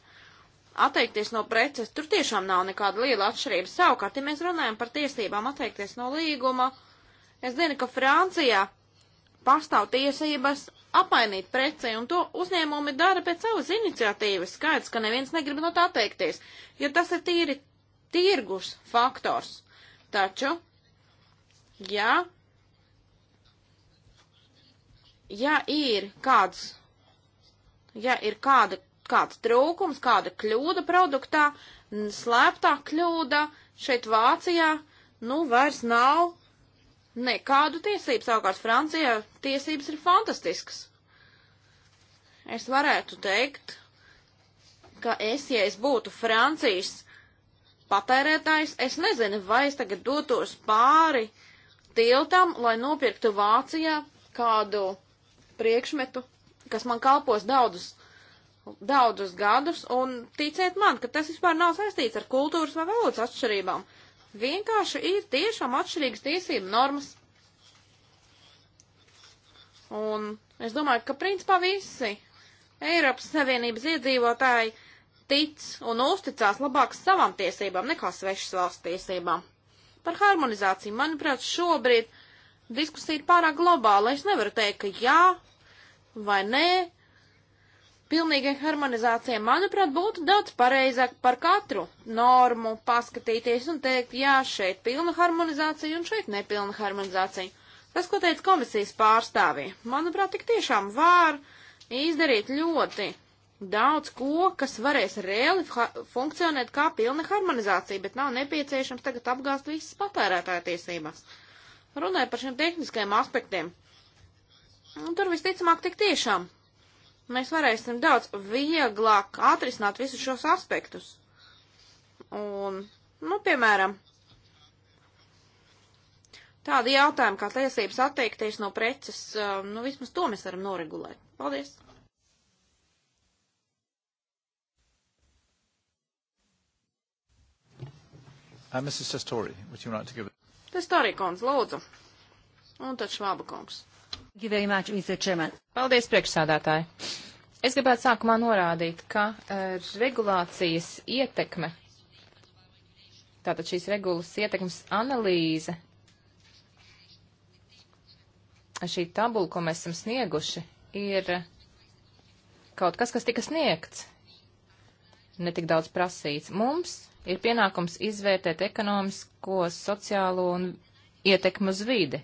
atteikties no preces, tur tiešām nav nekāda liela atšķirība. Savukārt, ja mēs runājam par tiesībām atteikties no līguma, es zinu, ka Francijā pastāv tiesības apmainīt preci, un to uzņēmumi dara pēc savas iniciatīvas. Skaidrs, ka neviens negrib no tā atteikties, jo tas ir tīri tirgus faktors. Taču ja, ja ir kāds, ja ir kāda, kāds trūkums, kāda kļūda produktā, slēptā kļūda šeit Vācijā, nu vairs nav nekādu tiesību. Savukārt Francijā tiesības ir fantastiskas. Es varētu teikt, ka es, ja es būtu Francijas patērētājs, es nezinu, vai es tagad dotos pāri uh, tiltam, lai nopirktu Vācijā kādu priekšmetu, kas man kalpos daudzus, daudzus gadus, un ticiet man, ka tas vispār nav saistīts ar kultūras vai valodas atšķirībām. Vienkārši ir tiešām atšķirīgas tiesību normas. Un es domāju, ka principā visi Eiropas Savienības iedzīvotāji tic un uzticās labāk savām tiesībām nekā svešas valsts tiesībām. Par harmonizāciju, manuprāt, šobrīd diskusija ir pārāk globāla. Es nevaru teikt, ka jā vai nē. Pilnīgai harmonizācijai, manuprāt, būtu daudz pareizāk par katru normu paskatīties un teikt, jā, šeit pilna harmonizācija un šeit nepilna harmonizācija. Tas, ko teica komisijas pārstāvī, manuprāt, tik tiešām var izdarīt ļoti daudz ko, kas varēs reāli funkcionēt kā pilna harmonizācija, bet nav nepieciešams tagad apgāst visas patērētāja tiesības. Runāju par šiem tehniskajiem aspektiem. Un tur visticamāk tik tiešām. Mēs varēsim daudz vieglāk atrisināt visus šos aspektus. Un, nu, piemēram, tādi jautājumi kā tiesības atteikties no preces, eh, nu, vismaz to mēs varam noregulēt. Paldies! Uh, Mrs. Testori, would you like to give it? Testori, kundze, lūdzu. Un tad švāba kungs. Much, Paldies, priekšsādātāji. Es gribētu sākumā norādīt, ka uh, regulācijas ietekme, tātad šīs regulas ietekmes analīze, šī tabula, ko mēs esam snieguši, ir kaut kas, kas tika sniegts, netik daudz prasīts. Mums ir pienākums izvērtēt ekonomisko, sociālo un ietekmu uz vidi.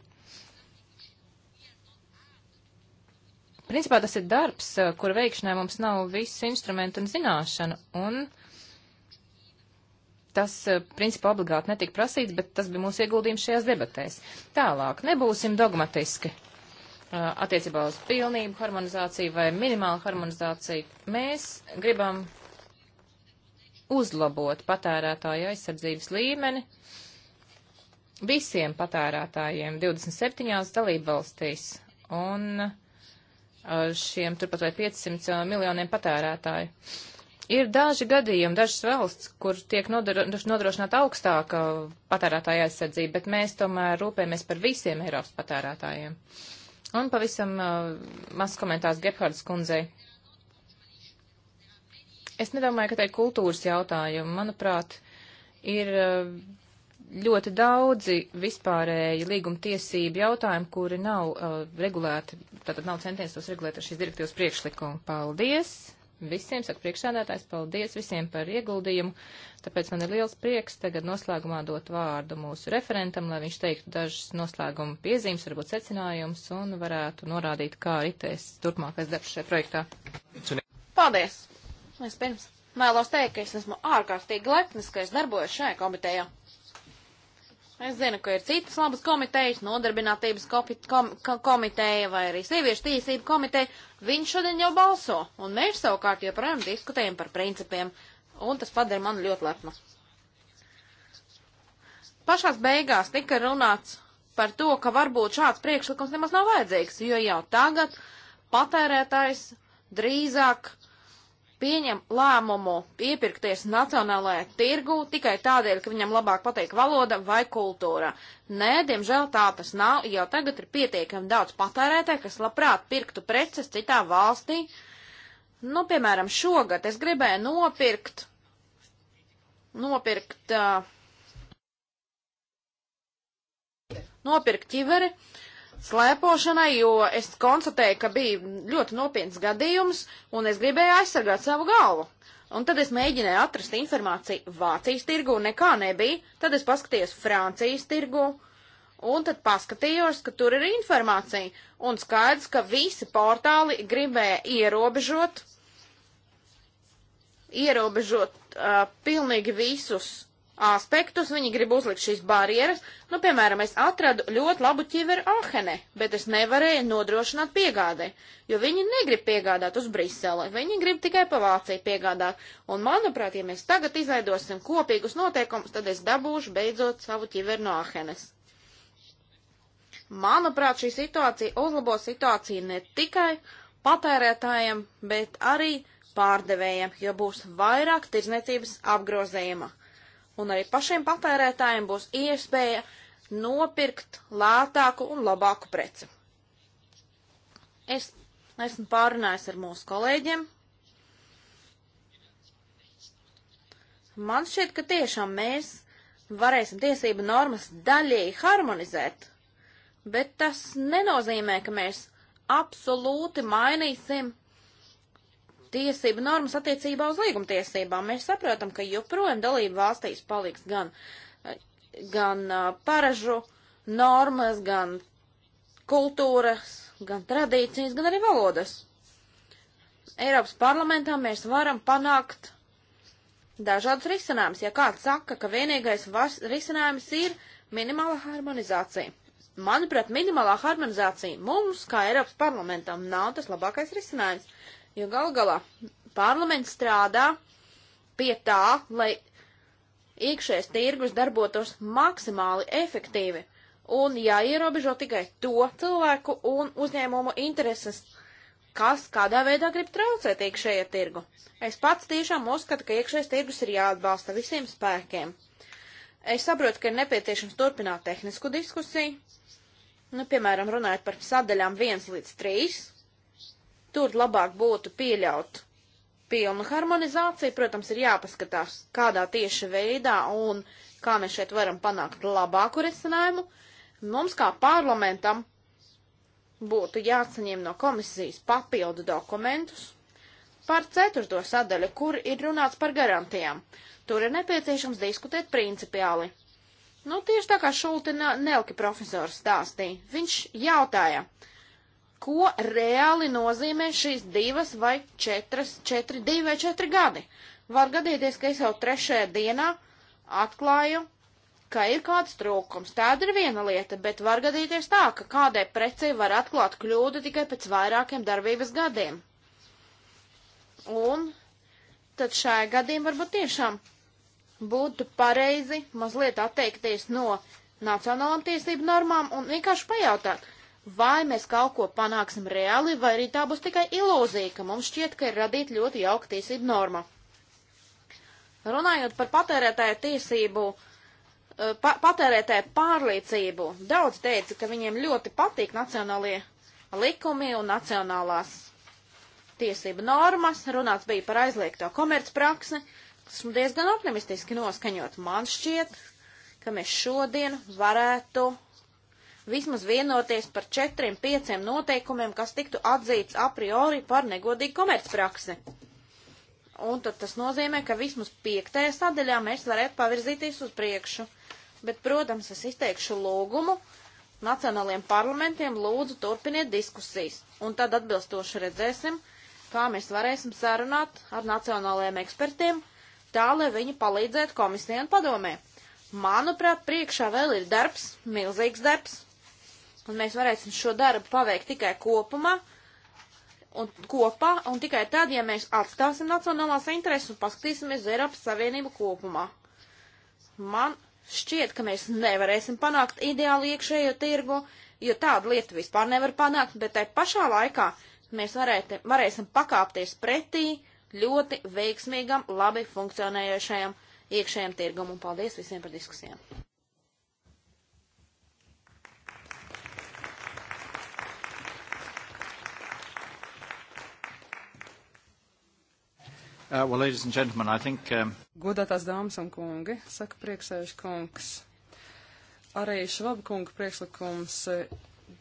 Principā tas ir darbs, eh, kura veikšanai mums nav visu instrumentu un zināšanu, un tas, eh, principā, obligāti netika prasīts, bet tas bija mūsu ieguldījums šajās debatēs. Tālāk, nebūsim dogmatiski eh, attiecībā uz pilnību harmonizāciju vai minimālu harmonizāciju. Mēs gribam uzlabot patērētāju aizsardzības līmeni visiem patērētājiem 27 dalībvalstīs un šiem turpat vai 500 miljoniem patērētāju. Ir daži gadījumi, dažas valsts, kur tiek nodro, nodrošināta augstāka patērētāja aizsardzība, bet mēs tomēr rūpējamies par visiem Eiropas patērētājiem. Un pavisam uh, mazs komentārs Gebhardas kundzei. Es nedomāju, ka te ir kultūras jautājumi. Manuprāt, ir eh, ļoti daudzi vispārēji līguma tiesību jautājumi, kuri nav uh, regulēti, tātad nav centiens tos regulēt ar šīs direktīvas priekšlikumu. Paldies! Visiem saka priekšsēdētājs, paldies visiem par ieguldījumu, tāpēc man ir liels prieks tagad noslēgumā dot vārdu mūsu referentam, lai viņš teiktu dažas noslēguma piezīmes, varbūt secinājums un varētu norādīt, kā ritēs turpmākais darbs šajā projektā. Paldies! Vispirms vēlos teikt, ka es esmu ārkārtīgi lepnis, ka es darbojos šajā komitejā. Es zinu, ka ir citas labas komitejas, nodarbinātības kom komiteja vai arī sieviešu tīsību komiteja. Viņi šodien jau balso, un mēs savukārt joprojām diskutējam par principiem, un tas padara mani ļoti lepnu. Pašās beigās tika runāts par to, ka varbūt šāds priekšlikums nemaz nav vajadzīgs, jo jau tagad patērētājs drīzāk pieņem lēmumu iepirkties nacionālajā tirgu tikai tādēļ, ka viņam labāk patīk valoda vai kultūra. Nē, diemžēl tā tas nav, jau tagad ir pietiekami daudz patērētāju, kas labprāt pirktu preces citā valstī. Nu, piemēram, šogad es gribēju nopirkt, nopirkt, uh, nopirkt ķiveri, uh, slēpošanai, jo es konstatēju, ka bija ļoti nopietns gadījums, un es gribēju aizsargāt savu galvu. Un tad es mēģināju atrast informāciju Vācijas tirgu, un nekā nebija. Tad es paskatījos Francijas tirgu, un tad paskatījos, ka tur ir informācija. Un skaidrs, ka visi portāli gribēja ierobežot, ierobežot uh, pilnīgi visus aspektus, viņi grib uzlikt šīs barjeras. Nu, piemēram, es atradu ļoti labu ķiveru Ahene, bet es nevarēju nodrošināt piegādē, jo viņi negrib piegādāt uz Brisele, viņi grib tikai pa Vāciju piegādāt. Un, manuprāt, ja mēs tagad izveidosim kopīgus noteikumus, tad es dabūšu beidzot savu ķiveru no Ahenes. Manuprāt, šī situācija uzlabo situāciju ne tikai patērētājiem, bet arī pārdevējiem, jo būs vairāk tirzniecības apgrozējuma un arī pašiem patērētājiem būs iespēja nopirkt lētāku un labāku preci. Es esmu pārunājis ar mūsu kolēģiem. Man šķiet, ka tiešām mēs varēsim tiesību normas daļēji harmonizēt, bet tas nenozīmē, ka mēs absolūti mainīsim tiesību normas attiecībā uz līgumtiesībām. Mēs saprotam, ka joprojām dalību valstīs paliks gan, gan paražu normas, gan kultūras, gan tradīcijas, gan arī valodas. Eiropas parlamentā mēs varam panākt dažādus risinājumus. Ja kāds saka, ka vienīgais risinājums ir minimāla harmonizācija. Manuprāt, minimālā harmonizācija mums, kā Eiropas parlamentam, nav tas labākais risinājums. Jo gal galā parlaments strādā pie tā, lai iekšējais tirgus darbotos maksimāli efektīvi un jāierobežo tikai to cilvēku un uzņēmumu intereses, kas kādā veidā grib traucēt iekšējā tirgu. Es pats tiešām uzskatu, ka iekšējais tirgus ir jāatbalsta visiem spēkiem. Es saprotu, ka ir nepieciešams turpināt tehnisku diskusiju, nu, piemēram, runājot par sadaļām 1 līdz 3, Tur labāk būtu pieļaut pilnu harmonizāciju. Protams, ir jāpaskatās, kādā tieši veidā un kā mēs šeit varam panākt labāku risinājumu. Mums kā parlamentam būtu jāsaņem no komisijas papildu dokumentus par ceturto sadaļu, kur ir runāts par garantijām. Tur ir nepieciešams diskutēt principiāli. Nu, tieši tā kā Šulte Nelki profesors stāstīja, viņš jautāja, uh, ko reāli nozīmē šīs divas vai četras, četri, divi vai četri gadi. Var gadīties, ka es jau trešajā dienā atklāju, ka ir kāds trūkums. Tāda ir viena lieta, bet var gadīties tā, ka kādai precei var atklāt kļūdu tikai pēc vairākiem darbības gadiem. Un tad šajā gadījumā varbūt tiešām būtu pareizi mazliet atteikties no nacionālām tiesību normām un vienkārši pajautāt, vai mēs kaut ko panāksim reāli, vai arī tā būs tikai ilūzija, ka mums šķiet, ka ir radīta ļoti jauka tiesība norma. Runājot par patērētāju tiesību, eh, pa, patērētāju pārliecību, daudz teica, ka viņiem ļoti patīk nacionālie likumi un nacionālās tiesība normas, runāts bija par aizliegto komercpraksi, esmu diezgan optimistiski noskaņot. Man šķiet, ka mēs šodien varētu vismaz vienoties par četriem, pieciem noteikumiem, kas tiktu atzīts a priori par negodīgu komercpraksi. Un tad tas nozīmē, ka vismaz piektajā sadaļā mēs varētu pavirzīties uz priekšu. Bet, protams, es izteikšu lūgumu nacionāliem parlamentiem, lūdzu, turpiniet diskusijas. Un tad atbilstoši redzēsim, kā mēs varēsim sarunāt ar nacionālajiem ekspertiem, tā, lai viņi palīdzētu komisijai un padomē. Manuprāt, priekšā vēl ir darbs, milzīgs darbs, Un mēs varēsim šo darbu paveikt tikai kopumā, un kopā, un tikai tad, ja mēs atstāsim nacionālās intereses un paskatīsimies uz Eiropas Savienību kopumā. Man šķiet, ka mēs nevarēsim panākt ideālu iekšējo tirgu, jo tādu lietu vispār nevar panākt, bet tai pašā laikā mēs varēti, varēsim pakāpties pretī ļoti veiksmīgam, labi funkcionējošajam iekšējam tirgumam. Paldies visiem par diskusijām! Uh, well, ladies and gentlemen, I think. Um... Godātās dāmas un kungi, saka priekšsēžu kungs. Arī Švaba kunga priekšlikums, eh,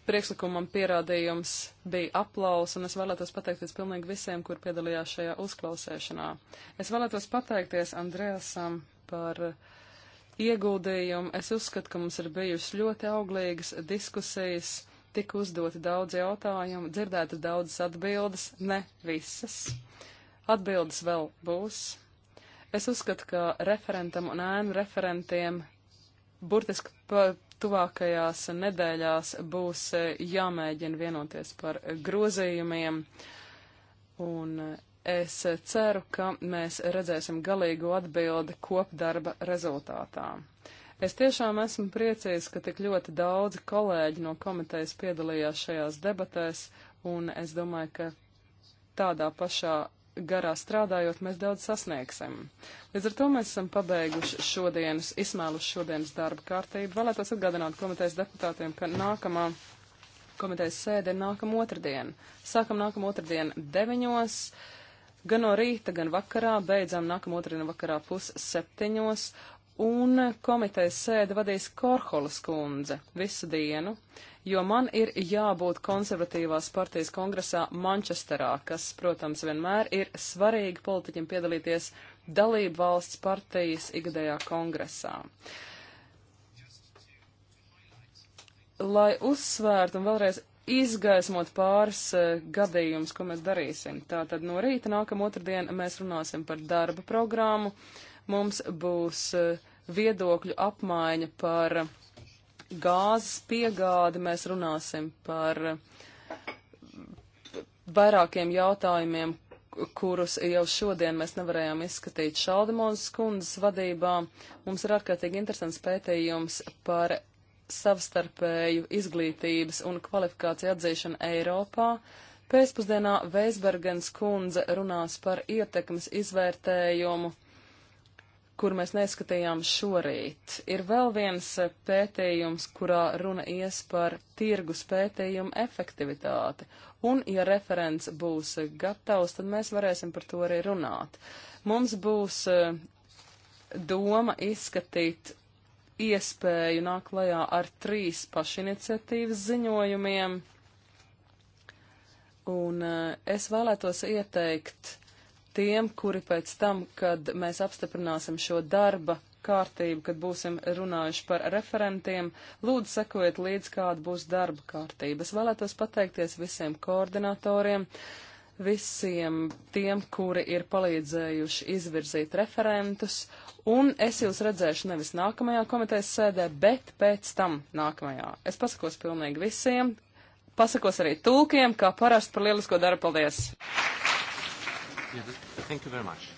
priekšlikumam pierādījums bija aplaus, un es vēlētos pateikties pilnīgi visiem, kur piedalījās šajā uzklausēšanā. Es vēlētos pateikties Andrēsam par ieguldījumu. Es uzskatu, ka mums ir bijušas ļoti auglīgas diskusijas, tika uzdoti daudz jautājumu, dzirdētas daudzas atbildes, ne visas. Uh, Atbildes vēl būs. Es uzskatu, ka referentam un ēnu referentiem burtiski tuvākajās nedēļās būs e, jāmēģina vienoties par grozījumiem. Un e, es ceru, ka mēs redzēsim galīgu atbildi kopdarba rezultātā. Es tiešām esmu priecīgs, ka tik ļoti daudzi kolēģi no komitejas piedalījās šajās debatēs, un es domāju, ka tādā pašā garā strādājot, mēs daudz sasniegsim. Līdz ar to mēs esam pabeiguši šodienas, izsmēluši šodienas darba kārtību. Vēlētos atgādināt komitejas deputātiem, ka nākamā komitejas sēde ir nākamā otrdiena. Sākam nākamā otrdiena deviņos, gan no rīta, gan vakarā, beidzam nākamā otrdiena vakarā pus septiņos, un komitejas sēde vadīs Korholas kundze visu dienu jo man ir jābūt konservatīvās partijas kongresā Mančesterā, kas, protams, vienmēr ir svarīgi politiķim piedalīties dalību valsts partijas ikgadējā kongresā. Lai uzsvērtu un vēlreiz izgaismot pāris uh, gadījumus, ko mēs darīsim. Tātad no rīta nākamā otrdiena mēs runāsim par darba programmu. Mums būs uh, viedokļu apmaiņa par uh, gāzes piegādi, mēs runāsim par vairākiem jautājumiem, kurus jau šodien mēs nevarējām izskatīt Šaldemons kundzes vadībā. Mums ir ārkārtīgi interesants pētījums par savstarpēju izglītības un kvalifikāciju atzīšanu Eiropā. Pēcpusdienā Veisbergens kundze runās par ietekmes izvērtējumu kur mēs neskatījām šorīt. Ir vēl viens pētījums, kurā runa ies par tirgus pētījumu efektivitāti. Un, ja referents būs gatavs, tad mēs varēsim par to arī runāt. Mums būs eh, doma izskatīt iespēju nāk lajā ar trīs pašiniciatīvas ziņojumiem. Un eh, es vēlētos ieteikt, tiem, kuri pēc tam, kad mēs apstiprināsim šo darba kārtību, kad būsim runājuši par referentiem, lūdzu sekojiet līdz, kāda būs darba kārtība. Es vēlētos pateikties visiem koordinatoriem, visiem tiem, kuri ir palīdzējuši izvirzīt referentus, un es jūs redzēšu nevis nākamajā komitejas sēdē, bet pēc tam nākamajā. Es pasakos pilnīgi visiem, pasakos arī tulkiem, kā parasti par lielisko darbu. Paldies! Yeah, thank you very much.